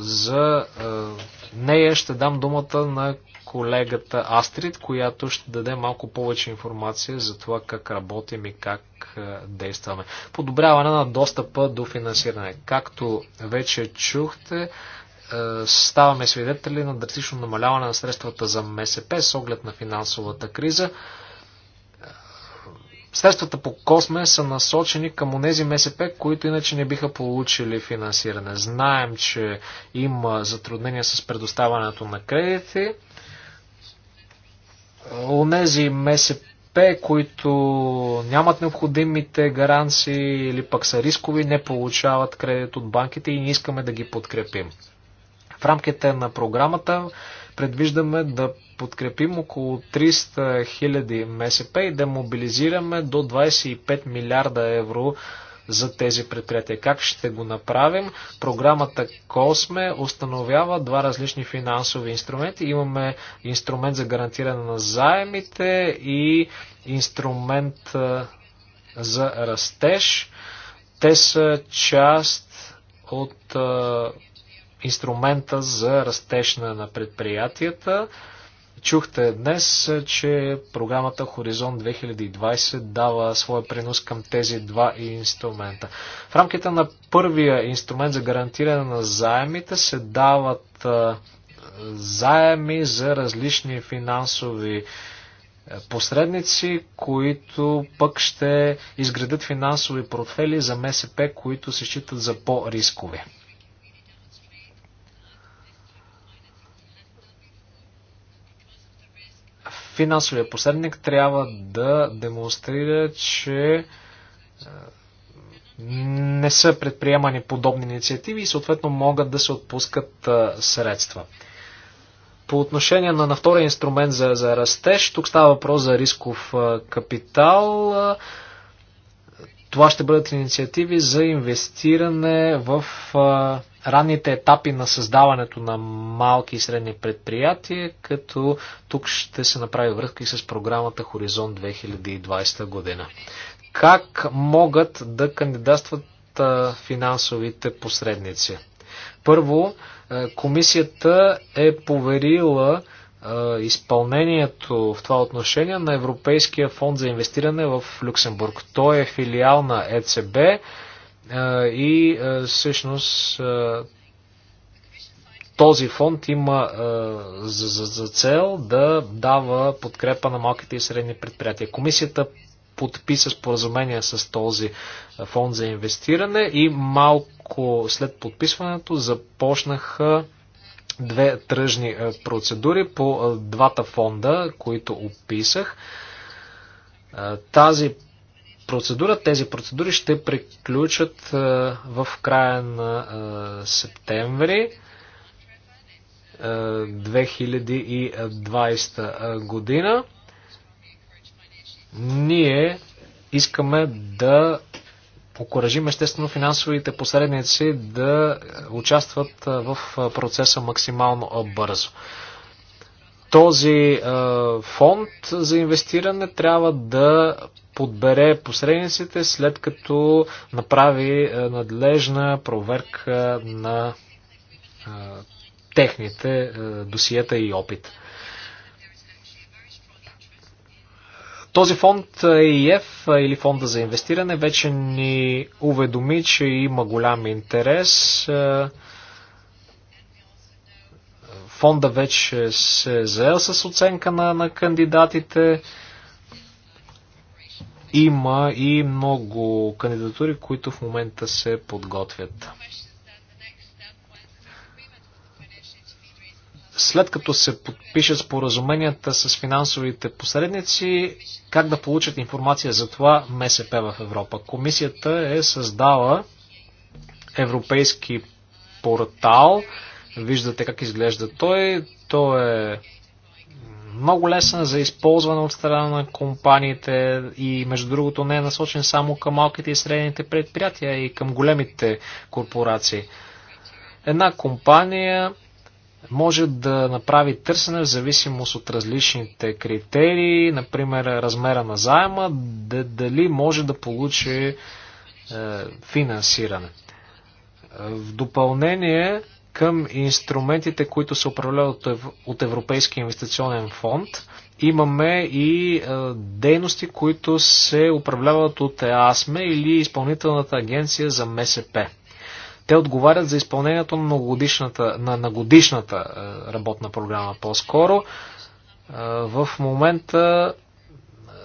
за нея ще дам думата на колегата Астрид, която ще даде малко повече информация за това как работим и как действаме. Подобряване на достъпа до финансиране. Както вече чухте, ставаме свидетели на драстично намаляване на средствата за МСП с оглед на финансовата криза. Средствата по Косме са насочени към онези МСП, които иначе не биха получили финансиране. Знаем, че има затруднения с предоставането на кредити. Онези МСП, които нямат необходимите гаранции или пък са рискови, не получават кредит от банките и не искаме да ги подкрепим. В рамките на програмата Предвиждаме да подкрепим около 300 000 МСП и да мобилизираме до 25 милиарда евро за тези предприятия. Как ще го направим? Програмата Косме установява два различни финансови инструменти. Имаме инструмент за гарантиране на заемите и инструмент за растеж. Те са част от инструмента за растеж на предприятията. Чухте днес, че програмата Хоризонт 2020 дава своя принос към тези два инструмента. В рамките на първия инструмент за гарантиране на заемите се дават заеми за различни финансови посредници, които пък ще изградат финансови портфели за МСП, които се считат за по-рискови. финансовия посредник трябва да демонстрира, че е, не са предприемани подобни инициативи и съответно могат да се отпускат е, средства. По отношение на, на втория инструмент за, за растеж, тук става въпрос за рисков е, капитал. Това ще бъдат инициативи за инвестиране в ранните етапи на създаването на малки и средни предприятия, като тук ще се направи връзка и с програмата Хоризонт 2020 година. Как могат да кандидатстват финансовите посредници? Първо, комисията е поверила изпълнението в това отношение на Европейския фонд за инвестиране в Люксембург. Той е филиал на ЕЦБ и всъщност този фонд има за, за, за цел да дава подкрепа на малките и средни предприятия. Комисията подписа споразумение с този фонд за инвестиране и малко след подписването започнаха две тръжни процедури по двата фонда, които описах. Тази процедура. Тези процедури ще приключат е, в края на е, септември 2020 е, година. Ние искаме да покоражим естествено финансовите посредници да участват в процеса максимално бързо. Този фонд за инвестиране трябва да подбере посредниците, след като направи е, надлежна проверка на е, техните е, досиета и опит. Този фонд ЕИФ или фонда за инвестиране вече ни уведоми, че има голям интерес. Фонда вече се е заел с оценка на, на кандидатите. Има и много кандидатури, които в момента се подготвят. След като се подпишат споразуменията с финансовите посредници, как да получат информация за това МСП в Европа? Комисията е създала европейски портал. Виждате как изглежда той. Той е много лесен за използване от страна на компаниите и между другото не е насочен само към малките и средните предприятия и към големите корпорации. Една компания може да направи търсене в зависимост от различните критерии, например размера на заема, дали може да получи е, финансиране. В допълнение, към инструментите, които се управляват от Европейския инвестиционен фонд. Имаме и е, дейности, които се управляват от ЕАСМЕ или Изпълнителната агенция за МСП. Те отговарят за изпълнението на, годишната, на, на годишната е, работна програма по-скоро. Е, в момента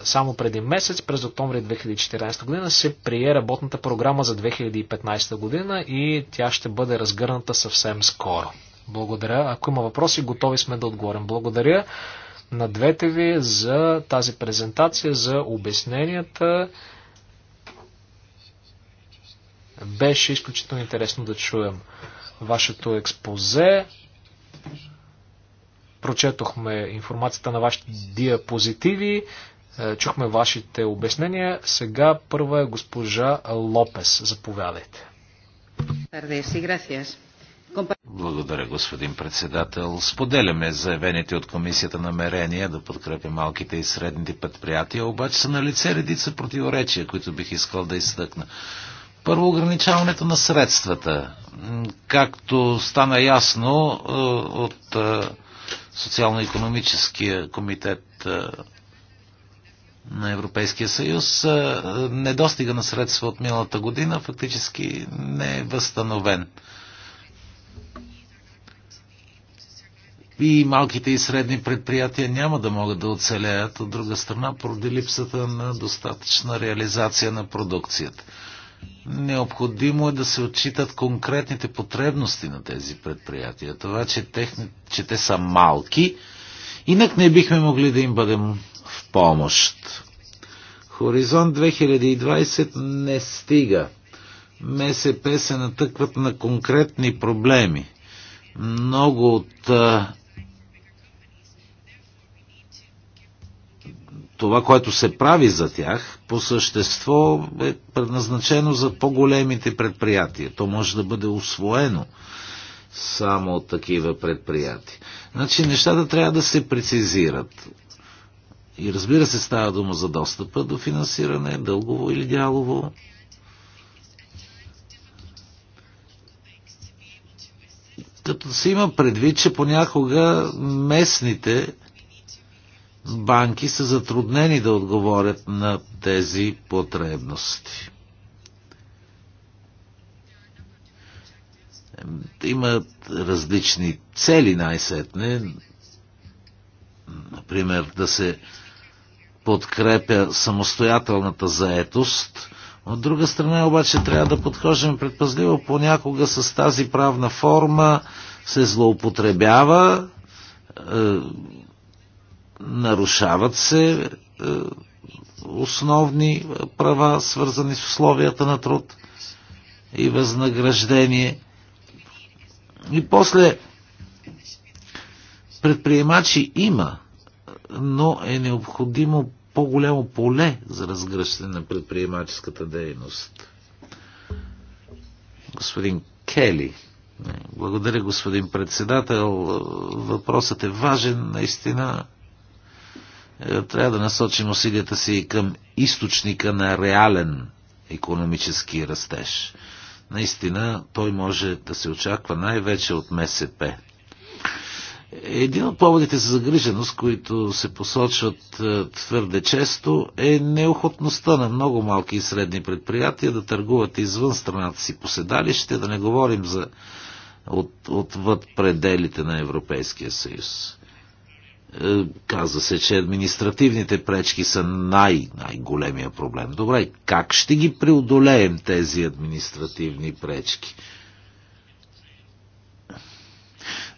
само преди месец, през октомври 2014 година, се прие работната програма за 2015 година и тя ще бъде разгърната съвсем скоро. Благодаря. Ако има въпроси, готови сме да отговорим. Благодаря на двете ви за тази презентация, за обясненията. Беше изключително интересно да чуем вашето експозе. Прочетохме информацията на вашите диапозитиви. Е, чухме вашите обяснения. Сега първа е госпожа Лопес. Заповядайте. Благодаря, господин председател. Споделяме заявените от комисията намерения да подкрепя малките и средните предприятия, обаче са на лице редица противоречия, които бих искал да изтъкна. Първо ограничаването на средствата. Както стана ясно е, от е, Социално-економическия комитет на Европейския съюз, е, недостига на средства от миналата година фактически не е възстановен. И малките и средни предприятия няма да могат да оцелеят, от друга страна, поради липсата на достатъчна реализация на продукцията. Необходимо е да се отчитат конкретните потребности на тези предприятия. Това, че, техни... че те са малки, инак не бихме могли да им бъдем в помощ. Хоризонт 2020 не стига. МСП се натъкват на конкретни проблеми. Много от а, това, което се прави за тях, по същество е предназначено за по-големите предприятия. То може да бъде освоено само от такива предприятия. Значи нещата трябва да се прецизират. И разбира се, става дума за достъпа до финансиране, дългово или дялово. Като се има предвид, че понякога местните банки са затруднени да отговорят на тези потребности. Имат различни цели най-сетне, например, да се подкрепя самостоятелната заетост. От друга страна обаче трябва да подхождаме предпазливо. Понякога с тази правна форма се злоупотребява, е, нарушават се е, основни права, свързани с условията на труд и възнаграждение. И после предприемачи има, но е необходимо по-голямо поле за разгръщане на предприемаческата дейност. Господин Кели. Благодаря, господин председател. Въпросът е важен, наистина. Е, трябва да насочим усилията си към източника на реален економически растеж. Наистина, той може да се очаква най-вече от МСП. Един от поводите за загриженост, които се посочват е, твърде често, е неохотността на много малки и средни предприятия да търгуват извън страната си по седалище, да не говорим за от, отвъд пределите на Европейския съюз. Е, казва се, че административните пречки са най- най-големия проблем. Добре, как ще ги преодолеем тези административни пречки?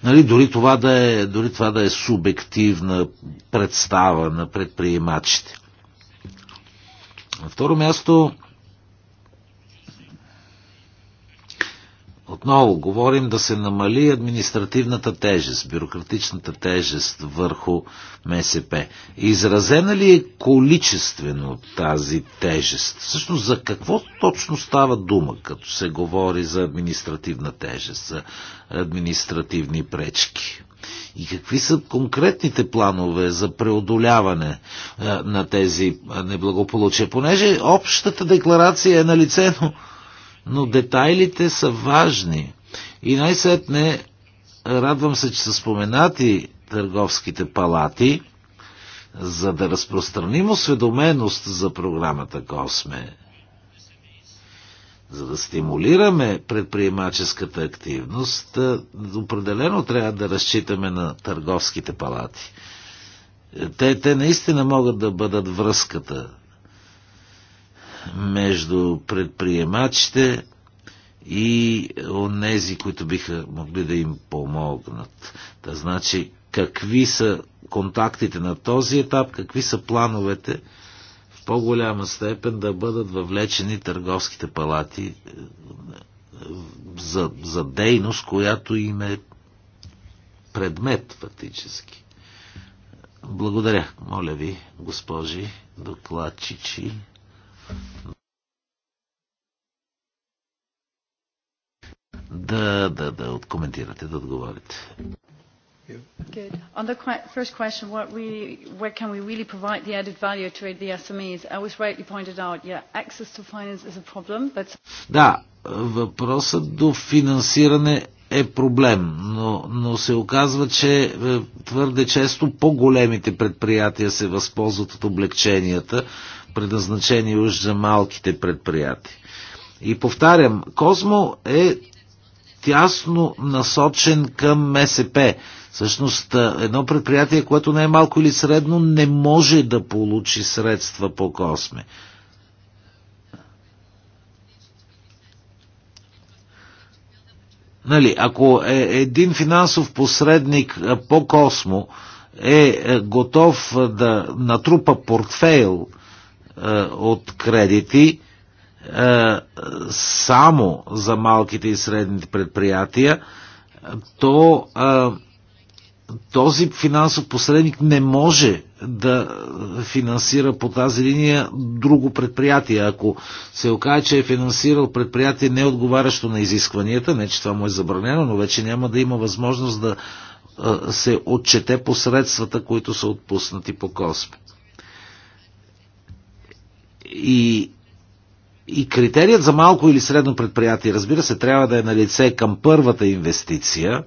Нали, дори, това да е, дори това да е субективна представа на предприемачите. На второ място, Отново говорим да се намали административната тежест, бюрократичната тежест върху МСП. Изразена ли е количествено тази тежест? Всъщност за какво точно става дума, като се говори за административна тежест, за административни пречки? И какви са конкретните планове за преодоляване е, на тези е, неблагополучия? Понеже общата декларация е на лице, но но детайлите са важни. И най-сетне радвам се, че са споменати търговските палати, за да разпространим осведоменост за програмата Косме, за да стимулираме предприемаческата активност, е, определено трябва да разчитаме на търговските палати. Е, те, те наистина могат да бъдат връзката между предприемачите и онези, които биха могли да им помогнат. Та значи, какви са контактите на този етап, какви са плановете в по-голяма степен да бъдат въвлечени търговските палати е, за, за дейност, която им е предмет фактически. Благодаря, моля ви, госпожи докладчичи да, да, да откоментирате, да отговорите. Good. On the first question, what we, where can we really provide the added value to the SMEs? I was rightly pointed out, yeah, access to finance is a problem, but... Да, въпросът до финансиране е проблем, но, но се оказва, че е, твърде често по-големите предприятия се възползват от облегченията, предназначени уж за малките предприятия. И повтарям, Козмо е тясно насочен към МСП. Всъщност, едно предприятие, което не е малко или средно, не може да получи средства по Косме. Нали, ако е един финансов посредник по Космо е, е готов да натрупа портфейл е, от кредити е, само за малките и средните предприятия, то е, този финансов посредник не може да финансира по тази линия друго предприятие. Ако се окаже, че е финансирал предприятие не отговарящо на изискванията, не че това му е забранено, но вече няма да има възможност да се отчете посредствата, които са отпуснати по Косме. И, и критерият за малко или средно предприятие, разбира се, трябва да е на лице към първата инвестиция,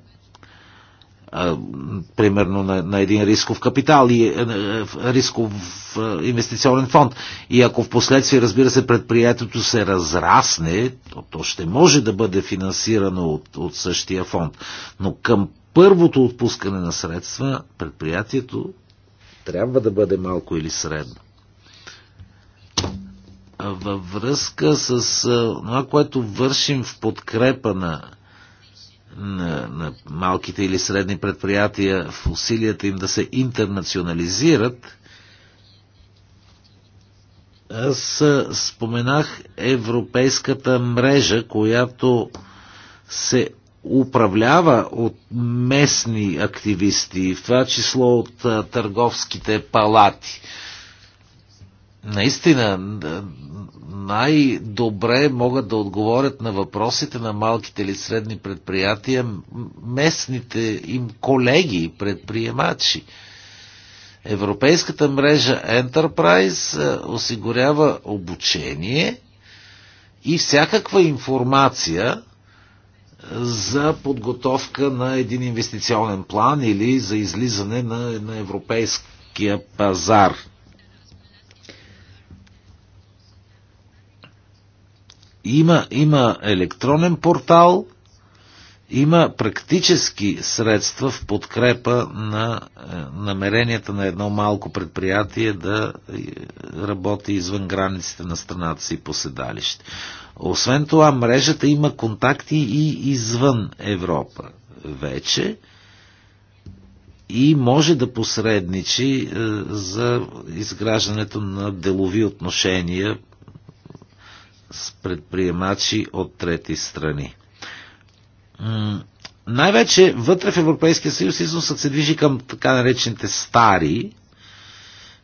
примерно на, на един рисков капитал и е, е, рисков е, инвестиционен фонд. И ако в последствие, разбира се, предприятието се разрасне, то, то ще може да бъде финансирано от, от същия фонд. Но към първото отпускане на средства предприятието трябва да бъде малко или средно във връзка с това, което вършим в подкрепа на, на, на малките или средни предприятия в усилията им да се интернационализират, аз споменах европейската мрежа, която се управлява от местни активисти, в това число от търговските палати. Наистина, най-добре могат да отговорят на въпросите на малките или средни предприятия местните им колеги, и предприемачи. Европейската мрежа Enterprise е, осигурява обучение и всякаква информация е, за подготовка на един инвестиционен план или за излизане на, на европейския пазар Има, има електронен портал, има практически средства в подкрепа на е, намеренията на едно малко предприятие да е, работи извън границите на страната си по седалище. Освен това, мрежата има контакти и извън Европа вече и може да посредничи е, за изграждането на делови отношения с предприемачи от трети страни. Най-вече вътре в Европейския съюз износът се движи към така наречените стари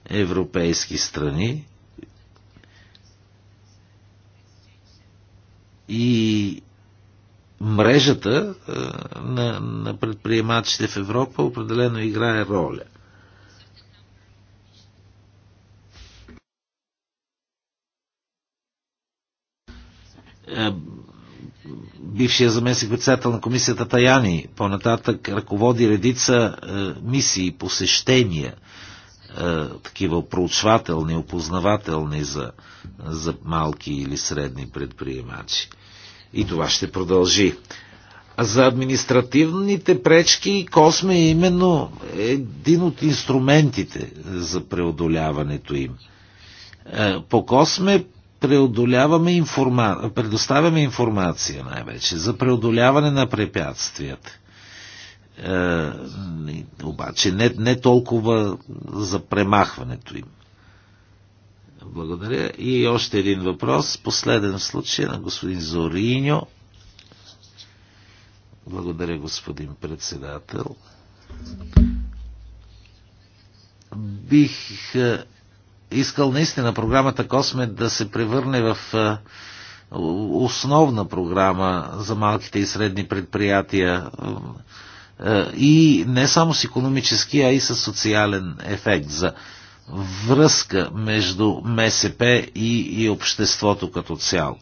европейски страни. И мрежата е, на, на предприемачите в Европа определено играе роля – Е, бившия заместник председател на комисията Таяни, по-нататък ръководи редица е, мисии, посещения, е, такива проучвателни, опознавателни за, за малки или средни предприемачи. И това ще продължи. За административните пречки Косме е именно един от инструментите за преодоляването им. По Косме преодоляваме информа... предоставяме информация най-вече за преодоляване на препятствията. Е, обаче не, не толкова за премахването им. Благодаря. И още един въпрос, последен случай на господин Зориньо. Благодаря, господин председател. Бих е, искал наистина програмата Косме да се превърне в е, основна програма за малките и средни предприятия е, и не само с економически, а и с социален ефект за връзка между МСП и, и обществото като цяло.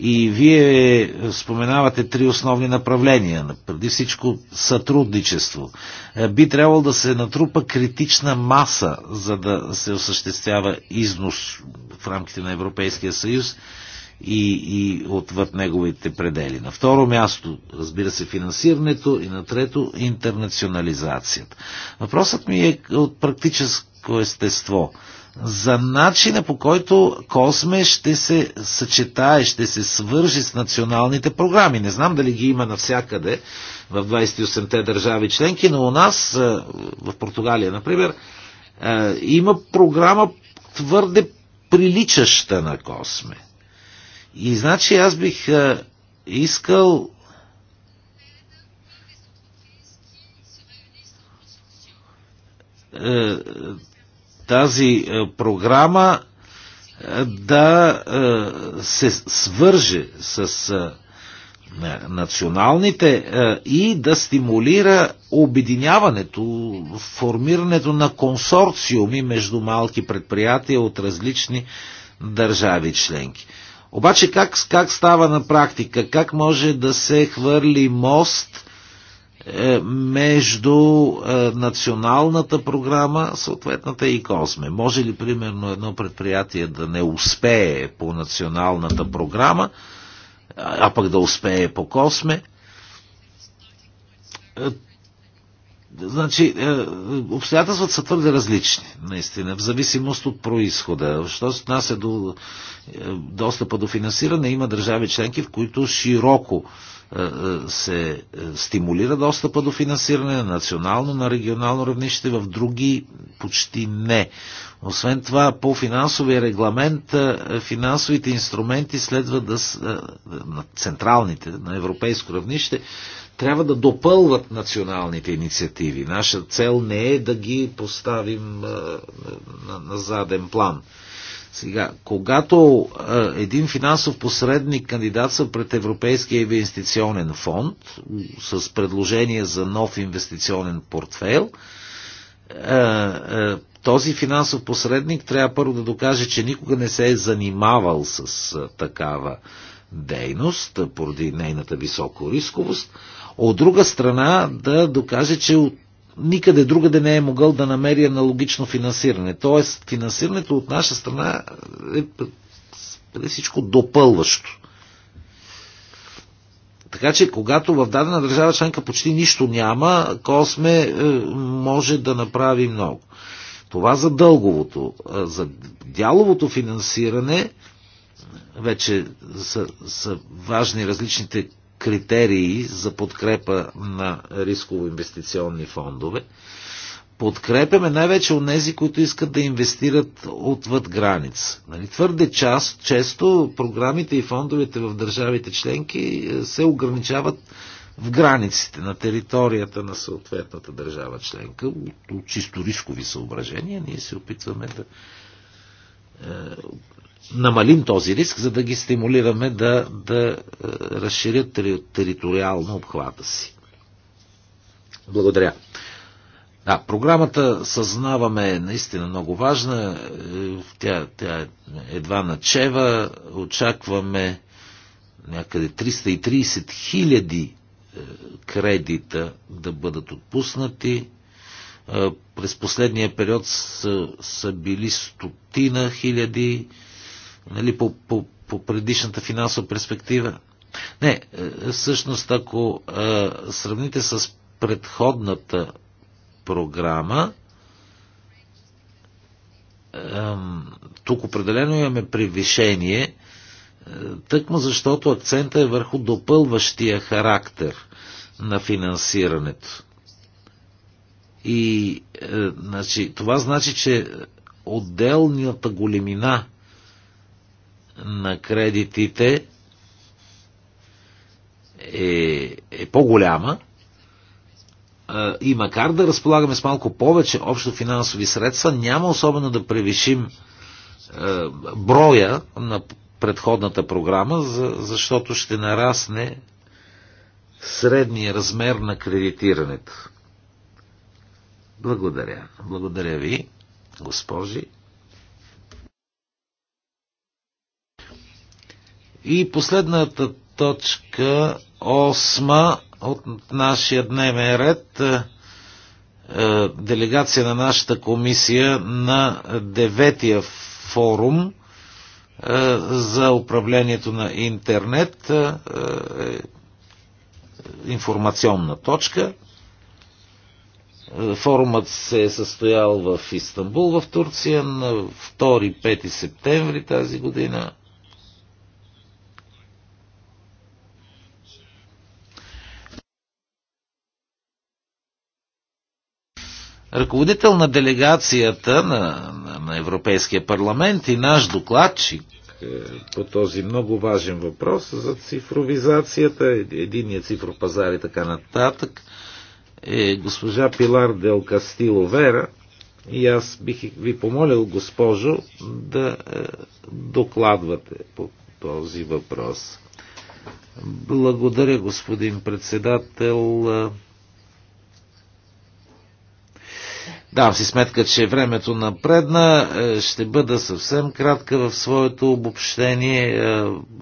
И вие споменавате три основни направления. Преди всичко сътрудничество. Е, би трябвало да се натрупа критична маса, за да се осъществява износ в рамките на Европейския съюз и, и отвъд неговите предели. На второ място, разбира се, финансирането и на трето, интернационализацията. Въпросът ми е от практическа политическо естество. За начина по който Косме ще се съчетае, ще се свържи с националните програми. Не знам дали ги има навсякъде в 28-те държави членки, но у нас, е, в Португалия, например, е, има програма твърде приличаща на Косме. И значи аз бих е, искал тази е, програма е, да е, се свърже с националните и да стимулира обединяването, формирането на консорциуми между малки предприятия от различни държави членки. Обаче как, как става на практика? Как може да се хвърли мост е, между е, националната програма, съответната и Косме. Може ли, примерно, едно предприятие да не успее по националната програма, а пък да успее по Косме? Е, значи, обстоятелствата са твърде различни, наистина, в зависимост от происхода. Що се отнася до достъпа до финансиране, има държави членки, в които широко е, е, се е, стимулира достъпа до финансиране на национално, на регионално равнище, в други почти не. Освен това, по финансовия регламент, финансовите инструменти следва да на централните, на европейско равнище, трябва да допълват националните инициативи. Наша цел не е да ги поставим на, на заден план. Сега, когато а, един финансов посредник кандидатства пред Европейския инвестиционен фонд с предложение за нов инвестиционен портфейл, а, а, този финансов посредник трябва първо да докаже, че никога не се е занимавал с такава дейност, поради нейната високо рисковост. От друга страна да докаже, че от никъде другаде не е могъл да намери аналогично финансиране. Тоест, финансирането от наша страна е преди всичко допълващо. Така че, когато в дадена държава членка почти нищо няма, Косме е, може да направи много. Това за дълговото. Е, за дяловото финансиране вече са, са важни различните критерии за подкрепа на рисково-инвестиционни фондове. Подкрепяме най-вече от тези, които искат да инвестират отвъд граница. Нали, твърде част, често програмите и фондовете в държавите членки е, се ограничават в границите на територията на съответната държава членка. От чисто рискови съображения ние се опитваме да е, намалим този риск, за да ги стимулираме да, да е, разширят териториално обхвата си. Благодаря. Да, програмата съзнаваме е наистина много важна. Е, тя, тя е едва начева. Очакваме някъде 330 хиляди е, кредита да бъдат отпуснати. През последния период са, са били стотина хиляди нали, по, по, по предишната финансова перспектива. Не, е, всъщност ако а, е, сравните с предходната програма, а, тук определено имаме превишение, е, тъкмо защото акцента е върху допълващия характер на финансирането. И е, значи, това значи, че отделната големина на кредитите е, е по-голяма и макар да разполагаме с малко повече общо финансови средства, няма особено да превишим броя на предходната програма, защото ще нарасне средния размер на кредитирането. Благодаря. Благодаря ви, госпожи. И последната точка, осма от нашия дневен ред, е, е, делегация на нашата комисия на деветия форум е, за управлението на интернет, информационна точка. Форумът се е състоял в Истанбул, в Турция, на 2-5 септември тази година. Ръководител на делегацията на, на Европейския парламент и наш докладчик е, по този много важен въпрос за цифровизацията, единия цифропазар и така нататък, е госпожа Пилар Дел Кастило Вера. И аз бих ви помолил, госпожо, да е, докладвате по този въпрос. Благодаря, господин председател. Давам си сметка, че времето напредна. Е, ще бъда съвсем кратка в своето обобщение, е,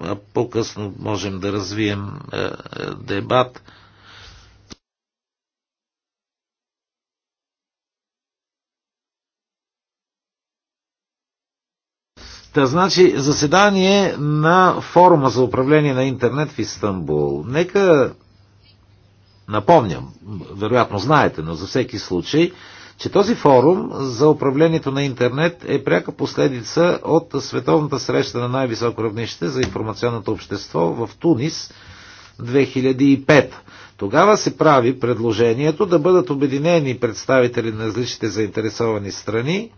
а по-късно можем да развием е, дебат. Та значи заседание на форума за управление на интернет в Истанбул. Нека напомням, вероятно знаете, но за всеки случай, че този форум за управлението на интернет е пряка последица от световната среща на най-високо равнище за информационното общество в Тунис 2005. Тогава се прави предложението да бъдат обединени представители на различните заинтересовани страни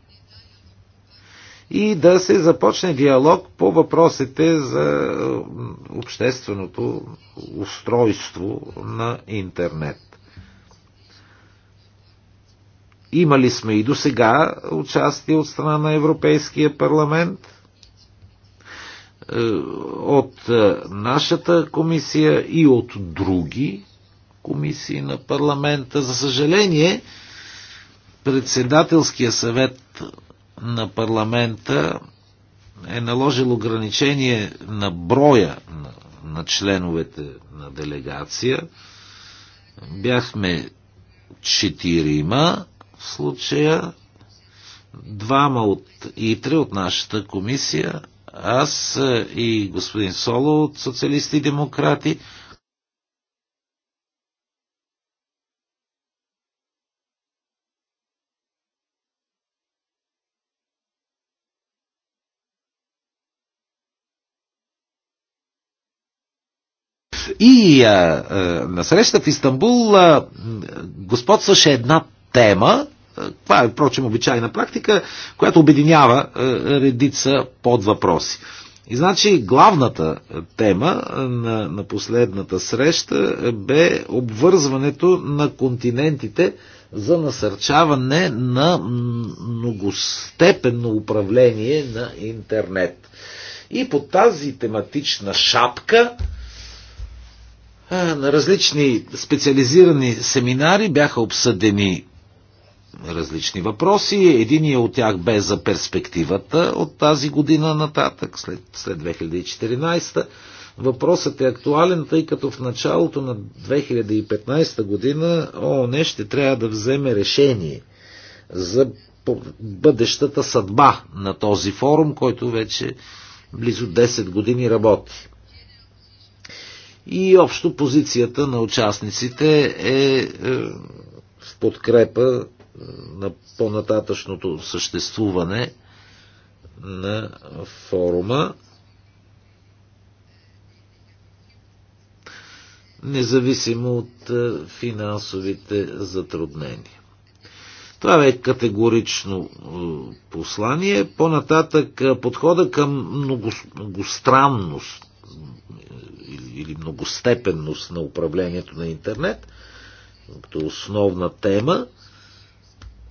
и да се започне диалог по въпросите за общественото устройство на интернет. Имали сме и до сега участие от страна на Европейския парламент, е, от е, нашата комисия и от други комисии на парламента. За съжаление, председателския съвет на парламента е наложил ограничение на броя на, на членовете на делегация. Бяхме четирима случая двама от итри от нашата комисия, аз и господин Соло от Социалисти и Демократи. И а, а, на среща в Истанбул а, господстваше една тема, това е, впрочем, обичайна практика, която обединява е, редица под въпроси. И значи главната тема е, на, на последната среща е, бе обвързването на континентите за насърчаване на многостепенно управление на интернет. И по тази тематична шапка на различни специализирани семинари бяха обсъдени различни въпроси. Единият от тях бе за перспективата от тази година нататък, след, след 2014. Въпросът е актуален, тъй като в началото на 2015 година ООН ще трябва да вземе решение за бъдещата съдба на този форум, който вече близо 10 години работи. И общо позицията на участниците е, е в подкрепа на по-нататъчното съществуване на форума. независимо от е, финансовите затруднения. Това е категорично послание. По-нататък е, подхода към многостранност е, или многостепенност на управлението на интернет, като основна тема,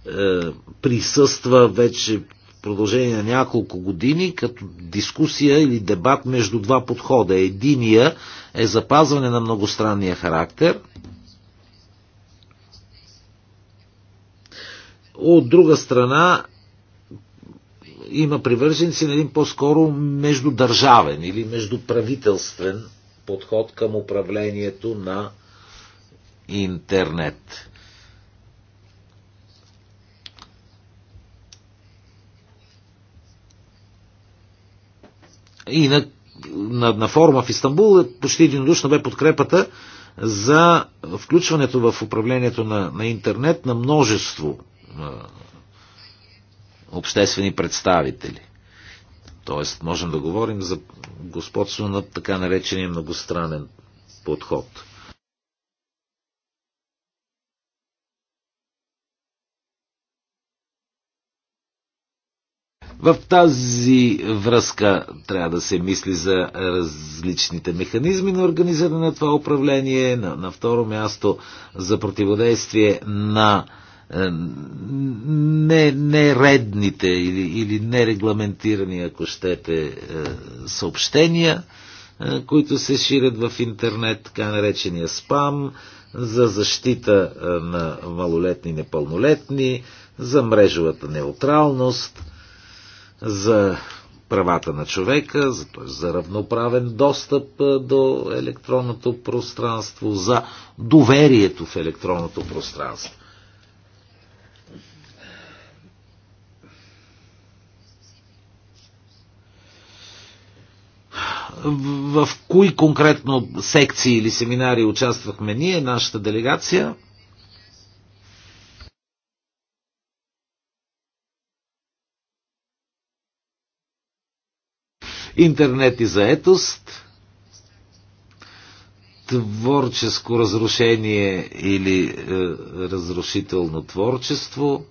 е, присъства вече в продължение на няколко години като дискусия или дебат между два подхода. Единия е запазване на многостранния характер, от друга страна има привърженици на един по-скоро междудържавен или междуправителствен подход към управлението на интернет. И на, на, на форума в Истанбул е почти единодушна бе подкрепата за включването в управлението на, на интернет на множество а, обществени представители. Тоест, можем да говорим за господство на така наречения многостранен подход. В тази връзка трябва да се мисли за различните механизми на организиране на това управление, на, на второ място за противодействие на е, нередните не или, или нерегламентирани, ако щете, е, съобщения, е, които се ширят в интернет, така наречения спам, за защита на малолетни и непълнолетни, за мрежовата неутралност – за правата на човека, за, т.е. за равноправен достъп до електронното пространство, за доверието в електронното пространство. В кои конкретно секции или семинари участвахме ние, нашата делегация – интернет и заетост, творческо разрушение или е, разрушително творчество,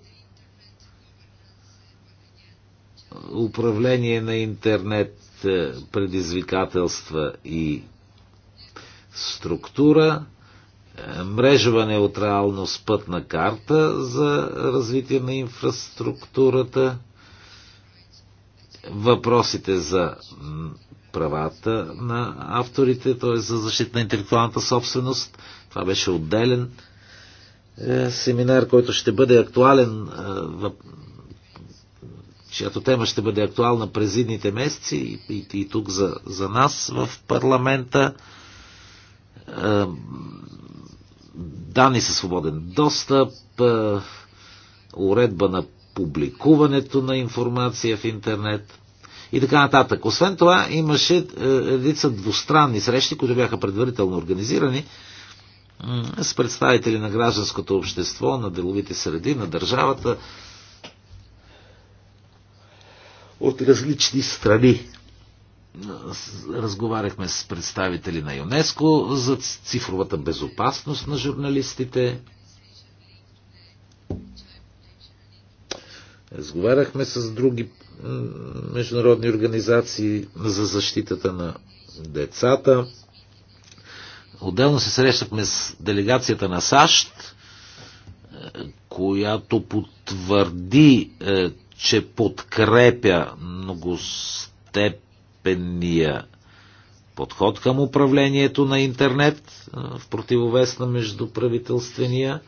управление на интернет, е, предизвикателства и структура, е, мрежова неутралност, пътна карта за развитие на инфраструктурата – въпросите за правата на авторите, т.е. за защита на интелектуалната собственост. Това беше отделен е, семинар, който ще бъде актуален, е, чиято тема ще бъде актуална през идните месеци и, и, и тук за, за нас в парламента. Е, данни със свободен достъп, уредба на публикуването на информация в интернет и така нататък. Освен това, имаше е, редица двустранни срещи, които бяха предварително организирани с представители на гражданското общество, на деловите среди, на държавата от различни страни. Разговаряхме с представители на ЮНЕСКО за цифровата безопасност на журналистите, Разговаряхме с други международни организации за защитата на децата. Отделно се срещахме с делегацията на САЩ, е, която потвърди, е, че подкрепя многостепенния подход към управлението на интернет е, в противовес на междуправителствения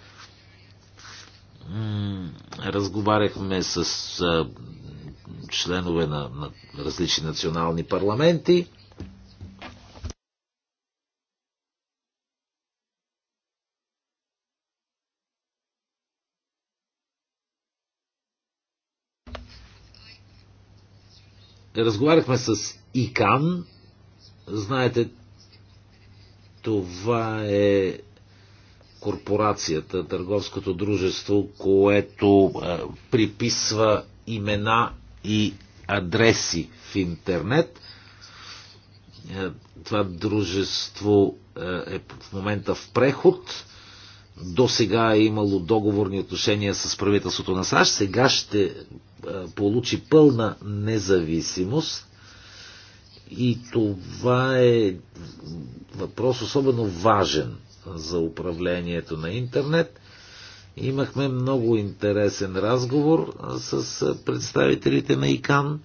разговаряхме с членове на, на различни национални парламенти. Разговаряхме с ИКАН. Знаете, това е корпорацията, търговското дружество, което а, е, приписва имена и адреси в интернет. Е, това дружество е, е в момента в преход. До сега е имало договорни отношения с правителството на САЩ. Сега ще е, получи пълна независимост. И това е въпрос особено важен за управлението на интернет. Имахме много интересен разговор с представителите на ИКАН.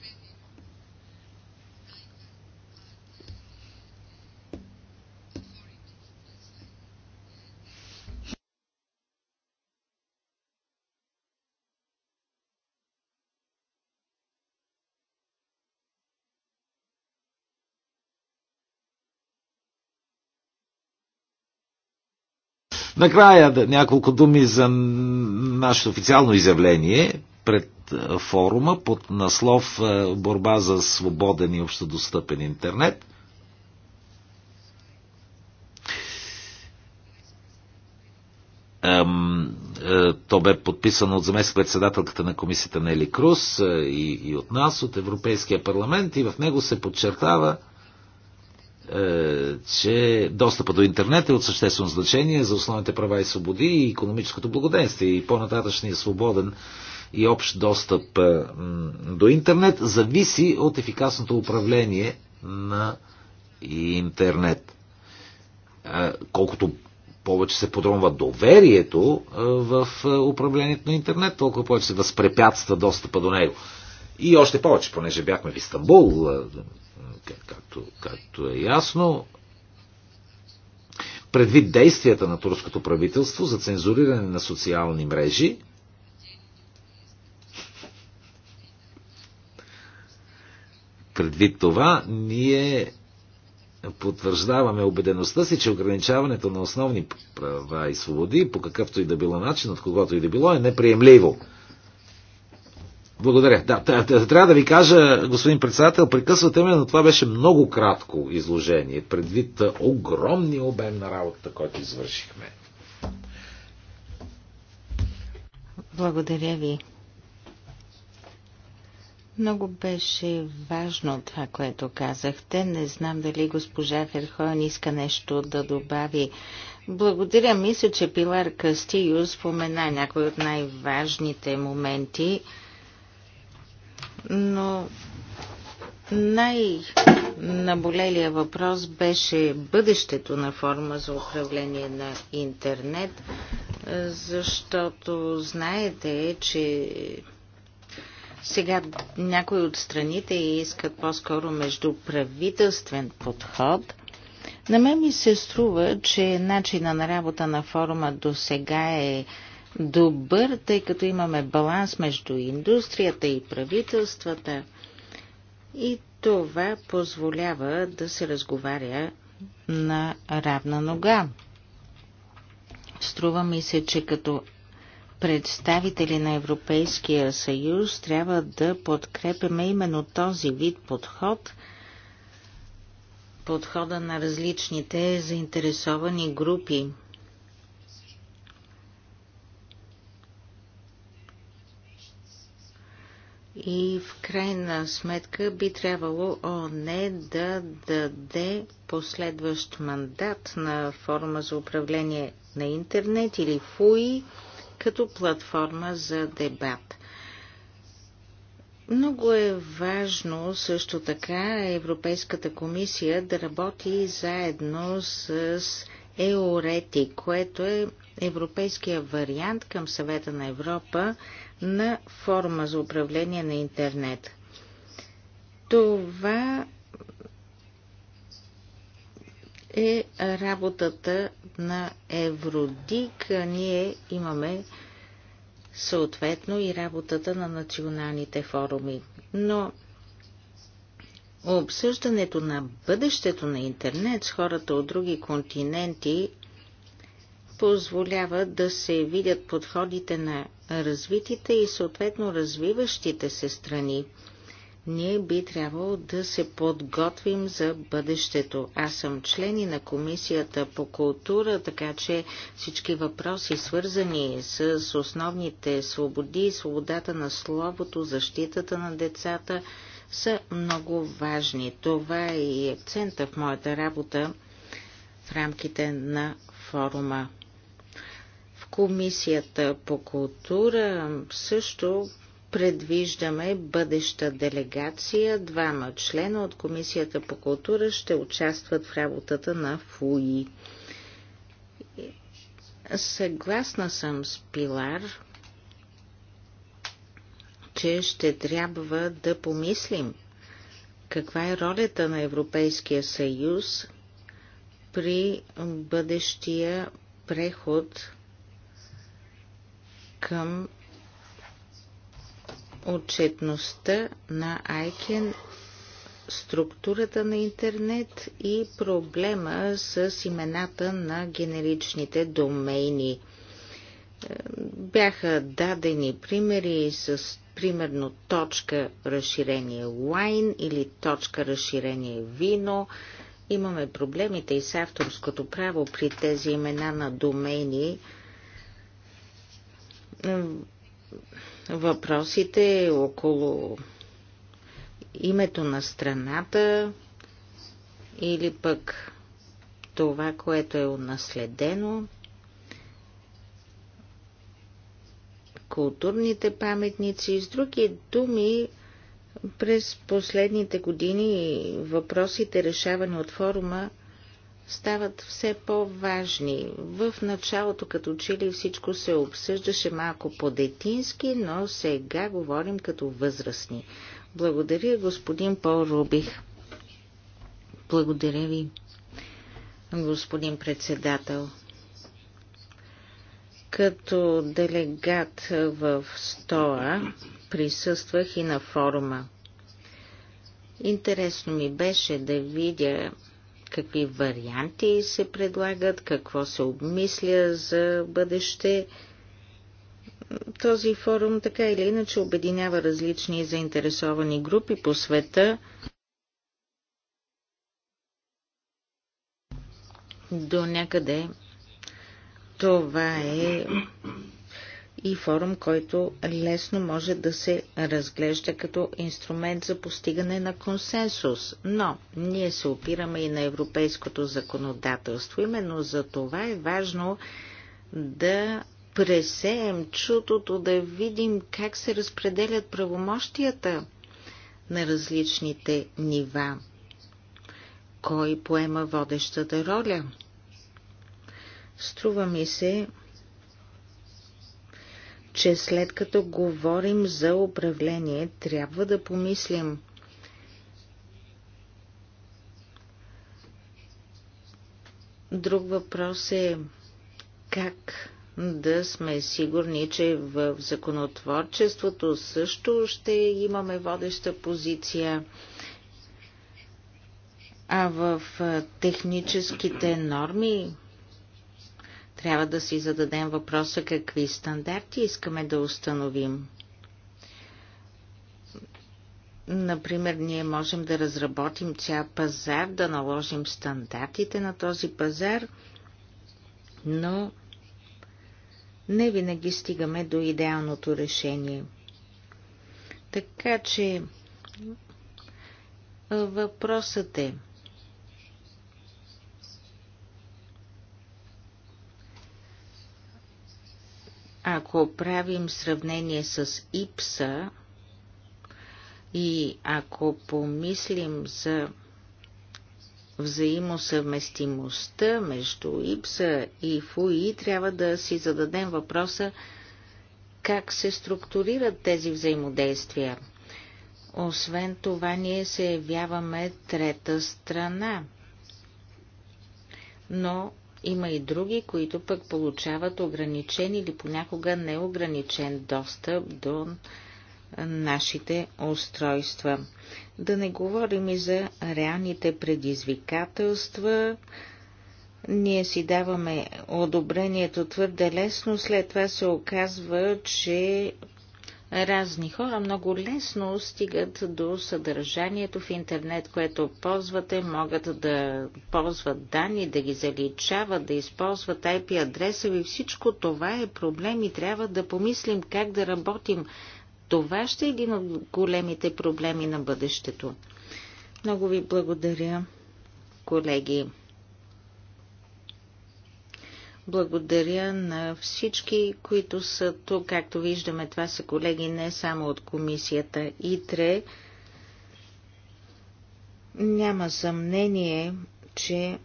Накрая няколко думи за нашето официално изявление пред е, форума под наслов е, Борба за свободен и общодостъпен интернет. Е, то бе подписано от заместник-председателката на комисията Нели Крус и, и от нас, от Европейския парламент и в него се подчертава е, че достъпа до интернет е от съществено значение за основните права и свободи и економическото благоденствие и по-нататъчния свободен и общ достъп е, до интернет зависи от ефикасното управление на интернет. Е, колкото повече се подронва доверието в управлението на интернет, толкова повече се възпрепятства достъпа до него. И още повече, понеже бяхме в Истанбул както, както е ясно, предвид действията на турското правителство за цензуриране на социални мрежи, предвид това, ние потвърждаваме убедеността си, че ограничаването на основни права и свободи, по какъвто и да било начин, от когото и да било, е неприемливо. Благодаря. Да, трябва да ви кажа, господин председател, прекъсвате ме, но това беше много кратко изложение, предвид огромния обем на работата, който извършихме. Благодаря ви. Много беше важно това, което казахте. Не знам дали госпожа Ферхойн иска нещо да добави. Благодаря. Мисля, че Пилар Кастио спомена някои от най-важните моменти но най-наболелия въпрос беше бъдещето на форма за управление на интернет, защото знаете, че сега някои от страните искат по-скоро междуправителствен подход. На мен ми се струва, че начина на работа на форума до сега е добър, тъй като имаме баланс между индустрията и правителствата. И това позволява да се разговаря на равна нога. Струва ми се, че като представители на Европейския съюз трябва да подкрепяме именно този вид подход, подхода на различните заинтересовани групи. И в крайна сметка би трябвало ООН да даде последващ мандат на форма за управление на интернет или ФУИ като платформа за дебат. Много е важно също така Европейската комисия да работи заедно с ЕОРЕТИ, което е европейския вариант към съвета на Европа на форма за управление на интернет. Това е работата на Евродик. Ние имаме съответно и работата на националните форуми. Но обсъждането на бъдещето на интернет с хората от други континенти позволява да се видят подходите на развитите и съответно развиващите се страни. Ние би трябвало да се подготвим за бъдещето. Аз съм член и на Комисията по култура, така че всички въпроси, свързани с основните свободи, свободата на словото, защитата на децата, са много важни. Това е и акцента в моята работа в рамките на форума. Комисията по култура също предвиждаме бъдеща делегация. Двама члена от Комисията по култура ще участват в работата на ФУИ. Съгласна съм с Пилар, че ще трябва да помислим каква е ролята на Европейския съюз при бъдещия преход към отчетността на ICANN, структурата на интернет и проблема с имената на генеричните домейни. Е, бяха дадени примери с примерно точка разширение wine или точка разширение вино. Имаме проблемите и с авторското право при тези имена на домейни, въпросите около името на страната или пък това, което е унаследено, културните паметници. и С други думи, през последните години въпросите, решавани от форума, стават все по-важни. В началото като че ли всичко се обсъждаше малко по-детински, но сега говорим като възрастни. Благодаря, господин Пол Рубих. Благодаря ви, господин председател. Като делегат в СТОА присъствах и на форума. Интересно ми беше да видя какви варианти се предлагат, какво се обмисля за бъдеще. Този форум така или иначе обединява различни заинтересовани групи по света. До някъде това е и форум, който лесно може да се разглежда като инструмент за постигане на консенсус. Но ние се опираме и на европейското законодателство. Именно за това е важно да пресеем чутото, да видим как се разпределят правомощията на различните нива. Кой поема водещата роля? Струва ми се, че след като говорим за управление, трябва да помислим Друг въпрос е как да сме сигурни, че в законотворчеството също ще имаме водеща позиция, а в техническите норми трябва да си зададем въпроса какви стандарти искаме да установим. Например, ние можем да разработим цял пазар, да наложим стандартите на този пазар, но не винаги стигаме до идеалното решение. Така че въпросът е – Ако правим сравнение с ИПСа и ако помислим за взаимосъвместимостта между ИПСа и ФУИ, трябва да си зададем въпроса как се структурират тези взаимодействия. Освен това, ние се явяваме трета страна. Но има и други, които пък получават ограничен или понякога неограничен достъп до нашите устройства. Да не говорим и за реалните предизвикателства. Ние си даваме одобрението твърде лесно, след това се оказва, че разни хора много лесно стигат до съдържанието в интернет, което ползвате, могат да ползват данни, да ги заличават, да използват IP адреса ви. Всичко това е проблем и трябва да помислим как да работим. Това ще е един от големите проблеми на бъдещето. Много ви благодаря, колеги. Благодаря на всички, които са тук. Както виждаме, това са колеги не само от комисията ИТРЕ. Няма съмнение, че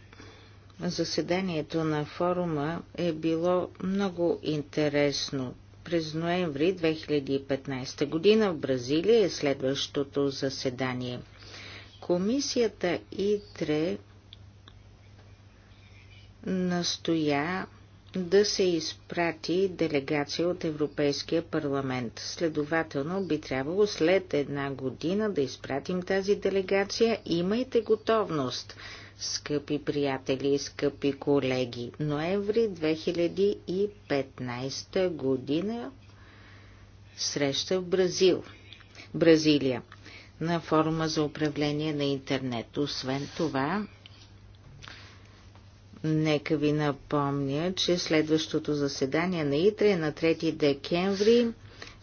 заседанието на форума е било много интересно. През ноември 2015 година в Бразилия е следващото заседание. Комисията ИТРЕ настоя да се изпрати делегация от Европейския парламент. Следователно би трябвало след една година да изпратим тази делегация. Имайте готовност, скъпи приятели и скъпи колеги. Ноември 2015 година среща в Бразил. Бразилия на форума за управление на интернет. Освен това, Нека ви напомня, че следващото заседание на ИТРЕ е на 3 декември,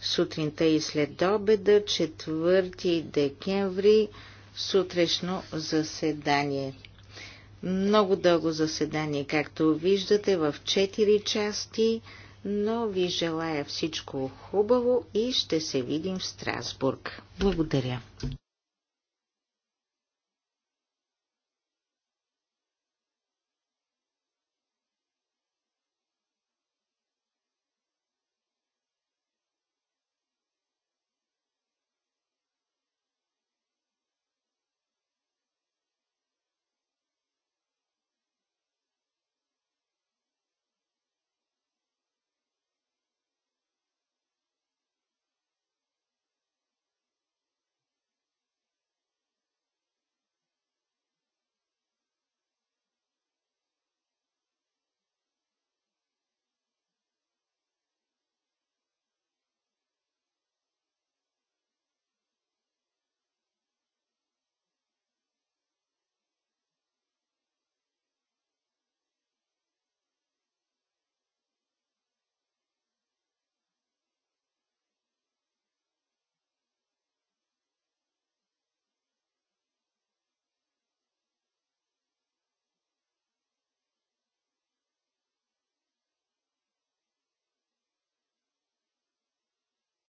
сутринта и след обеда, 4 декември, сутрешно заседание. Много дълго заседание, както виждате, в 4 части, но ви желая всичко хубаво и ще се видим в Страсбург. Благодаря.